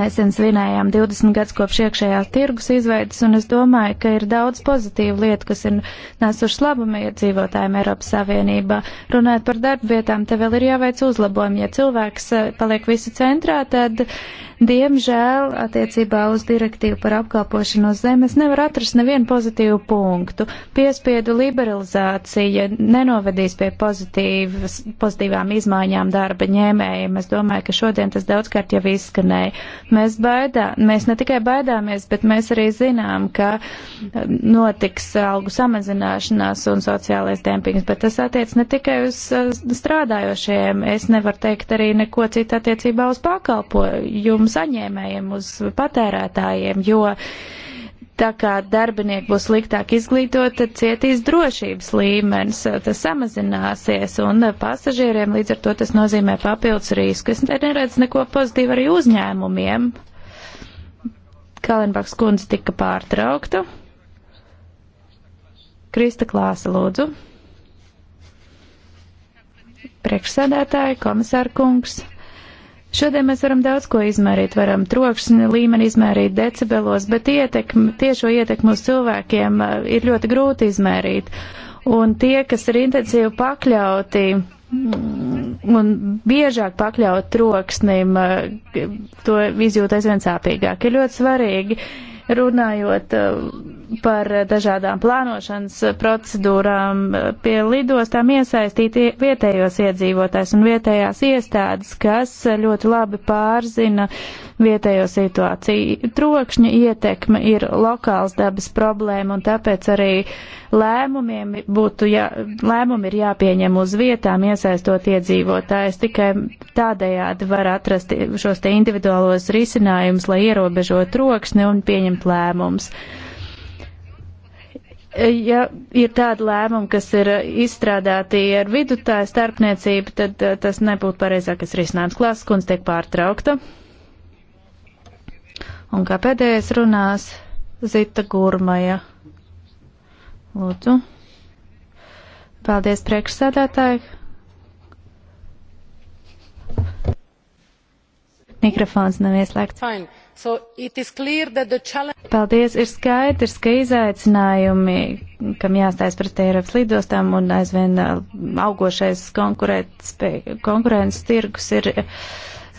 Nesen svinējām 20 gadus kopš iekšējās tirgus izveidas, un es domāju, ka ir daudz pozitīvu lietu, kas ir nesušas labumu iedzīvotājiem Eiropas Savienībā. Runājot par darbvietām, te vēl ir jāveic uzlabojumi. Ja cilvēks eh, paliek visu centrā, tad uh, Diemžēl attiecībā uz direktīvu par apkalpošanu uz zemes nevar atrast nevienu pozitīvu punktu. Piespiedu liberalizācija nenovedīs pie pozitīvas, pozitīvām izmaiņām darba ņēmējiem. Es domāju, ka šodien tas daudzkārt jau izskanēja. Mēs baidā, mēs ne tikai baidāmies, bet mēs arī zinām, ka um, notiks algu samazināšanās un sociālais dempings, bet tas attiec ne tikai uz uh, strādājošiem. Es nevaru teikt arī neko citu attiecībā uz pakalpojumu saņēmējiem, uz patērētājiem, jo tā kā darbinieki būs sliktāk izglītot, tad cietīs drošības līmenis, tas samazināsies, un pasažieriem līdz ar to tas nozīmē papildus risku. Es neredzu neko pozitīvu arī uzņēmumiem. Kalenbaks kundze tika pārtraukta. Krista Klāsa, lūdzu. Priekšsēdētāji, komisārkungs. kungs Šodien mēs varam daudz ko izmērīt, varam trokšņa līmeni izmērīt decibelos, bet ietekmi, tiešo ietekmi uz cilvēkiem uh, ir ļoti grūti izmērīt. Un tie, kas ir intensīvi pakļauti mm, un biežāk pakļaut troksnim, uh, to izjūt aizvien sāpīgāk. Ir ļoti svarīgi Runājot uh, par dažādām plānošanas procedūrām uh, pie lidostām iesaistīt vietējos iedzīvotājs un vietējās iestādes, kas ļoti labi pārzina uh, vietējo situāciju. Trokšņa ietekme ir lokāls dabas problēma, un tāpēc arī lēmumiem būtu, jā, lēmumi ir jāpieņem uz vietām, iesaistot iedzīvotājs. Tikai tādējādi var atrast šos te individuālos risinājumus, lai ierobežot troksni un pieņemt lēmumus ja ir tādi lēmumi, kas ir izstrādāti ar vidutāju starpniecību, tad eh, tas nebūtu pareizākais risinājums. Klāsts kundze tiek pārtraukta. Un kā pēdējais runās Zita Gurmaja. Lūdzu. Paldies priekšsēdētāji. Mikrofons nav ieslēgts. Fine. So challenge... Paldies, ir skaidrs, ka izaicinājumi, kam jāstājas pret Eiropas lidostām un aizvien uh, augošais konkurence tirgus ir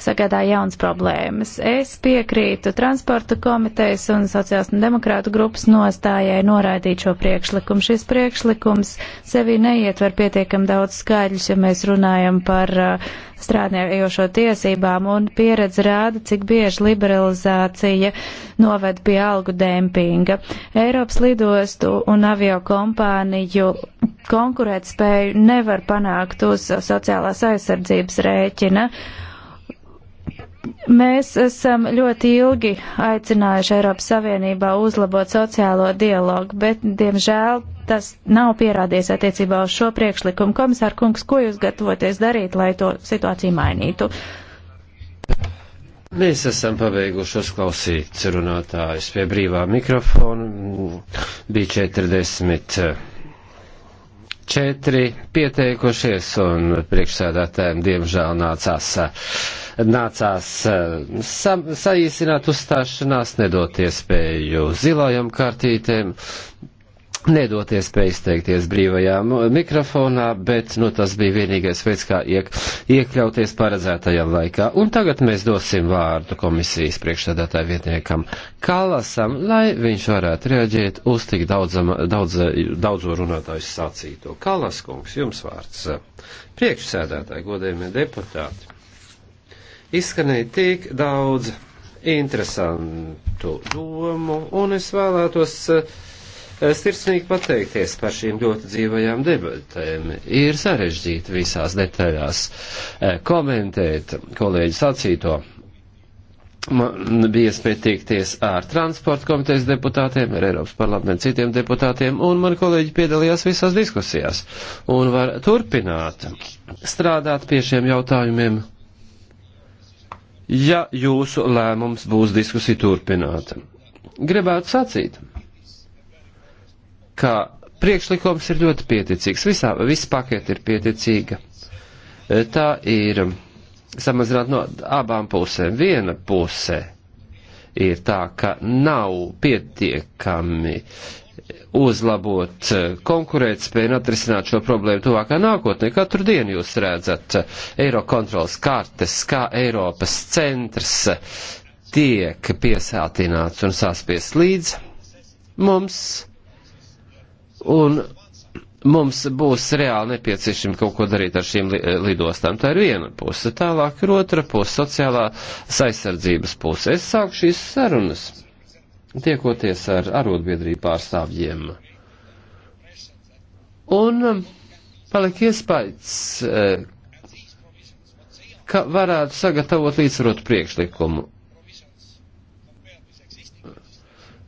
sagādā jauns problēmas. Es piekrītu transporta komitejas un sociāls un demokrātu grupas nostājai noraidīt šo priekšlikumu. Šis priekšlikums sevi neietver pietiekam daudz skaidrs, ja mēs runājam par uh, strādniekojošo tiesībām, un pieredze rāda, cik bieži liberalizācija noved pie algu dempinga. Eiropas lidostu un avio kompāniju konkurētspēju nevar panākt uz sociālās aizsardzības rēķina. Mēs esam ļoti ilgi aicinājuši Eiropas Savienībā uzlabot sociālo dialogu, bet, diemžēl, tas nav pierādījies attiecībā uz šo priekšlikumu. Komisār kungs, ko jūs gatavoties darīt, lai to situāciju mainītu? Mēs esam pabeiguši uzklausīt runātājus pie brīvā mikrofona. Bija 40 četri pieteikušies, un priekšsēdētājiem diemžēl nācās, nācās eh, sa, saīsināt uzstāšanās, nedot iespēju zilajam kartītēm nedot iespēju izteikties brīvajā mikrofonā, bet nu, tas bija vienīgais veids, kā iek, iekļauties paredzētajā laikā. Un tagad mēs dosim vārdu komisijas priekšsēdētāju vietniekam Kalasam, lai viņš varētu reaģēt uz tik daudzam, daudz, daudzo runātāju sacīto. Kalas kungs, jums vārds. Priekšsēdētāji, godējumie deputāti. Izskanēja tik daudz interesantu domu, un es vēlētos uh, sirsnīgi pateikties par šīm ļoti dzīvajām debatēm. Ir sarežģīti visās detaļās eh, komentēt kolēģi sacīto. Man bija iespēja tikties ar transporta komitejas deputātiem, ar Eiropas parlamentu citiem deputātiem, un mani kolēģi piedalījās visās diskusijās. Un var turpināt strādāt pie šiem jautājumiem, ja jūsu lēmums būs diskusija turpināta. Gribētu sacīt ka priekšlikums ir ļoti pieticīgs. Visā, viss paketi ir pieticīga. E, tā ir samazināt no abām pusēm. Viena puse ir tā, ka nav pietiekami uzlabot e, konkurētspēju un atrisināt šo problēmu tuvākā nākotnē. Katru dienu jūs redzat e, eiro kontrolas kartes, kā Eiropas centrs tiek piesātināts un saspies līdz mums Un mums būs reāli nepieciešami kaut ko darīt ar šīm eh, lidostām. Tā ir viena puse. Tālāk ir otra puse - sociālā aizsardzības puse. Es sāku šīs sarunas, tiekoties ar arotbiedrību pārstāvjiem. Un um, palika iespējas, eh, ka varētu sagatavot līdzsvarot priekšlikumu.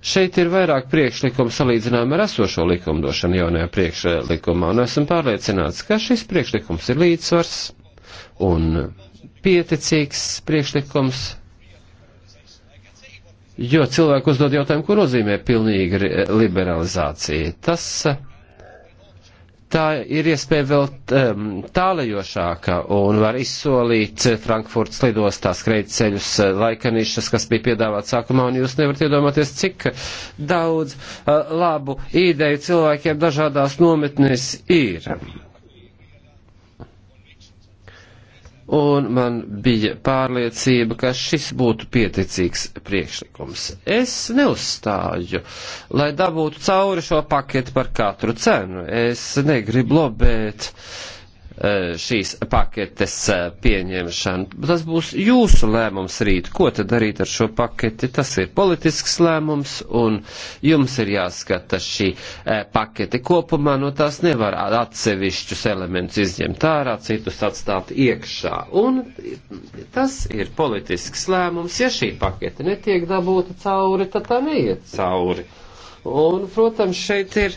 Šeit ir vairāk priekšlikumu salīdzinājumi ar esošo likumdošanu jaunajā priekšlikumā, un esmu pārliecināts, ka šis priekšlikums ir līdzsvars un pieticīgs priekšlikums, jo cilvēku uzdod jautājumu, ko nozīmē pilnīga liberalizācija. Tas tā ir iespēja vēl tālajošāka un var izsolīt Frankfurts lidostā skrejceļus eh, laikanišas, kas bija piedāvāts sākumā, un jūs nevarat iedomāties, cik daudz eh, labu ideju cilvēkiem dažādās nometnēs ir. un man bija pārliecība, ka šis būtu pieticīgs priekšlikums. Es neuzstāju, lai dabūtu cauri šo paketu par katru cenu. Es negribu lobēt uh, Eh, šīs paketes eh, pieņemšanu. Tas būs jūsu lēmums rīt, ko tad darīt ar šo paketi. Tas ir politisks lēmums, un jums ir jāskata šī eh, pakete kopumā, no tās nevar atsevišķus elementus izņemt ārā, citus atstāt iekšā. Un tas ir politisks lēmums, ja šī pakete netiek dabūta cauri, tad tā neiet cauri. Un, protams, šeit ir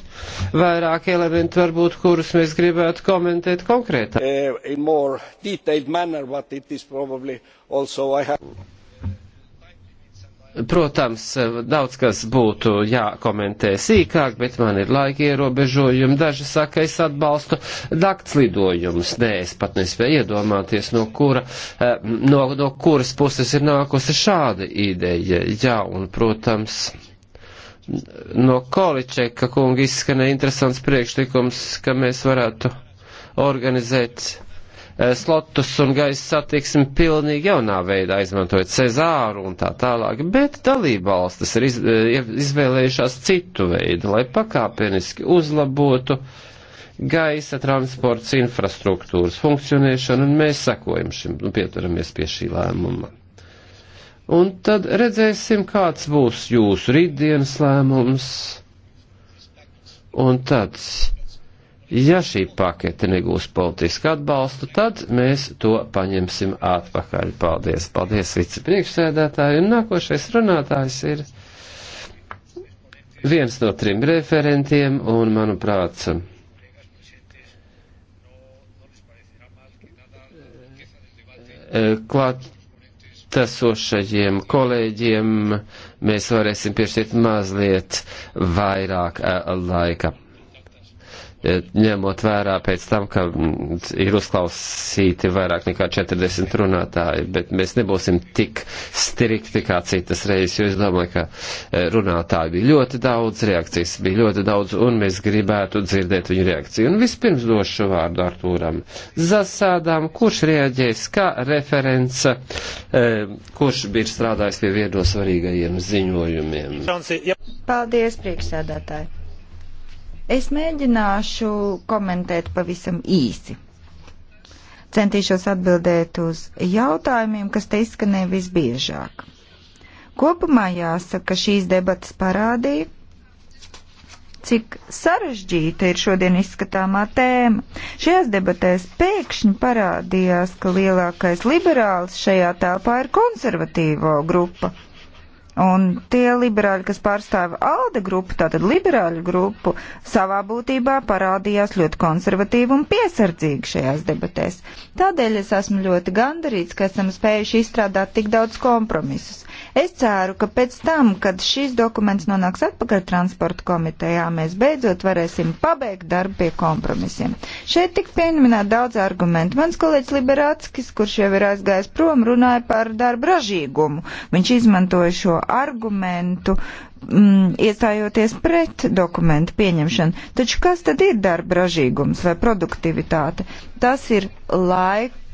vairāk elementi, varbūt, kurus mēs gribētu komentēt konkrētāk. Eh, protams, daudz kas būtu jākomentē sīkāk, bet man ir laika ierobežojumi. Daži saka, es atbalstu nakts lidojumus. Nē, es pat nespēju iedomāties, no, kura, eh, no, no kuras puses ir nākusi šāda ideja. Jā, un, protams no Količeka kunga izskanēja interesants priekšlikums, ka mēs varētu organizēt eh, slotus un gaisa satiksmi pilnīgi jaunā veidā, izmantojot Cezāru un tā tālāk, bet dalībvalstis ir iz, eh, izvēlējušās citu veidu, lai pakāpeniski uzlabotu gaisa transports infrastruktūras funkcionēšanu, un mēs sekojam šim un pieturamies pie šī lēmuma. Un tad redzēsim, kāds būs jūsu rītdienas lēmums. Un tad, ja šī pakete negūs politisku atbalstu, tad mēs to paņemsim atpakaļ. Paldies, paldies vicepriekšsēdētāji. Un nākošais runātājs ir viens no trim referentiem, un, manuprāt, eh, klāt šeit esošajiem kolēģiem mēs varēsim piešķirt mazliet vairāk eh, laika. E, ņemot vērā pēc tam, ka ir uzklausīti vairāk nekā 40 runātāji, bet mēs nebūsim tik strikti kā citas reizes, jo es domāju, ka e, runātāji bija ļoti daudz, reakcijas bija ļoti daudz, un mēs gribētu dzirdēt viņu reakciju. Un vispirms došu vārdu Artūram Zasādām, kurš reaģēs kā referents, e, kurš bija strādājis pie viedo svarīgajiem ziņojumiem. Paldies, priekšsēdētāji! Es mēģināšu komentēt pavisam īsi. Centīšos atbildēt uz jautājumiem, kas te izskanēja visbiežāk. Kopumā jāsaka, ka šīs debatas parādīja, cik sarežģīta ir šodien izskatāmā tēma. Šajās debatēs pēkšņi parādījās, ka lielākais liberāls šajā telpā ir konservatīvo grupa. Un tie liberāļi, kas pārstāv ALDE grupu, tātad liberāļu grupu, savā būtībā parādījās ļoti konservatīvi un piesardzīgi šajās debatēs. Tādēļ es esmu ļoti gandarīts, ka esam spējuši izstrādāt tik daudz kompromisus. Es ceru, ka pēc tam, kad šis dokuments nonāks atpakaļ transporta komitejā, mēs beidzot varēsim pabeigt darbu pie kompromisiem. Šeit tik pieminēt daudz argumentu. Mans kolēģis Liberāckis, kurš jau ir aizgājis prom, runāja par darba ražīgumu. Viņš izmantoja šo argumentu, mm, iestājoties pret dokumentu pieņemšanu. Taču kas tad ir darba ražīgums vai produktivitāte? Tas ir laika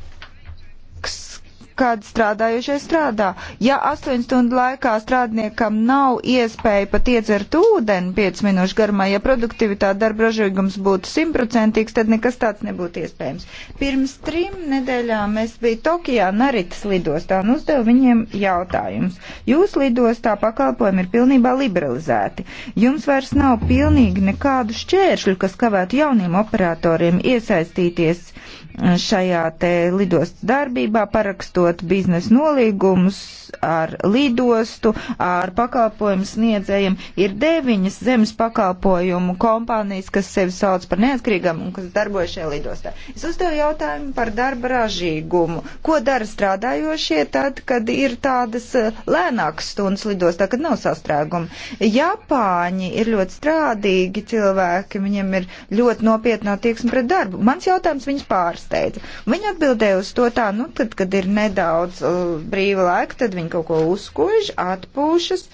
kad strādājušie strādā. Ja 8 stundu laikā strādniekam nav iespēja pat iedzert ūdeni 5 minūšu garumā, ja produktivitāte darba ražīgums būtu simtprocentīgs, tad nekas tāds nebūtu iespējams. Pirms trim nedēļām es biju Tokijā Naritas lidostā un uzdevu viņiem jautājumus. Jūs lidostā pakalpojumi ir pilnībā liberalizēti. Jums vairs nav pilnīgi nekādu šķēršļu, kas kavētu jauniem operatoriem iesaistīties eh, šajā te lidostas darbībā parakstot izmantot biznesa nolīgumus ar lidostu, ar pakalpojumu sniedzējiem. Ir deviņas zemes pakalpojumu kompānijas, kas sevi sauc par neatkarīgām un kas darbojas šajā lidostā. Es uzdevu jautājumu par darba ražīgumu. Ko dara strādājošie tad, kad ir tādas eh, lēnākas stundas lidostā, kad nav sastrēguma? Japāņi ir ļoti strādīgi cilvēki, viņiem ir ļoti nopietnā tieksme pret darbu. Mans jautājums viņus pārsteidza. Viņa atbildēja uz to tā, nu, tad, kad ir nedēļa nedaudz uh, brīva laika, tad viņi kaut ko uzkož, atpūšas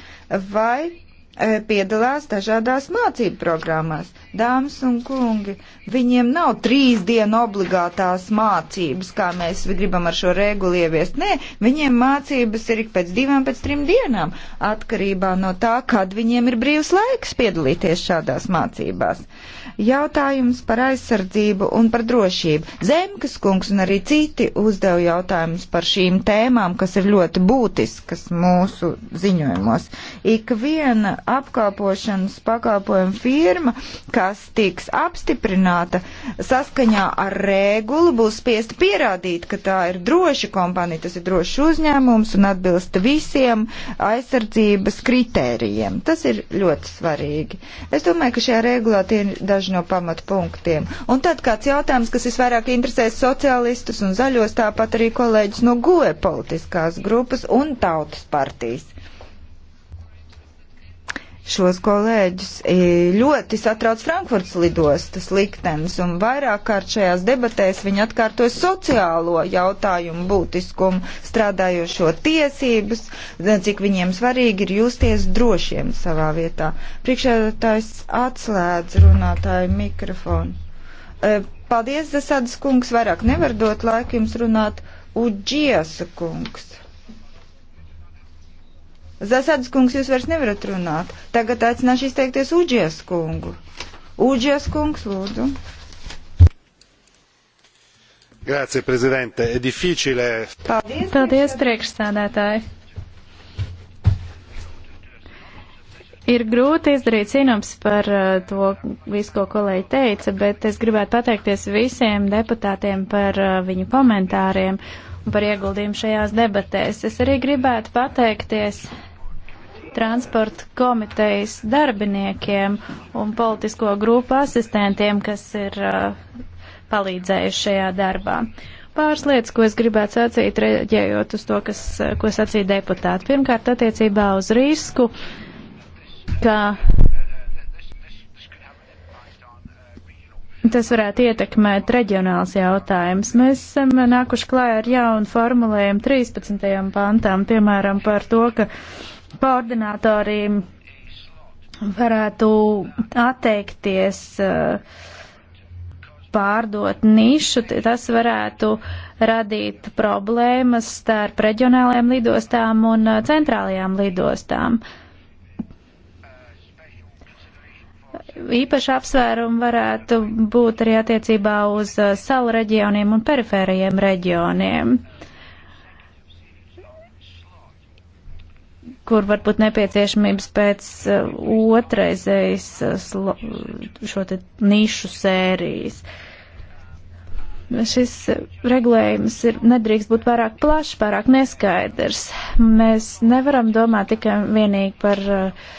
vai E, piedalās dažādās mācību programmās. Dāmas un kungi, viņiem nav trīs dienu obligātās mācības, kā mēs gribam ar šo regulu ieviest. Nē, viņiem mācības ir ik pēc divām, pēc trim dienām, atkarībā no tā, kad viņiem ir brīvs laiks piedalīties šādās mācībās. Jautājums par aizsardzību un par drošību. Zemkas kungs un arī citi uzdeva jautājumus par šīm tēmām, kas ir ļoti būtiskas mūsu ziņojumos. Ik viena apkalpošanas pakalpojumu firma, kas tiks apstiprināta saskaņā ar regulu, būs spiesta pierādīt, ka tā ir droša kompānija, tas ir drošs uzņēmums un atbilst visiem aizsardzības kritērijiem. Tas ir ļoti svarīgi. Es domāju, ka šajā regulā tie ir daži no pamatpunktiem. Un tad kāds jautājums, kas visvairāk interesēs sociālistus un zaļos, tāpat arī kolēģis no GUE politiskās grupas un tautas partijas. Šos kolēģus ļoti satrauc Frankfurts lidostas liktenis, un vairāk kārt šajās debatēs viņi atkārtoja sociālo jautājumu būtiskumu, strādājošo tiesības, cik viņiem svarīgi ir justies drošiem savā vietā. Priekšēdētājs atslēdz runātāju mikrofonu. E, paldies, Zasadas kungs, vairāk nevar dot laiku jums runāt. Uģiesa kungs. Zasādas kungs, jūs vairs nevarat runāt. Tagad aicināšu izteikties Uģies kungu. Uģies kungs, lūdzu. Grazie, prezidente. E difficile. Paldies, Paldies priekšstādātāji. Ir grūti izdarīt zināms par uh, to visu, ko kolēģi teica, bet es gribētu pateikties visiem deputātiem par uh, viņu komentāriem un par ieguldījumu šajās debatēs. Es arī gribētu pateikties transporta komitejas darbiniekiem un politisko grupu asistentiem, kas ir uh, palīdzējuši šajā darbā. Pāris lietas, ko es gribētu sacīt, reaģējot uz to, kas, uh, ko sacīja deputāti. Pirmkārt, attiecībā uz risku, ka Tas varētu ietekmēt reģionāls jautājums. Mēs esam nākuši klāja ar jaunu formulējumu 13. pantam, piemēram, par to, ka koordinatoriem varētu atteikties eh, pārdot nišu, tas varētu radīt problēmas starp reģionālajām lidostām un eh, centrālajām lidostām. Īpaši apsvērumi varētu būt arī attiecībā uz eh, salu reģioniem un perifērajiem reģioniem. Uh, kur varbūt nepieciešamības pēc uh, otraizējas uh, šo te nišu sērijas. Šis uh, regulējums ir nedrīkst būt pārāk plašs, pārāk neskaidrs. Mēs nevaram domāt tikai vienīgi par uh,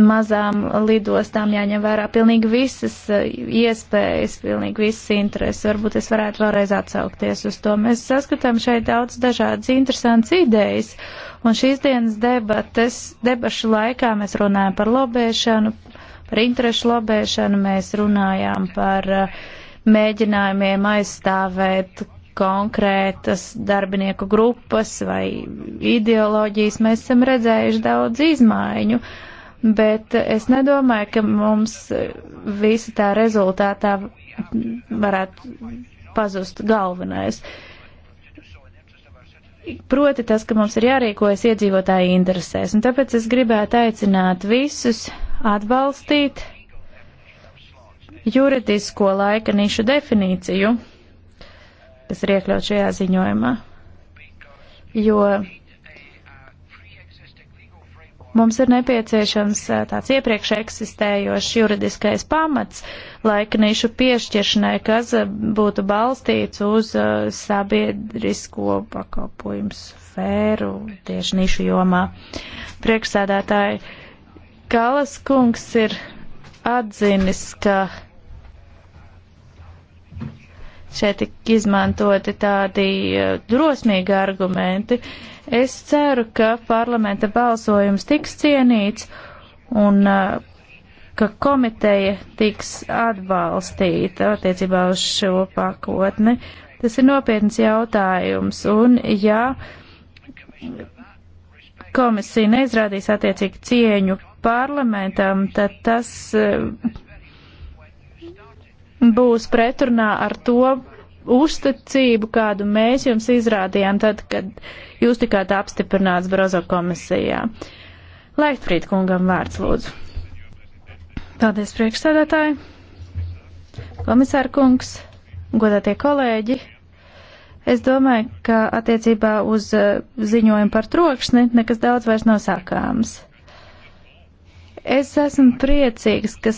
mazām lidostām jāņem vērā pilnīgi visas eh, iespējas, pilnīgi visas intereses. Varbūt es varētu vēlreiz atsaukties uz to. Mēs saskatām šeit daudz dažādas interesantas idejas, un šīs dienas debates, debašu laikā mēs runājam par lobēšanu, par interešu lobēšanu, mēs runājām par eh, mēģinājumiem aizstāvēt konkrētas darbinieku grupas vai ideoloģijas. Mēs esam redzējuši daudz izmaiņu. Uh, bet es nedomāju, ka mums visa tā rezultātā varētu pazust galvenais. Proti tas, ka mums ir jārīkojas iedzīvotāji interesēs, un tāpēc es gribētu aicināt visus atbalstīt juridisko laika nišu definīciju, kas ir iekļaut šajā ziņojumā, jo Mums ir nepieciešams tāds iepriekš eksistējošs juridiskais pamats laiknīšu piešķiršanai, kas būtu balstīts uz sabiedrisko pakalpojumu sfēru tieši nišu jomā. Priekšsēdētāji, Kalas kungs ir atzinis, ka šeit tik izmantoti tādi drosmīgi argumenti, uh, Es ceru, ka parlamenta balsojums tiks cienīts un uh, ka komiteja tiks atbalstīta attiecībā uz šo pakotni. Tas ir nopietns jautājums, un ja komisija neizrādīs attiecīgi cieņu parlamentam, tad tas uh, būs pretrunā ar to uzticību, kādu mēs jums izrādījām tad, kad jūs tikāt apstiprināts Brozo komisijā. Leitfrīd kungam vārds lūdzu. Paldies priekšsēdētāji, komisāra kungs, godātie kolēģi. Es domāju, ka attiecībā uz uh, ziņojumu par trokšni nekas daudz vairs nav sākāms. Es esmu priecīgs, ka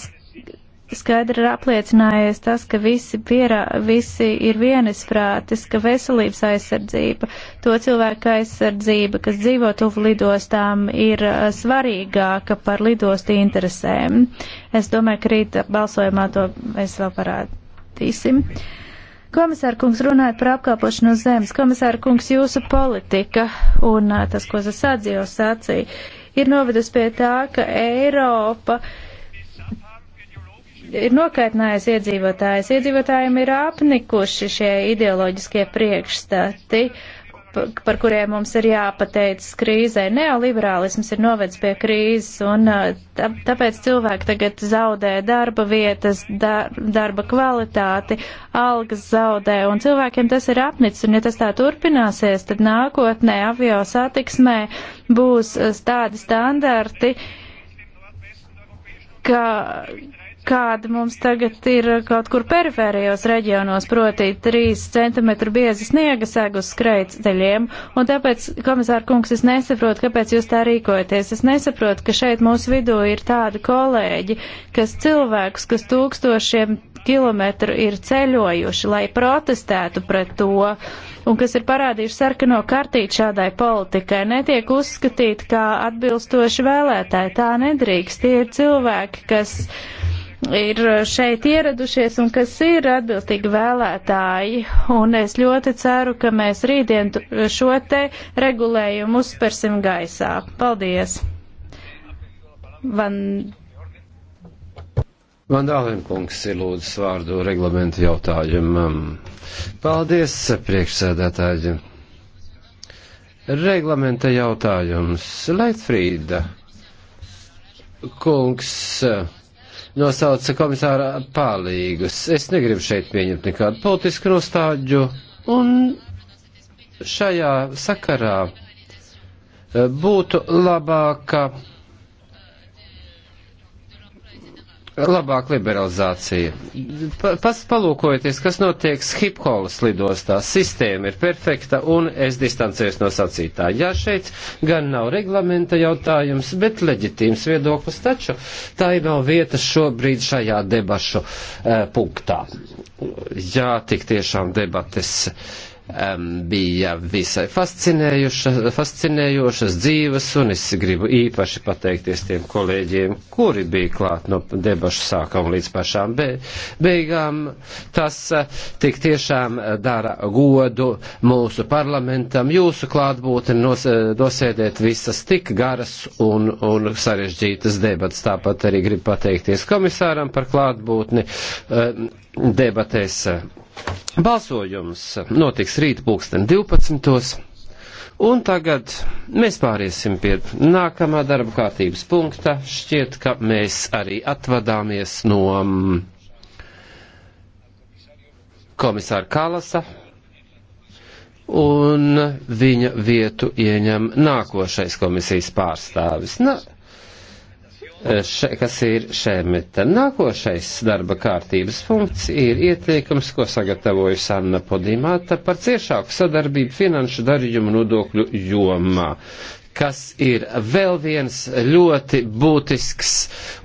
skaidri ir apliecinājies tas, ka visi, pierā, visi ir vienisprātis, ka veselības aizsardzība, to cilvēku aizsardzība, kas dzīvo tuvu lidostām, ir uh, svarīgāka par lidostu interesēm. Es domāju, ka rīt balsojumā to mēs vēl parādīsim. Komisāra kungs runāja par apkalpošanu uz zemes. Komisāra kungs, jūsu politika un uh, tas, ko Zasadzīvs sacīja, ir novedusi pie tā, ka Eiropa uh, ir nokaitinājusi iedzīvotājus. Iedzīvotājiem ir apnikuši šie ideoloģiskie priekšstati, par kuriem mums ir jāpateicas krīzē. Neoliberālisms ir novedis pie krīzes, un uh, tāpēc cilvēki tagad zaudē darba vietas, darba kvalitāti, algas zaudē, un cilvēkiem tas ir apnicis, un ja tas tā turpināsies, tad nākotnē avio satiksmē būs uh, tādi standarti, ka kāda mums tagad ir kaut kur perifērijos reģionos, proti 3 cm bieza sniega seg uz skrejceļiem, un tāpēc, komisāra kungs, es nesaprotu, kāpēc jūs tā rīkojaties. Es nesaprotu, ka šeit mūsu vidū ir tādi kolēģi, kas cilvēkus, kas tūkstošiem kilometru ir ceļojuši, lai protestētu pret to, un kas ir parādījuši sarkano kartīti šādai politikai, netiek uzskatīti kā atbilstoši vēlētāji. Tā nedrīkst. Tie ir cilvēki, kas. Uh, ir eh, šeit ieradušies un kas ir atbilstīgi vēlētāji. Un es ļoti ceru, ka mēs rītdien šo te regulējumu uzspersim gaisā. Paldies! Van... Van Dālenkungs ir lūdzis vārdu reglamentu jautājumam. Paldies, priekšsēdētāji. Reglamenta jautājums. Leitfrīda. Kungs. Uh, nosauca komisāra palīgus. Es negribu šeit pieņemt nekādu politisku nostāģu, un šajā sakarā e, būtu labāka labāka liberalizācija. Pas, palūkojieties, kas notiek Schipholas lidostā. Sistēma ir perfekta un es distancējos no sacītā. Jā, šeit gan nav reglamenta jautājums, bet leģitīms viedoklis, taču tā ir nav vieta šobrīd šajā debašu e, punktā. Jā, tik tiešām debates. E, um, bija visai fascinējošas dzīves, un es gribu īpaši pateikties tiem kolēģiem, kuri bija klāt no debašu sākuma līdz pašām be, beigām. Tas eh, tik tiešām eh, dara godu mūsu parlamentam. Jūsu klātbūtni nos, eh, nosēdēt visas tik garas un, un sarežģītas debatas. Tāpat arī gribu pateikties komisāram par klātbūtni um, debatēs. Balsojums notiks rīt pulksten 12. Un tagad mēs pāriesim pie nākamā darba kārtības punkta. Šķiet, ka mēs arī atvadāmies no mm, komisāra Kalasa, un viņa vietu ieņem nākošais komisijas pārstāvis. Na, Eh, še, kas ir šemita. Nākošais darba kārtības punkts ir ieteikums, ko sagatavoju Sanna Podimāta par ciešāku sadarbību finanšu darījumu nodokļu jomā kas ir vēl viens ļoti būtisks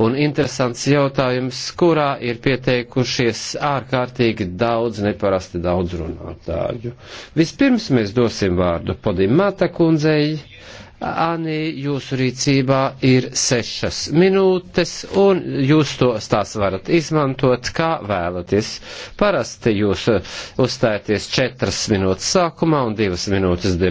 un interesants jautājums, kurā ir pieteikušies ārkārtīgi daudz, neparasti daudz runātāju. Vispirms mēs dosim vārdu Podimāta kundzei, uh, Ani, jūsu rīcībā ir sešas minūtes, un jūs to tās varat izmantot, kā vēlaties. Parasti jūs uzstājaties četras minūtes sākumā un divas minūtes debatē.